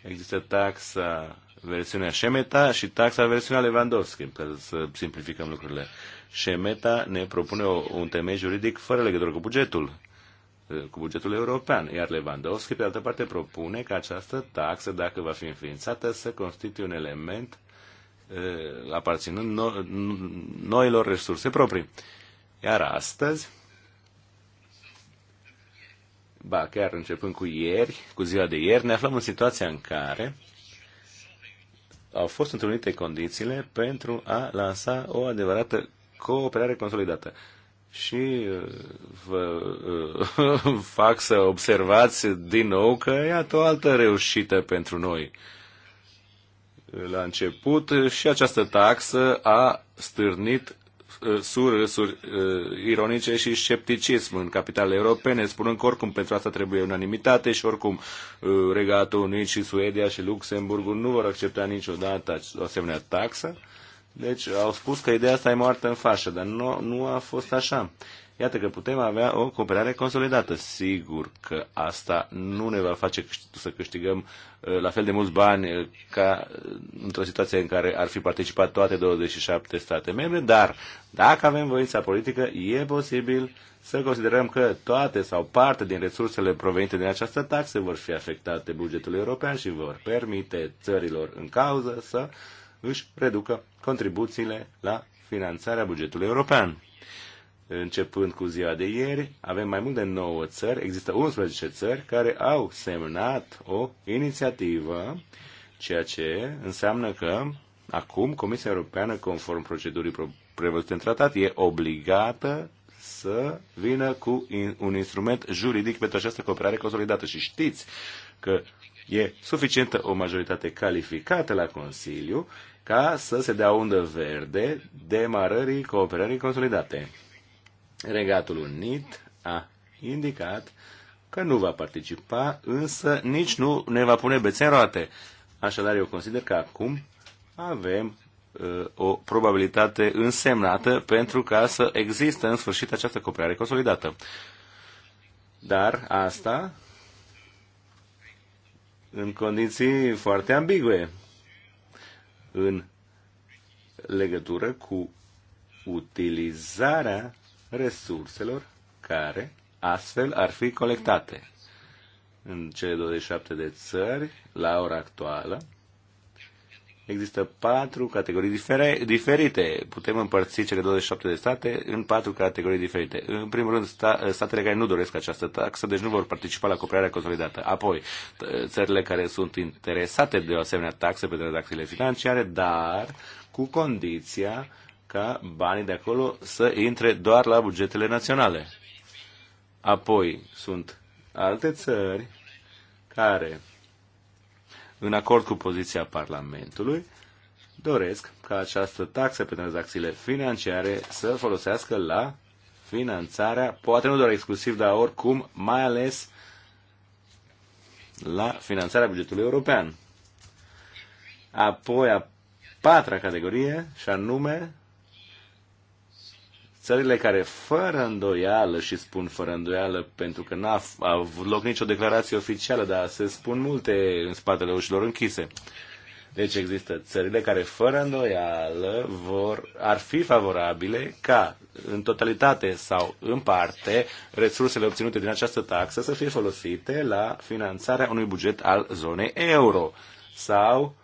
Există taxa versiunea Șemeta și taxa versiunea Lewandowski, ca să simplificăm lucrurile. Șemeta ne propune o, un temei juridic fără legătură cu bugetul, eh, cu bugetul european, iar Lewandowski, pe altă parte, propune că această taxă, dacă va fi înființată, să constituie un element uh, aparținând no, noilor resurse proprii. Iar astăzi, ba chiar începând cu ieri, cu ziua de ieri, ne aflăm în situația în care au fost întrunite condițiile pentru a lansa o adevărată cooperare consolidată. Și uh, vă uh, fac să observați din nou că iată o altă reușită pentru noi. La început și această taxă a stârnit Uh, surâsuri uh, ironice și scepticism în capitalele europene, spunând că oricum pentru asta trebuie unanimitate și oricum uh, Regatul Unit și Suedia și Luxemburgul nu vor accepta niciodată o asemenea taxă. Deci au spus că ideea asta e moartă în fașă, dar nu, nu a fost așa. Iată că putem avea o cooperare consolidată. Sigur că asta nu ne va face să câștigăm uh, la fel de mulți bani uh, ca uh, într-o situație în care ar fi participat toate 27 state membre, dar dacă avem voința politică, e posibil să considerăm că toate sau parte din resursele provenite din această taxă vor fi afectate bugetul european și vor permite țărilor în cauză să își reducă contribuțiile la finanțarea bugetului european începând cu ziua de ieri, avem mai mult de 9 țări, există 11 țări care au semnat o inițiativă, ceea ce înseamnă că acum Comisia Europeană, conform procedurii prevăzute în tratat, e obligată să vină cu un instrument juridic pentru această cooperare consolidată. Și știți că e suficientă o majoritate calificată la Consiliu ca să se dea undă verde demarării cooperării consolidate. Regatul Unit a indicat că nu va participa, însă nici nu ne va pune bețe în roate. Așadar, eu consider că acum avem uh, o probabilitate însemnată pentru ca să există în sfârșit această cooperare consolidată. Dar asta în condiții foarte ambigue în legătură cu utilizarea resurselor care astfel ar fi colectate în cele 27 de țări la ora actuală. Există patru categorii diferite. Putem împărți cele 27 de state în patru categorii diferite. În primul rând, sta, statele care nu doresc această taxă, deci nu vor participa la cooperarea consolidată. Apoi, țările care sunt interesate de o asemenea taxă pe transacțiile financiare, dar cu condiția ca banii de acolo să intre doar la bugetele naționale. Apoi sunt alte țări care, în acord cu poziția Parlamentului, doresc ca această taxă pe tranzacțiile financiare să folosească la finanțarea, poate nu doar exclusiv, dar oricum, mai ales la finanțarea bugetului european. Apoi, a patra categorie, și anume țările care fără îndoială, și spun fără îndoială pentru că n-a avut loc nicio declarație oficială, dar se spun multe în spatele ușilor închise. Deci există țările care fără îndoială vor, ar fi favorabile ca în totalitate sau în parte resursele obținute din această taxă să fie folosite la finanțarea unui buget al zonei euro sau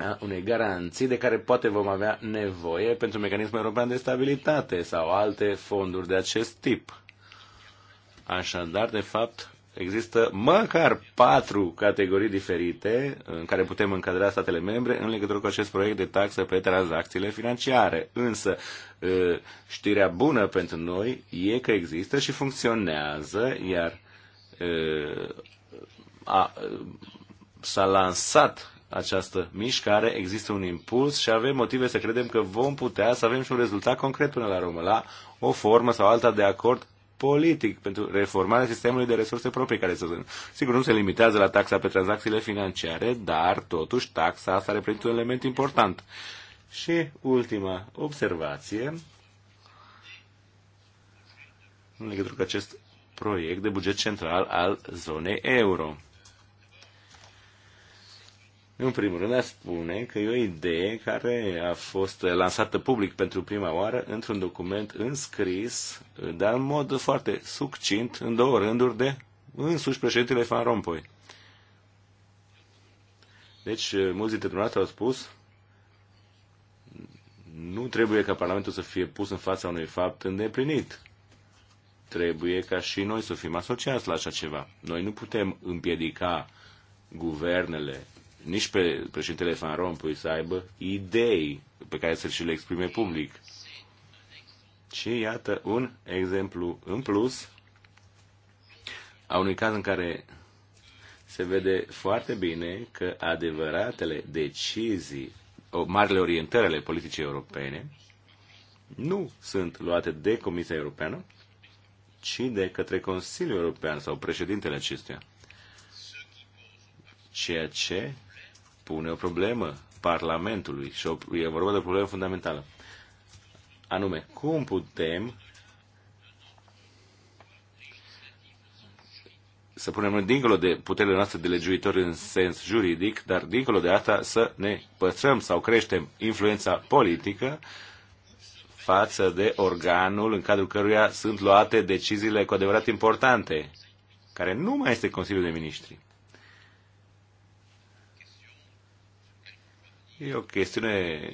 a unei garanții de care poate vom avea nevoie pentru mecanismul european de stabilitate sau alte fonduri de acest tip. Așadar, de fapt, există măcar patru categorii diferite în care putem încadra statele membre în legătură cu acest proiect de taxă pe tranzacțiile financiare. Însă, știrea bună pentru noi e că există și funcționează, iar a, s-a lansat această mișcare, există un impuls și avem motive să credem că vom putea să avem și un rezultat concret până la urmă, la o formă sau alta de acord politic pentru reformarea sistemului de resurse proprii care să Sigur, nu se limitează la taxa pe tranzacțiile financiare, dar totuși taxa asta reprezintă un element important. Și ultima observație în legătură cu acest proiect de buget central al zonei euro. În primul rând, a spune că e o idee care a fost lansată public pentru prima oară într-un document înscris, dar în mod foarte succint, în două rânduri, de însuși președintele Van Rompuy. Deci, mulți dintre dumneavoastră au spus, nu trebuie ca Parlamentul să fie pus în fața unui fapt îndeplinit. Trebuie ca și noi să fim asociați la așa ceva. Noi nu putem împiedica guvernele nici pe președintele Van Rompuy să aibă idei pe care să și le exprime public. Și iată un exemplu în plus a unui caz în care se vede foarte bine că adevăratele decizii, o, marile orientări ale politicii europene, nu sunt luate de Comisia Europeană, ci de către Consiliul European sau președintele acestuia. Ceea ce pune o problemă Parlamentului și o, e vorba de o problemă fundamentală. Anume, cum putem să punem dincolo de puterile noastre de legiuitori în sens juridic, dar dincolo de asta să ne păstrăm sau creștem influența politică față de organul în cadrul căruia sunt luate deciziile cu adevărat importante, care nu mai este Consiliul de Ministri. E o chestiune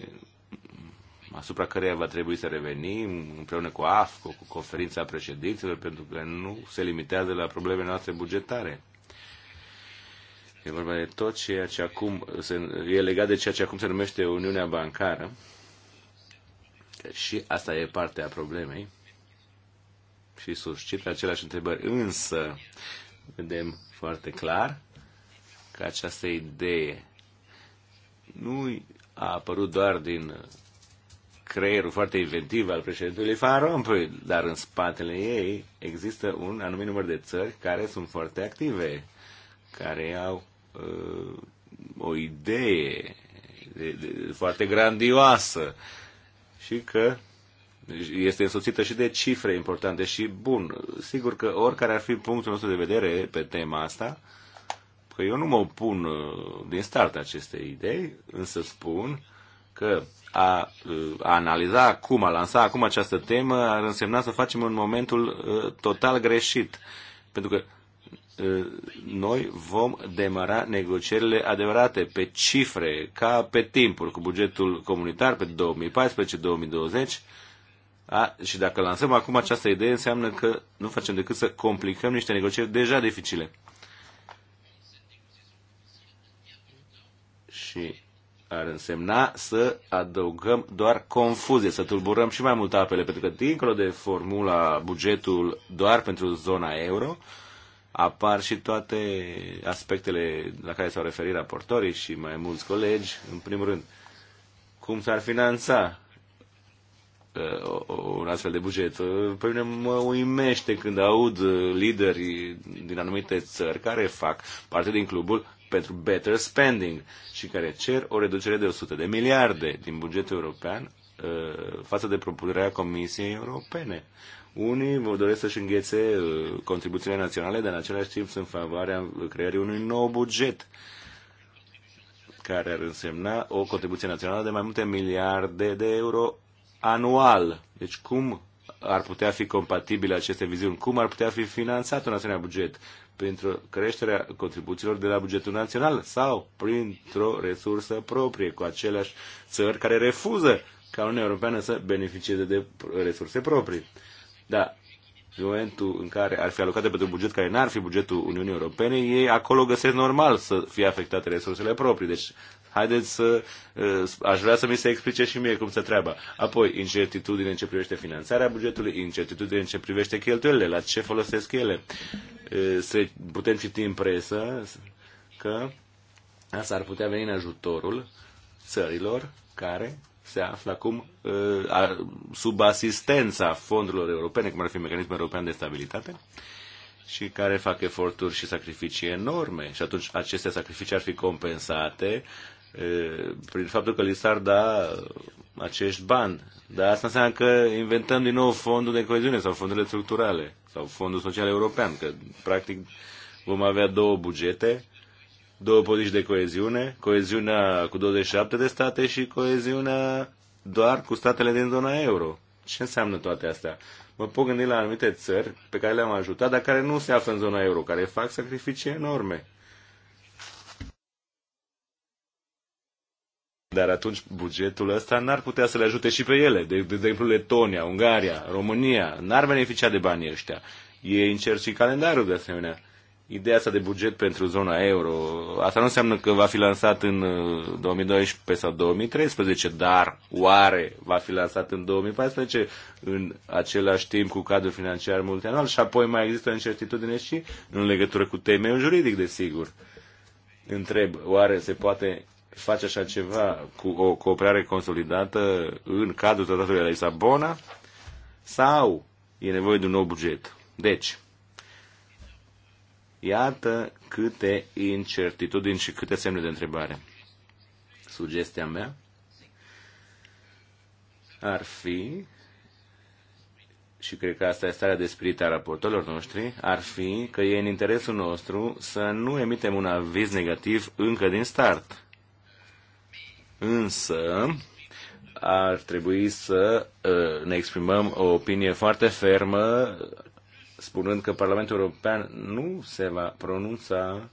asupra căreia va trebui să revenim împreună cu AFCO, cu conferința președinților, pentru că nu se limitează la problemele noastre bugetare. E vorba de tot ceea ce acum se, e legat de ceea ce acum se numește Uniunea Bancară, și asta e parte a problemei și suscit aceleași întrebări. Însă, vedem foarte clar că această idee nu a apărut doar din creierul foarte inventiv al președintelui Van Rompuy, dar în spatele ei există un anumit număr de țări care sunt foarte active, care au uh, o idee de, de, foarte grandioasă și că este însoțită și de cifre importante și bun, sigur că oricare ar fi punctul nostru de vedere pe tema asta, uh, că eu nu mă opun uh, din start acestei idei, însă spun că a, uh, a analiza acum, a lansa acum această temă ar însemna să facem în momentul uh, total greșit. Pentru că noi vom demara negocierile adevărate pe cifre, ca pe timpuri, cu bugetul comunitar pe 2014-2020. A, și dacă lansăm acum această idee, înseamnă că nu facem decât să complicăm niște negocieri deja dificile. și ar însemna să adăugăm doar confuzie, să tulburăm și mai mult apele, pentru că dincolo de formula bugetul doar pentru zona euro, apar și toate aspectele la care s-au referit raportorii și mai mulți colegi, în primul rând, cum s-ar finanța uh, un astfel de buget. Pe păi mine mă uimește când aud lideri din anumite țări care fac parte din clubul pentru better spending și care cer o reducere de 100 de miliarde din bugetul european uh, față de propunerea Comisiei Europene. Unii vor doresc să-și înghețe uh, contribuțiile naționale, dar în același timp sunt în favoarea uh, creării unui nou buget care ar însemna o contribuție națională de mai multe miliarde de euro anual. Deci cum ar putea fi compatibile aceste viziuni? Cum ar putea fi finanțat un asemenea buget? printr-o creștere a contribuțiilor de la bugetul național sau printr-o resursă proprie cu aceleași țări care refuză ca Uniunea Europeană să beneficieze de resurse proprii. Da, în momentul în care ar fi alocate pentru un buget care n-ar fi bugetul Uniunii Europene, ei acolo găsesc normal să fie afectate resursele proprii. Deci haideți să, uh, aș vrea să mi se explice și mie cum se treaba. Apoi, incertitudine în ce privește finanțarea bugetului, incertitudine în ce privește cheltuielile, la ce folosesc ele. Uh, se, putem citi în presă că asta ar putea veni în ajutorul țărilor care se află acum uh, sub asistența fondurilor europene, cum ar fi mecanismul european de stabilitate, și care fac eforturi și sacrificii enorme. Și atunci aceste sacrificii ar fi compensate prin faptul că li s-ar da acești bani. Dar asta înseamnă că inventăm din nou fondul de coeziune sau fondurile structurale sau fondul social european, că practic vom avea două bugete, două politici de coeziune, coeziunea cu 27 de state și coeziunea doar cu statele din zona euro. Ce înseamnă toate astea? Mă pot gândi la anumite țări pe care le-am ajutat, dar care nu se află în zona euro, care fac sacrificii enorme. Dar atunci bugetul ăsta n-ar putea să le ajute și pe ele. De, de exemplu, Letonia, Ungaria, România n-ar beneficia de banii ăștia. Ei încerc și calendarul de asemenea. Ideea asta de buget pentru zona euro, asta nu înseamnă că va fi lansat în 2012 uh, sau 2013, dar oare va fi lansat în 2014 în același timp cu cadrul financiar multianual și apoi mai există incertitudine și în legătură cu temeiul juridic, desigur întreb, oare se poate face așa ceva cu o cooperare consolidată în cadrul tratatului de la Lisabona sau e nevoie de un nou buget. Deci, iată câte incertitudini și câte semne de întrebare. Sugestia mea ar fi și cred că asta e starea de spirit a raportorilor noștri, ar fi că e în interesul nostru să nu emitem un aviz negativ încă din start. Însă, ar trebui să ă, ne exprimăm o opinie foarte fermă, spunând că Parlamentul European nu se va pronunța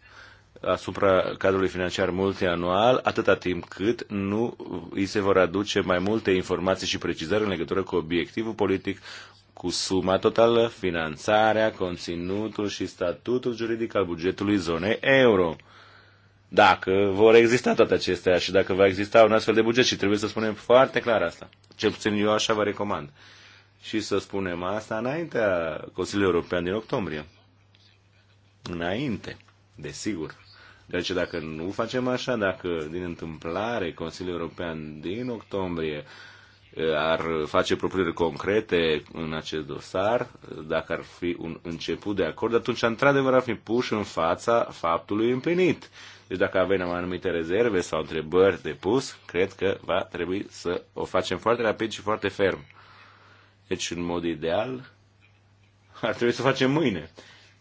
asupra cadrului financiar multianual, atâta timp cât nu îi se vor aduce mai multe informații și precizări în legătură cu obiectivul politic, cu suma totală, finanțarea, conținutul și statutul juridic al bugetului zonei euro. Dacă vor exista toate acestea și dacă va exista un astfel de buget și trebuie să spunem foarte clar asta. Cel puțin eu așa vă recomand. Și să spunem asta înaintea Consiliului European din octombrie. Înainte, desigur. Deci dacă nu facem așa, dacă din întâmplare Consiliul European din octombrie ar face propuneri concrete în acest dosar, dacă ar fi un început de acord, atunci într-adevăr ar fi puși în fața faptului împlinit. Deci dacă avem anumite rezerve sau întrebări de pus, cred că va trebui să o facem foarte rapid și foarte ferm. Deci, în mod ideal, ar trebui să o facem mâine.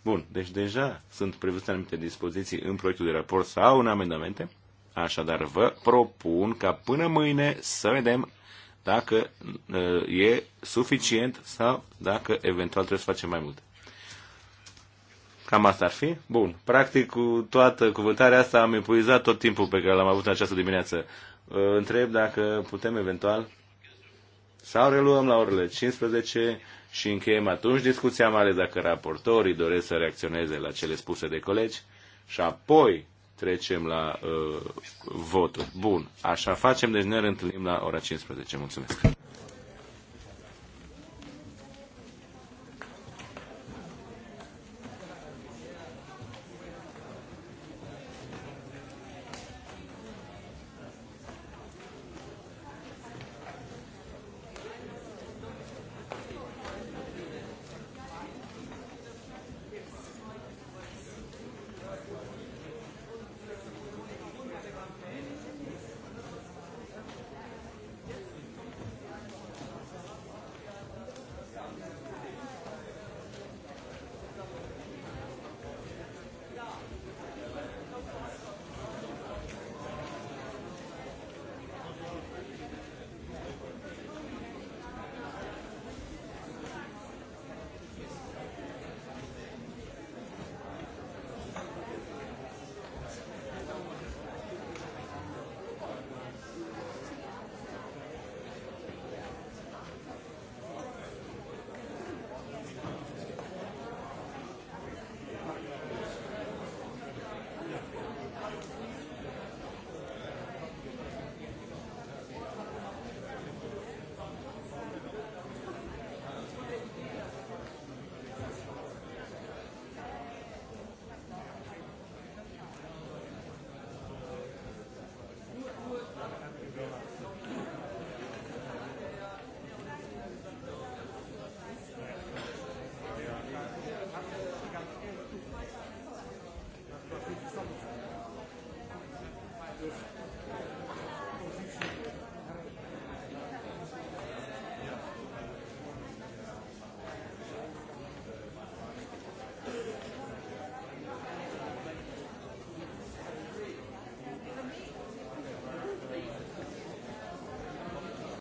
Bun, deci deja sunt prevăzute anumite dispoziții în proiectul de raport sau în amendamente. Așadar, vă propun ca până mâine să vedem dacă uh, e suficient sau dacă eventual trebuie să facem mai mult. Cam asta ar fi. Bun. Practic, cu toată cuvântarea asta am epuizat tot timpul pe care l-am avut în această dimineață. Întreb dacă putem eventual sau reluăm la orele 15 și încheiem atunci discuția, mai ales dacă raportorii doresc să reacționeze la cele spuse de colegi și apoi trecem la uh, votul. Bun, așa facem, deci ne reîntâlnim la ora 15. Mulțumesc!